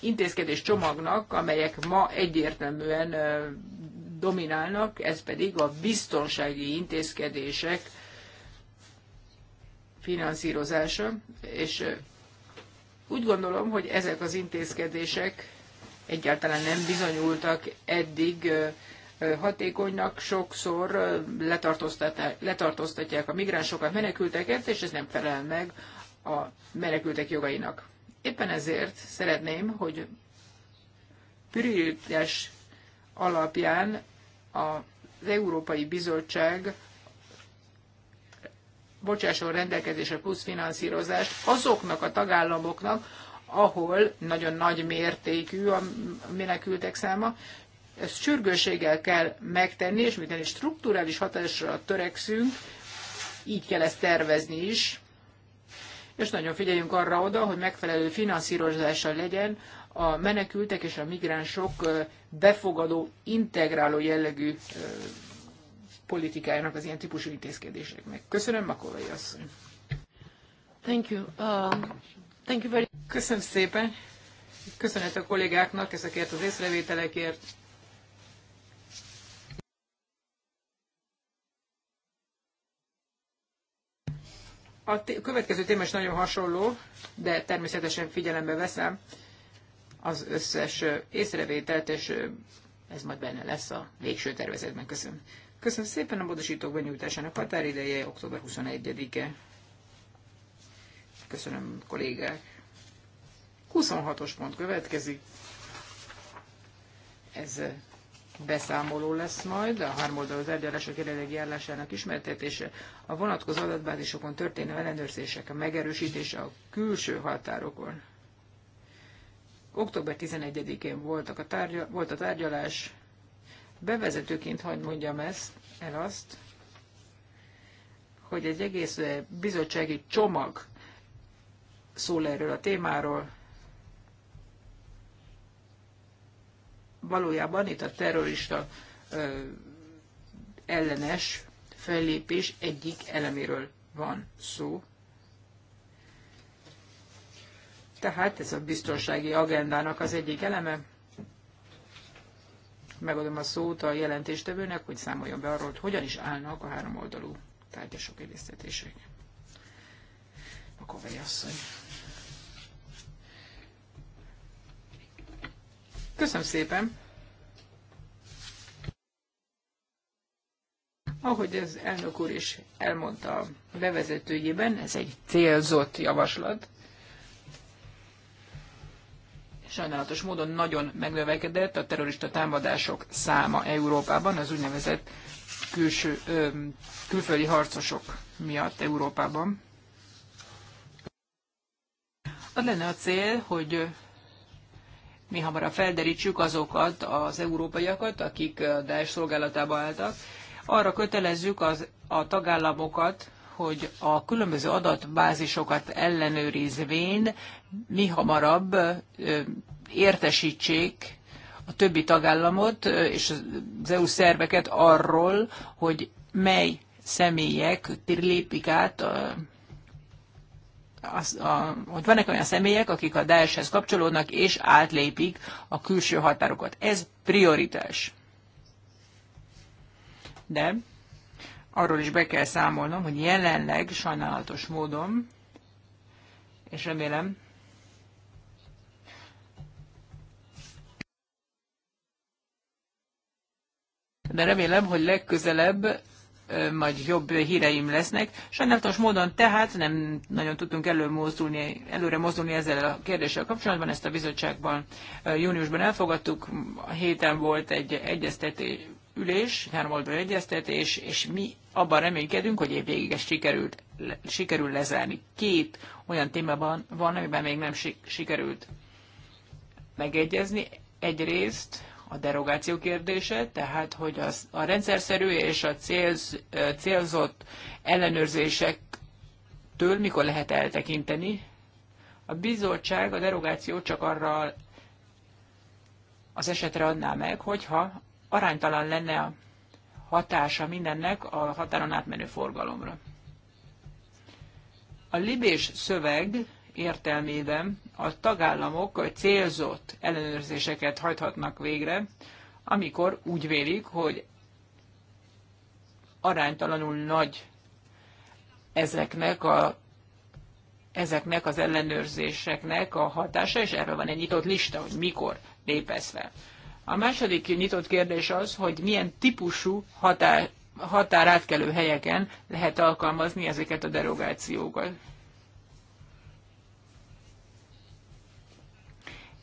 intézkedés csomagnak, amelyek ma egyértelműen dominálnak, ez pedig a biztonsági intézkedések finanszírozása, és úgy gondolom, hogy ezek az intézkedések egyáltalán nem bizonyultak eddig hatékonynak, sokszor letartóztatják a migránsokat, menekülteket, és ez nem felel meg a menekültek jogainak. Éppen ezért szeretném, hogy prioritás alapján az Európai Bizottság bocsásson rendelkezésre plusz finanszírozást azoknak a tagállamoknak, ahol nagyon nagy mértékű a menekültek száma, ezt sürgőséggel kell megtenni, és mivel is strukturális hatásra törekszünk, így kell ezt tervezni is, és nagyon figyeljünk arra oda, hogy megfelelő finanszírozással legyen a menekültek és a migránsok befogadó, integráló jellegű politikájának az ilyen típusú intézkedéseknek. Köszönöm, Makovai asszony. Thank you. Uh, thank you very... Köszönöm szépen. Köszönet a kollégáknak ezekért az észrevételekért. A következő téma is nagyon hasonló, de természetesen figyelembe veszem az összes észrevételt, és ez majd benne lesz a végső tervezetben. Köszönöm. Köszönöm szépen a módosítók benyújtásának határideje október 21-e. Köszönöm kollégák. 26-os pont következik. Ez beszámoló lesz majd, a az eljárások jelenlegi állásának ismertetése, a vonatkozó adatbázisokon történő ellenőrzések, a megerősítése a külső határokon. Október 11-én voltak a tárgyal, volt a tárgyalás, Bevezetőként hagyd mondjam ezt, el azt, hogy egy egész eh, bizottsági csomag szól erről a témáról. Valójában itt a terrorista ö, eh, ellenes fellépés egyik eleméről van szó. Tehát ez a biztonsági agendának az egyik eleme megadom a szót a jelentéstevőnek, hogy számoljon be arról, hogy hogyan is állnak a három oldalú tárgyasok egyeztetések. A Kovai asszony. Köszönöm szépen! Ahogy az elnök úr is elmondta a bevezetőjében, ez egy célzott javaslat sajnálatos módon nagyon megnövekedett a terrorista támadások száma Európában, az úgynevezett külső, ö, külföldi harcosok miatt Európában. Az lenne a cél, hogy mi hamarabb felderítsük azokat az európaiakat, akik Daesh szolgálatába álltak. Arra kötelezzük az, a tagállamokat, hogy a különböző adatbázisokat ellenőrizvén mi hamarabb értesítsék a többi tagállamot és az EU szerveket arról, hogy mely személyek lépik át, a, a, a, hogy vannak olyan személyek, akik a Daesh-hez kapcsolódnak és átlépik a külső határokat. Ez prioritás. De arról is be kell számolnom, hogy jelenleg sajnálatos módon, és remélem, de remélem, hogy legközelebb majd jobb híreim lesznek. Sajnálatos módon tehát nem nagyon tudtunk előmozdulni, előre mozdulni ezzel a kérdéssel kapcsolatban, ezt a bizottságban júniusban elfogadtuk, a héten volt egy egyeztetés, ülés, háromoldalú egyeztetés, és mi abban reménykedünk, hogy évvégig ezt sikerült, le, sikerül lezárni. Két olyan témában van, amiben még nem sikerült megegyezni. Egyrészt a derogáció kérdése, tehát hogy az, a rendszerszerű és a célz, célzott ellenőrzésektől mikor lehet eltekinteni. A bizottság a derogációt csak arra az esetre adná meg, hogyha aránytalan lenne a hatása mindennek a határon átmenő forgalomra. A libés szöveg értelmében a tagállamok célzott ellenőrzéseket hajthatnak végre, amikor úgy vélik, hogy aránytalanul nagy ezeknek a ezeknek az ellenőrzéseknek a hatása, és erről van egy nyitott lista, hogy mikor lépesz fel. A második nyitott kérdés az, hogy milyen típusú határ, határátkelő helyeken lehet alkalmazni ezeket a derogációkat.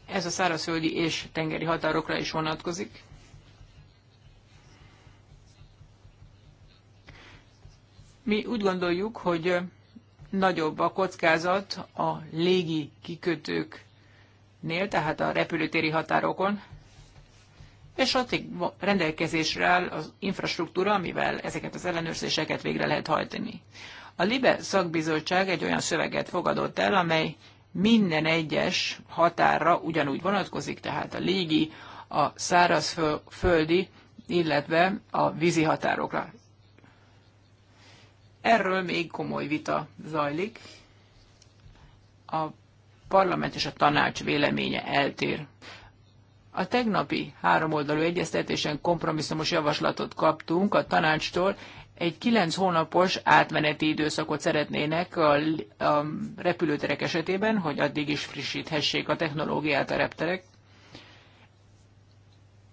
Ez a szárazföldi és tengeri határokra is vonatkozik. Mi úgy gondoljuk, hogy nagyobb a kockázat a légi kikötőknél, tehát a repülőtéri határokon, és ott rendelkezésre áll az infrastruktúra, amivel ezeket az ellenőrzéseket végre lehet hajtani. A LIBE szakbizottság egy olyan szöveget fogadott el, amely minden egyes határra ugyanúgy vonatkozik, tehát a légi, a szárazföldi, illetve a vízi határokra. Erről még komoly vita zajlik. A parlament és a tanács véleménye eltér. A tegnapi háromoldalú egyeztetésen kompromisszumos javaslatot kaptunk a tanácstól, egy kilenc hónapos átmeneti időszakot szeretnének a, a repülőterek esetében, hogy addig is frissíthessék a technológiát a repterek,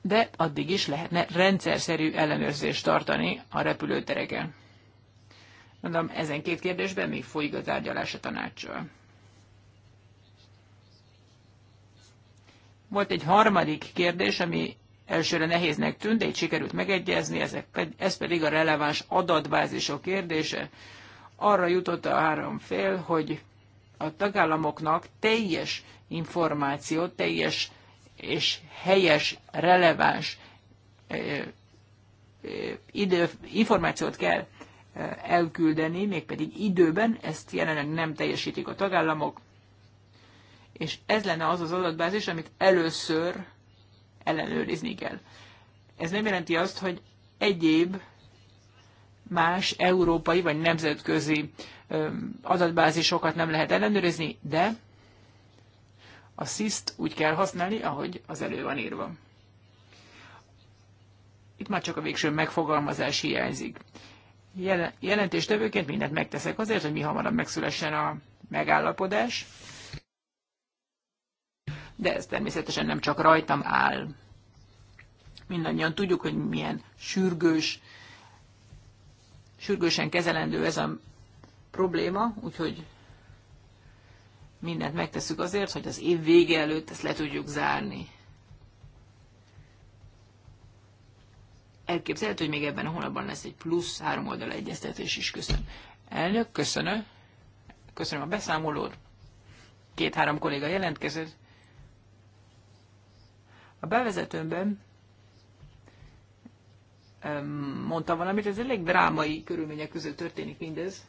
de addig is lehetne rendszerszerű ellenőrzést tartani a repülőtereken. Mondom, ezen két kérdésben még folyik a tárgyalás a tanácssal. Volt egy harmadik kérdés, ami elsőre nehéznek tűnt, de így sikerült megegyezni, ezek, ez pedig a releváns adatbázisok kérdése. Arra jutott a három fél, hogy a tagállamoknak teljes információ, teljes és helyes, releváns idő, információt kell elküldeni, mégpedig időben, ezt jelenleg nem teljesítik a tagállamok és ez lenne az az adatbázis, amit először ellenőrizni kell. Ez nem jelenti azt, hogy egyéb más európai vagy nemzetközi adatbázisokat nem lehet ellenőrizni, de a SIS-t úgy kell használni, ahogy az elő van írva. Itt már csak a végső megfogalmazás hiányzik. jelentéstevőként mindent megteszek azért, hogy mi hamarabb megszülessen a megállapodás, de ez természetesen nem csak rajtam áll. Mindannyian tudjuk, hogy milyen sürgős, sürgősen kezelendő ez a probléma, úgyhogy mindent megteszünk azért, hogy az év vége előtt ezt le tudjuk zárni. Elképzelhető, hogy még ebben a hónapban lesz egy plusz három oldal egyeztetés is. Köszönöm. Elnök, köszönöm. Köszönöm a beszámolót. Két-három kolléga jelentkezett. A bevezetőmben mondtam valamit, ez elég drámai körülmények között történik mindez.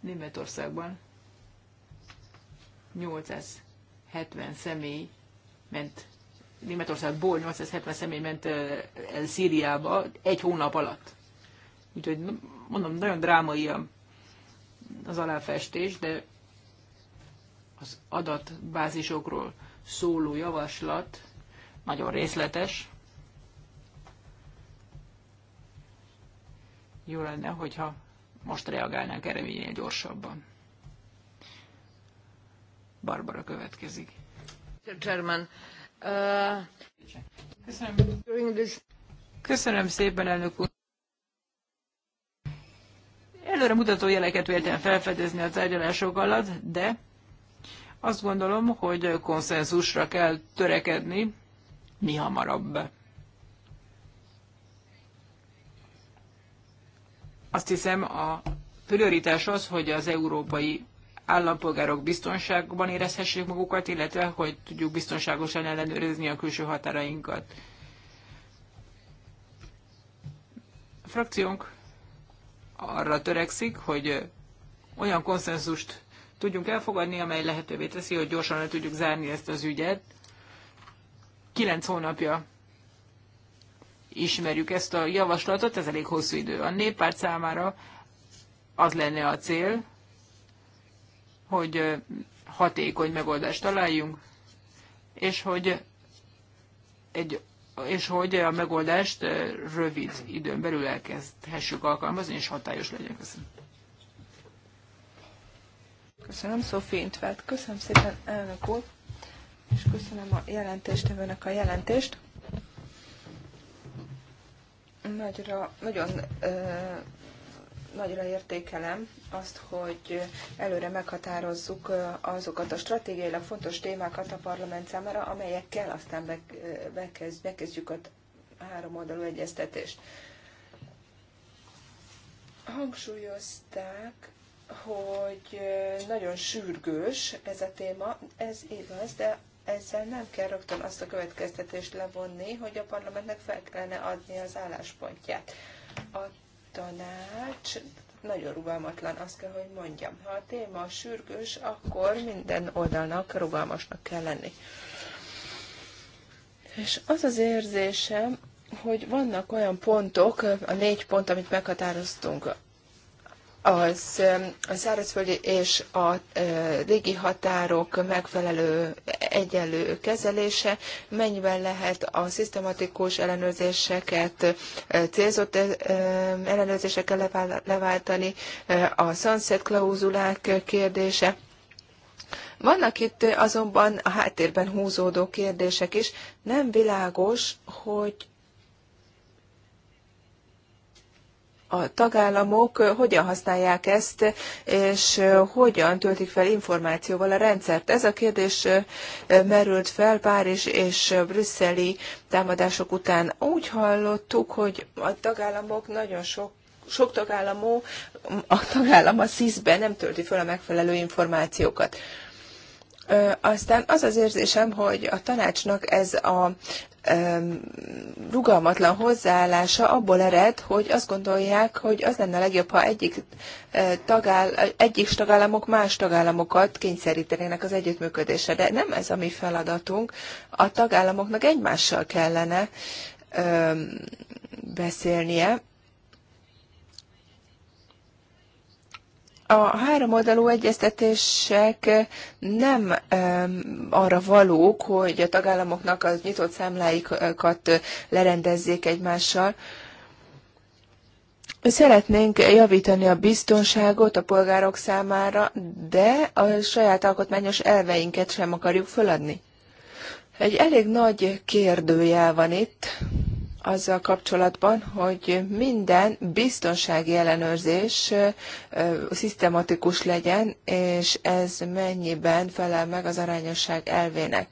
Németországban 870 személy ment Németországból 870 személy ment eh, el Szíriába egy hónap alatt. Úgyhogy mondom, nagyon drámai az aláfestés, de az adatbázisokról szóló javaslat nagyon részletes. Jó lenne, hogyha most reagálnánk erre minél gyorsabban. Barbara következik. Chairman, uh, Köszönöm. Köszönöm szépen, elnök úr. Előre mutató jeleket véltem felfedezni a tárgyalások alatt, de azt gondolom, hogy konszenzusra kell törekedni, mi hamarabb. Azt hiszem, a prioritás az, hogy az európai állampolgárok biztonságban érezhessék magukat, illetve hogy tudjuk biztonságosan ellenőrizni a külső határainkat. A frakciónk arra törekszik, hogy olyan konszenzust tudjunk elfogadni, amely lehetővé teszi, hogy gyorsan le tudjuk zárni ezt az ügyet. Kilenc hónapja ismerjük ezt a javaslatot, ez elég hosszú idő. A néppárt számára az lenne a cél, hogy hatékony megoldást találjunk, és hogy, egy, és hogy a megoldást rövid időn belül elkezdhessük alkalmazni, és hatályos legyen. Köszönöm. Köszönöm, Sophie Intvert. Köszönöm szépen, elnök úr, és köszönöm a jelentéstevőnek a jelentést. Nagyra, nagyon ö, nagyra értékelem azt, hogy előre meghatározzuk azokat a stratégiailag fontos témákat a parlament számára, amelyekkel aztán bekezd, bekezdjük a három oldalú egyeztetést. Hangsúlyozták hogy nagyon sürgős ez a téma, ez igaz, de ezzel nem kell rögtön azt a következtetést levonni, hogy a parlamentnek fel kellene adni az álláspontját. A tanács nagyon rugalmatlan, azt kell, hogy mondjam. Ha a téma sürgős, akkor minden oldalnak rugalmasnak kell lenni. És az az érzésem, hogy vannak olyan pontok, a négy pont, amit meghatároztunk, az a szárazföldi és a régi határok megfelelő egyenlő kezelése, mennyiben lehet a szisztematikus ellenőrzéseket, célzott ellenőrzésekkel leváltani, a sunset klauzulák kérdése. Vannak itt azonban a háttérben húzódó kérdések is. Nem világos, hogy a tagállamok eh, hogyan használják ezt, és eh, hogyan töltik fel információval a rendszert. Ez a kérdés eh, merült fel Párizs és brüsszeli támadások után. Úgy hallottuk, hogy a tagállamok nagyon sok sok tagállamú, a tagállam a SZISZ-ben nem tölti fel a megfelelő információkat. Aztán az az érzésem, hogy a tanácsnak ez a rugalmatlan hozzáállása abból ered, hogy azt gondolják, hogy az lenne a legjobb, ha egyik tagáll, egyik tagállamok más tagállamokat kényszerítenének az együttműködésre. De nem ez a mi feladatunk. A tagállamoknak egymással kellene beszélnie, a háromoldalú egyeztetések nem arra valók, hogy a tagállamoknak az nyitott számláikat lerendezzék egymással. Szeretnénk javítani a biztonságot a polgárok számára, de a saját alkotmányos elveinket sem akarjuk föladni. Egy elég nagy kérdőjel van itt, azzal kapcsolatban, hogy minden biztonsági ellenőrzés szisztematikus legyen, és ez mennyiben felel meg az arányosság elvének,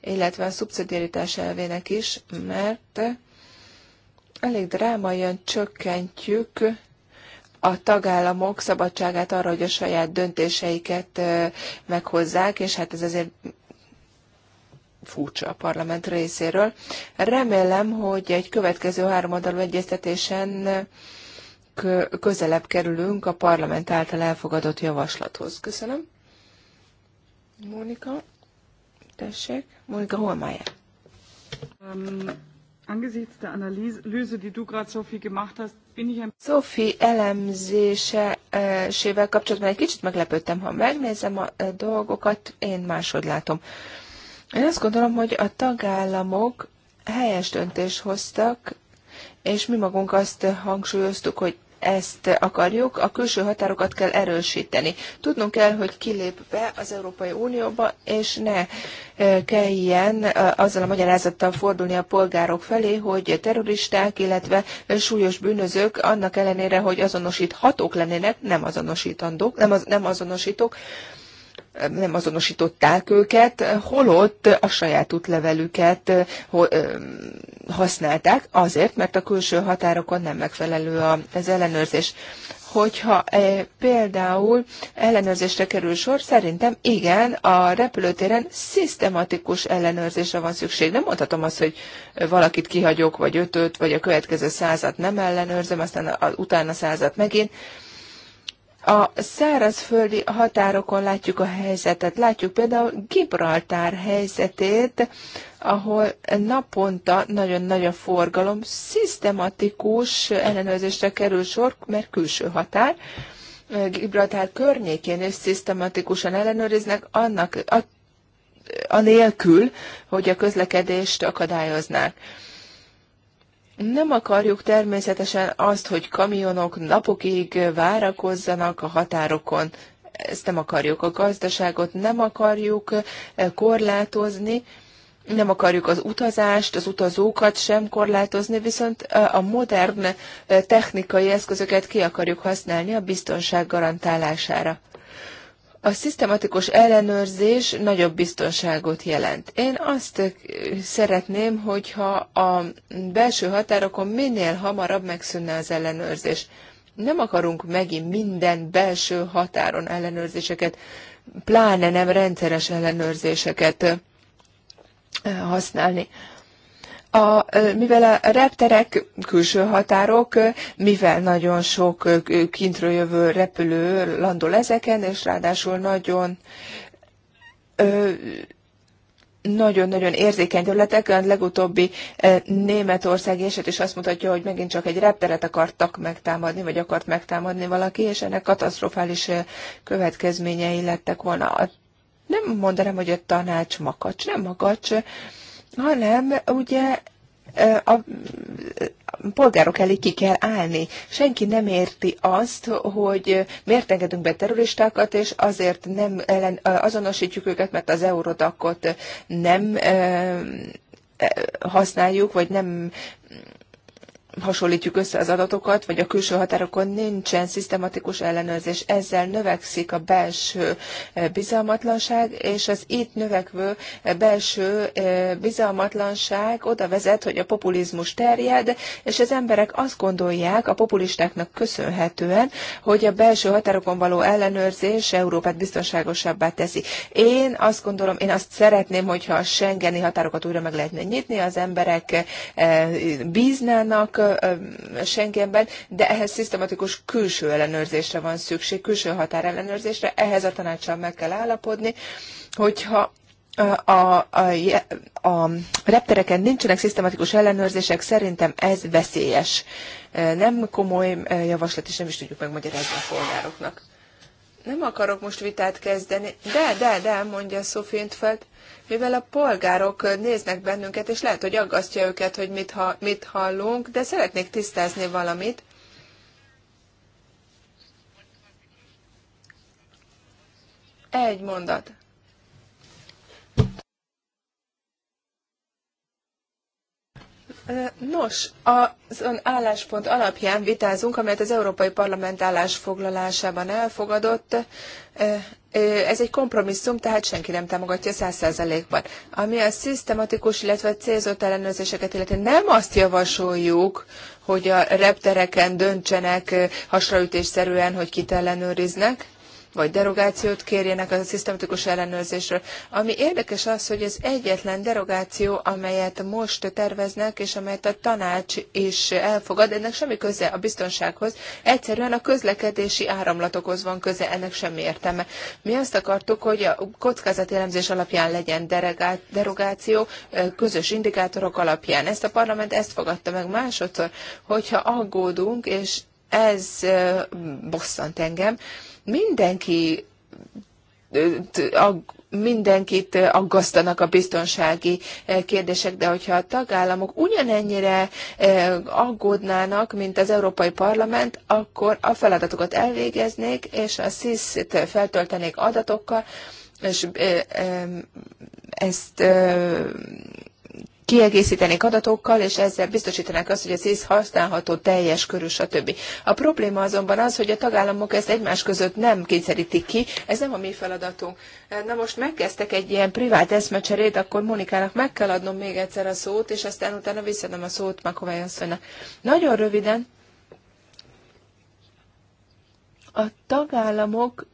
illetve a szubszidiaritás elvének is, mert elég drámaian csökkentjük a tagállamok szabadságát arra, hogy a saját döntéseiket meghozzák, és hát ez azért furcsa a parlament részéről. Remélem, hogy egy következő háromadalú egyeztetésen közelebb kerülünk a parlament által elfogadott javaslathoz. Köszönöm. Mónika, tessék. Mónika Holmájer. Um. Ähm, angesichts der Analyse, die du gerade, Sophie, gemacht hast, Sophie elemzésével kapcsolatban egy kicsit meglepődtem, ha megnézem a dolgokat, én máshogy látom. Én azt gondolom, hogy a tagállamok helyes döntést hoztak, és mi magunk azt hangsúlyoztuk, hogy ezt akarjuk, a külső határokat kell erősíteni. Tudnunk kell, hogy kilép be az Európai Unióba, és ne kelljen azzal a magyarázattal fordulni a polgárok felé, hogy terroristák, illetve súlyos bűnözők annak ellenére, hogy azonosíthatók lennének, nem azonosítandók, nem, az, nem azonosítók, nem azonosították őket, holott a saját útlevelüket eh, eh, használták, azért, mert a külső határokon nem megfelelő az ellenőrzés. Hogyha eh, például ellenőrzésre kerül sor, szerintem igen, a repülőtéren szisztematikus ellenőrzésre van szükség. Nem mondhatom azt, hogy valakit kihagyok, vagy ötöt, vagy a következő százat nem ellenőrzöm, aztán a, utána százat megint a szárazföldi határokon látjuk a helyzetet. Látjuk például Gibraltár helyzetét, ahol naponta nagyon nagy a forgalom, szisztematikus ellenőrzésre kerül sor, mert külső határ. Gibraltár környékén is szisztematikusan ellenőriznek, annak a, nélkül, hogy a közlekedést akadályoznák nem akarjuk természetesen azt, hogy kamionok napokig várakozzanak a határokon. Ezt nem akarjuk. A gazdaságot nem akarjuk eh, korlátozni, nem akarjuk az utazást, az utazókat sem korlátozni, viszont eh, a modern eh, technikai eszközöket ki akarjuk használni a biztonság garantálására a szisztematikus ellenőrzés nagyobb biztonságot jelent. Én azt szeretném, hogyha a belső határokon minél hamarabb megszűnne az ellenőrzés. Nem akarunk megint minden belső határon ellenőrzéseket, pláne nem rendszeres ellenőrzéseket eh, használni a, mivel a repterek külső határok, mivel nagyon sok kintről jövő repülő landol ezeken, és ráadásul nagyon nagyon-nagyon érzékeny területek, a legutóbbi Németország eset is azt mutatja, hogy megint csak egy repteret akartak megtámadni, vagy akart megtámadni valaki, és ennek katasztrofális következményei lettek volna. Nem mondanám, hogy a tanács makacs, nem makacs, hanem ugye a polgárok elé ki kell állni. Senki nem érti azt, hogy miért engedünk be terroristákat, és azért nem ellen, azonosítjuk őket, mert az eurodakot nem használjuk, vagy nem hasonlítjuk össze az adatokat, vagy a külső határokon nincsen szisztematikus ellenőrzés. Ezzel növekszik a belső eh, bizalmatlanság, és az itt növekvő eh, belső eh, bizalmatlanság oda vezet, hogy a populizmus terjed, és az emberek azt gondolják a populistáknak köszönhetően, hogy a belső határokon való ellenőrzés Európát biztonságosabbá teszi. Én azt gondolom, én azt szeretném, hogyha a Schengeni határokat újra meg lehetne nyitni, az emberek bíznának Schengenben, de ehhez szisztematikus külső ellenőrzésre van szükség, külső határellenőrzésre, ehhez a tanácssal meg kell állapodni, hogyha a, a, a reptereken nincsenek szisztematikus ellenőrzések, szerintem ez veszélyes. Nem komoly javaslat, és nem is tudjuk megmagyarázni a polgároknak. Nem akarok most vitát kezdeni. De, de, de, mondja Sofintfeld mivel a polgárok néznek bennünket, és lehet, hogy aggasztja őket, hogy mit, ha, mit hallunk, de szeretnék tisztázni valamit. Egy mondat. Nos, az álláspont alapján vitázunk, amelyet az Európai Parlament állásfoglalásában elfogadott ez egy kompromisszum, tehát senki nem támogatja száz százalékban. Ami a szisztematikus, illetve célzott ellenőrzéseket illeti, nem azt javasoljuk, hogy a reptereken döntsenek hasraütésszerűen, hogy kit ellenőriznek, vagy derogációt kérjenek a szisztematikus ellenőrzésről. Ami érdekes az, hogy az egyetlen derogáció, amelyet most terveznek, és amelyet a tanács is elfogad, ennek semmi köze a biztonsághoz, egyszerűen a közlekedési áramlatokhoz van köze, ennek semmi értelme. Mi azt akartuk, hogy a elemzés alapján legyen derogáció, közös indikátorok alapján. Ezt a parlament ezt fogadta meg másodszor, hogyha aggódunk, és ez bosszant engem, mindenki mindenkit aggasztanak a biztonsági kérdések, de hogyha a tagállamok ugyanennyire aggódnának, mint az Európai Parlament, akkor a feladatokat elvégeznék, és a SZISZ-t feltöltenék adatokkal, és ezt kiegészítenék adatokkal, és ezzel biztosítanák azt, hogy az ész használható, teljes körű, stb. A probléma azonban az, hogy a tagállamok ezt egymás között nem kényszerítik ki, ez nem a mi feladatunk. Na most megkezdtek egy ilyen privát eszmecserét, akkor Monikának meg kell adnom még egyszer a szót, és aztán utána visszadom a szót Makovály asszonynak. Nagyon röviden, a tagállamok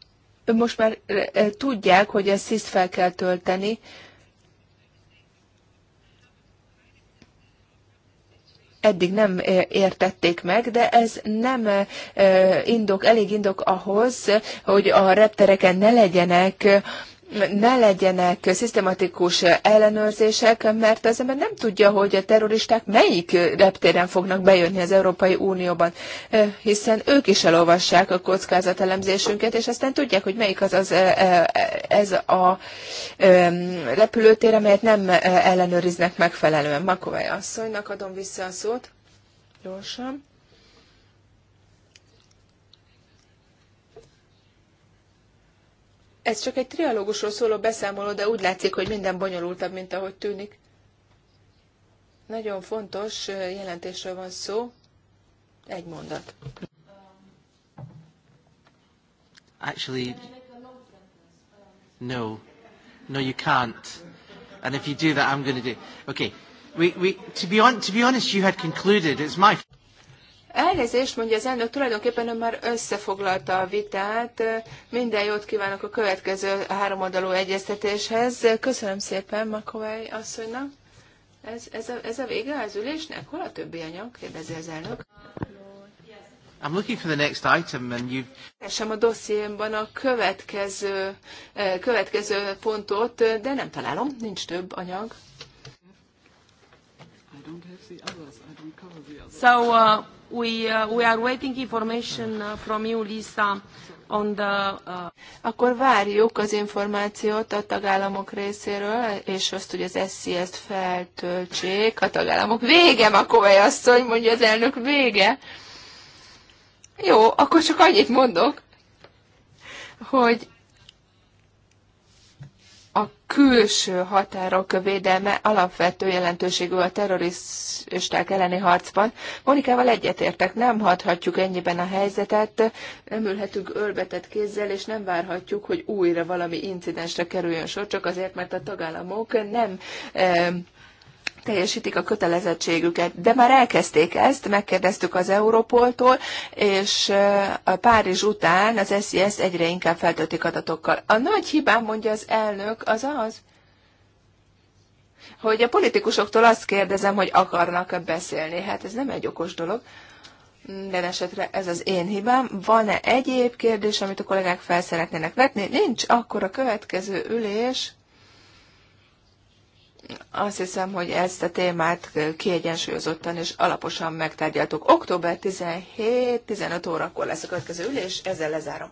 most már eh, eh, tudják, hogy a sziszt fel kell tölteni, eddig nem e, értették meg, de ez nem e, indok, elég indok ahhoz, hogy a reptereken ne legyenek ne legyenek szisztematikus ellenőrzések, mert az ember nem tudja, hogy a terroristák melyik reptéren fognak bejönni az Európai Unióban, eh, hiszen ők is elolvassák a kockázatelemzésünket, és aztán tudják, hogy melyik az, az eh, eh, ez a repülőtér, amelyet nem ellenőriznek megfelelően. Makovály asszonynak adom vissza a szót. Gyorsan. Ez csak egy trialógusról szóló beszámoló, de úgy látszik, hogy minden bonyolultabb, mint ahogy tűnik. Nagyon fontos jelentésről van szó. Egy mondat. Actually, no. No, you can't. And if you do that, I'm going to do... Okay. We, we, to, be on, to be honest, you had concluded. It's my... Elnézést, mondja az elnök, tulajdonképpen ön már összefoglalta a vitát. Minden jót kívánok a következő háromoldalú egyeztetéshez. Köszönöm szépen Makovály asszonynak. Ez, ez, a, ez a vége az ülésnek? Hol a többi anyag? kérdezi az elnök. I'm looking for the next item and you... Keresem a dossziémban a következő, eh, következő pontot, de nem találom, nincs több anyag. So, uh, We, uh, we are waiting information uh, from you, Lisa, on the... Uh... Akkor várjuk az információt a tagállamok részéről, és azt, hogy az scs t feltöltsék a tagállamok. Vége, Makovely asszony, mondja az elnök, vége. Jó, akkor csak annyit mondok, hogy a külső határok védelme alapvető jelentőségű a terroristák elleni harcban. Monikával egyetértek, nem hadhatjuk ennyiben a helyzetet, nem ülhetünk ölbetett kézzel, és nem várhatjuk, hogy újra valami incidensre kerüljön sor, csak azért, mert a tagállamok nem teljesítik a kötelezettségüket. De már elkezdték ezt, megkérdeztük az Európoltól és a Párizs után az SZSZ egyre inkább feltöltik adatokkal. A nagy hibám, mondja az elnök, az az, hogy a politikusoktól azt kérdezem, hogy akarnak-e beszélni. Hát ez nem egy okos dolog. De esetre ez az én hibám. Van-e egyéb kérdés, amit a kollégák fel szeretnének vetni? Nincs, akkor a következő ülés azt hiszem, hogy ezt a témát kiegyensúlyozottan és alaposan megtárgyaltuk. Október 17-15 órakor lesz a következő ülés, ezzel lezárom.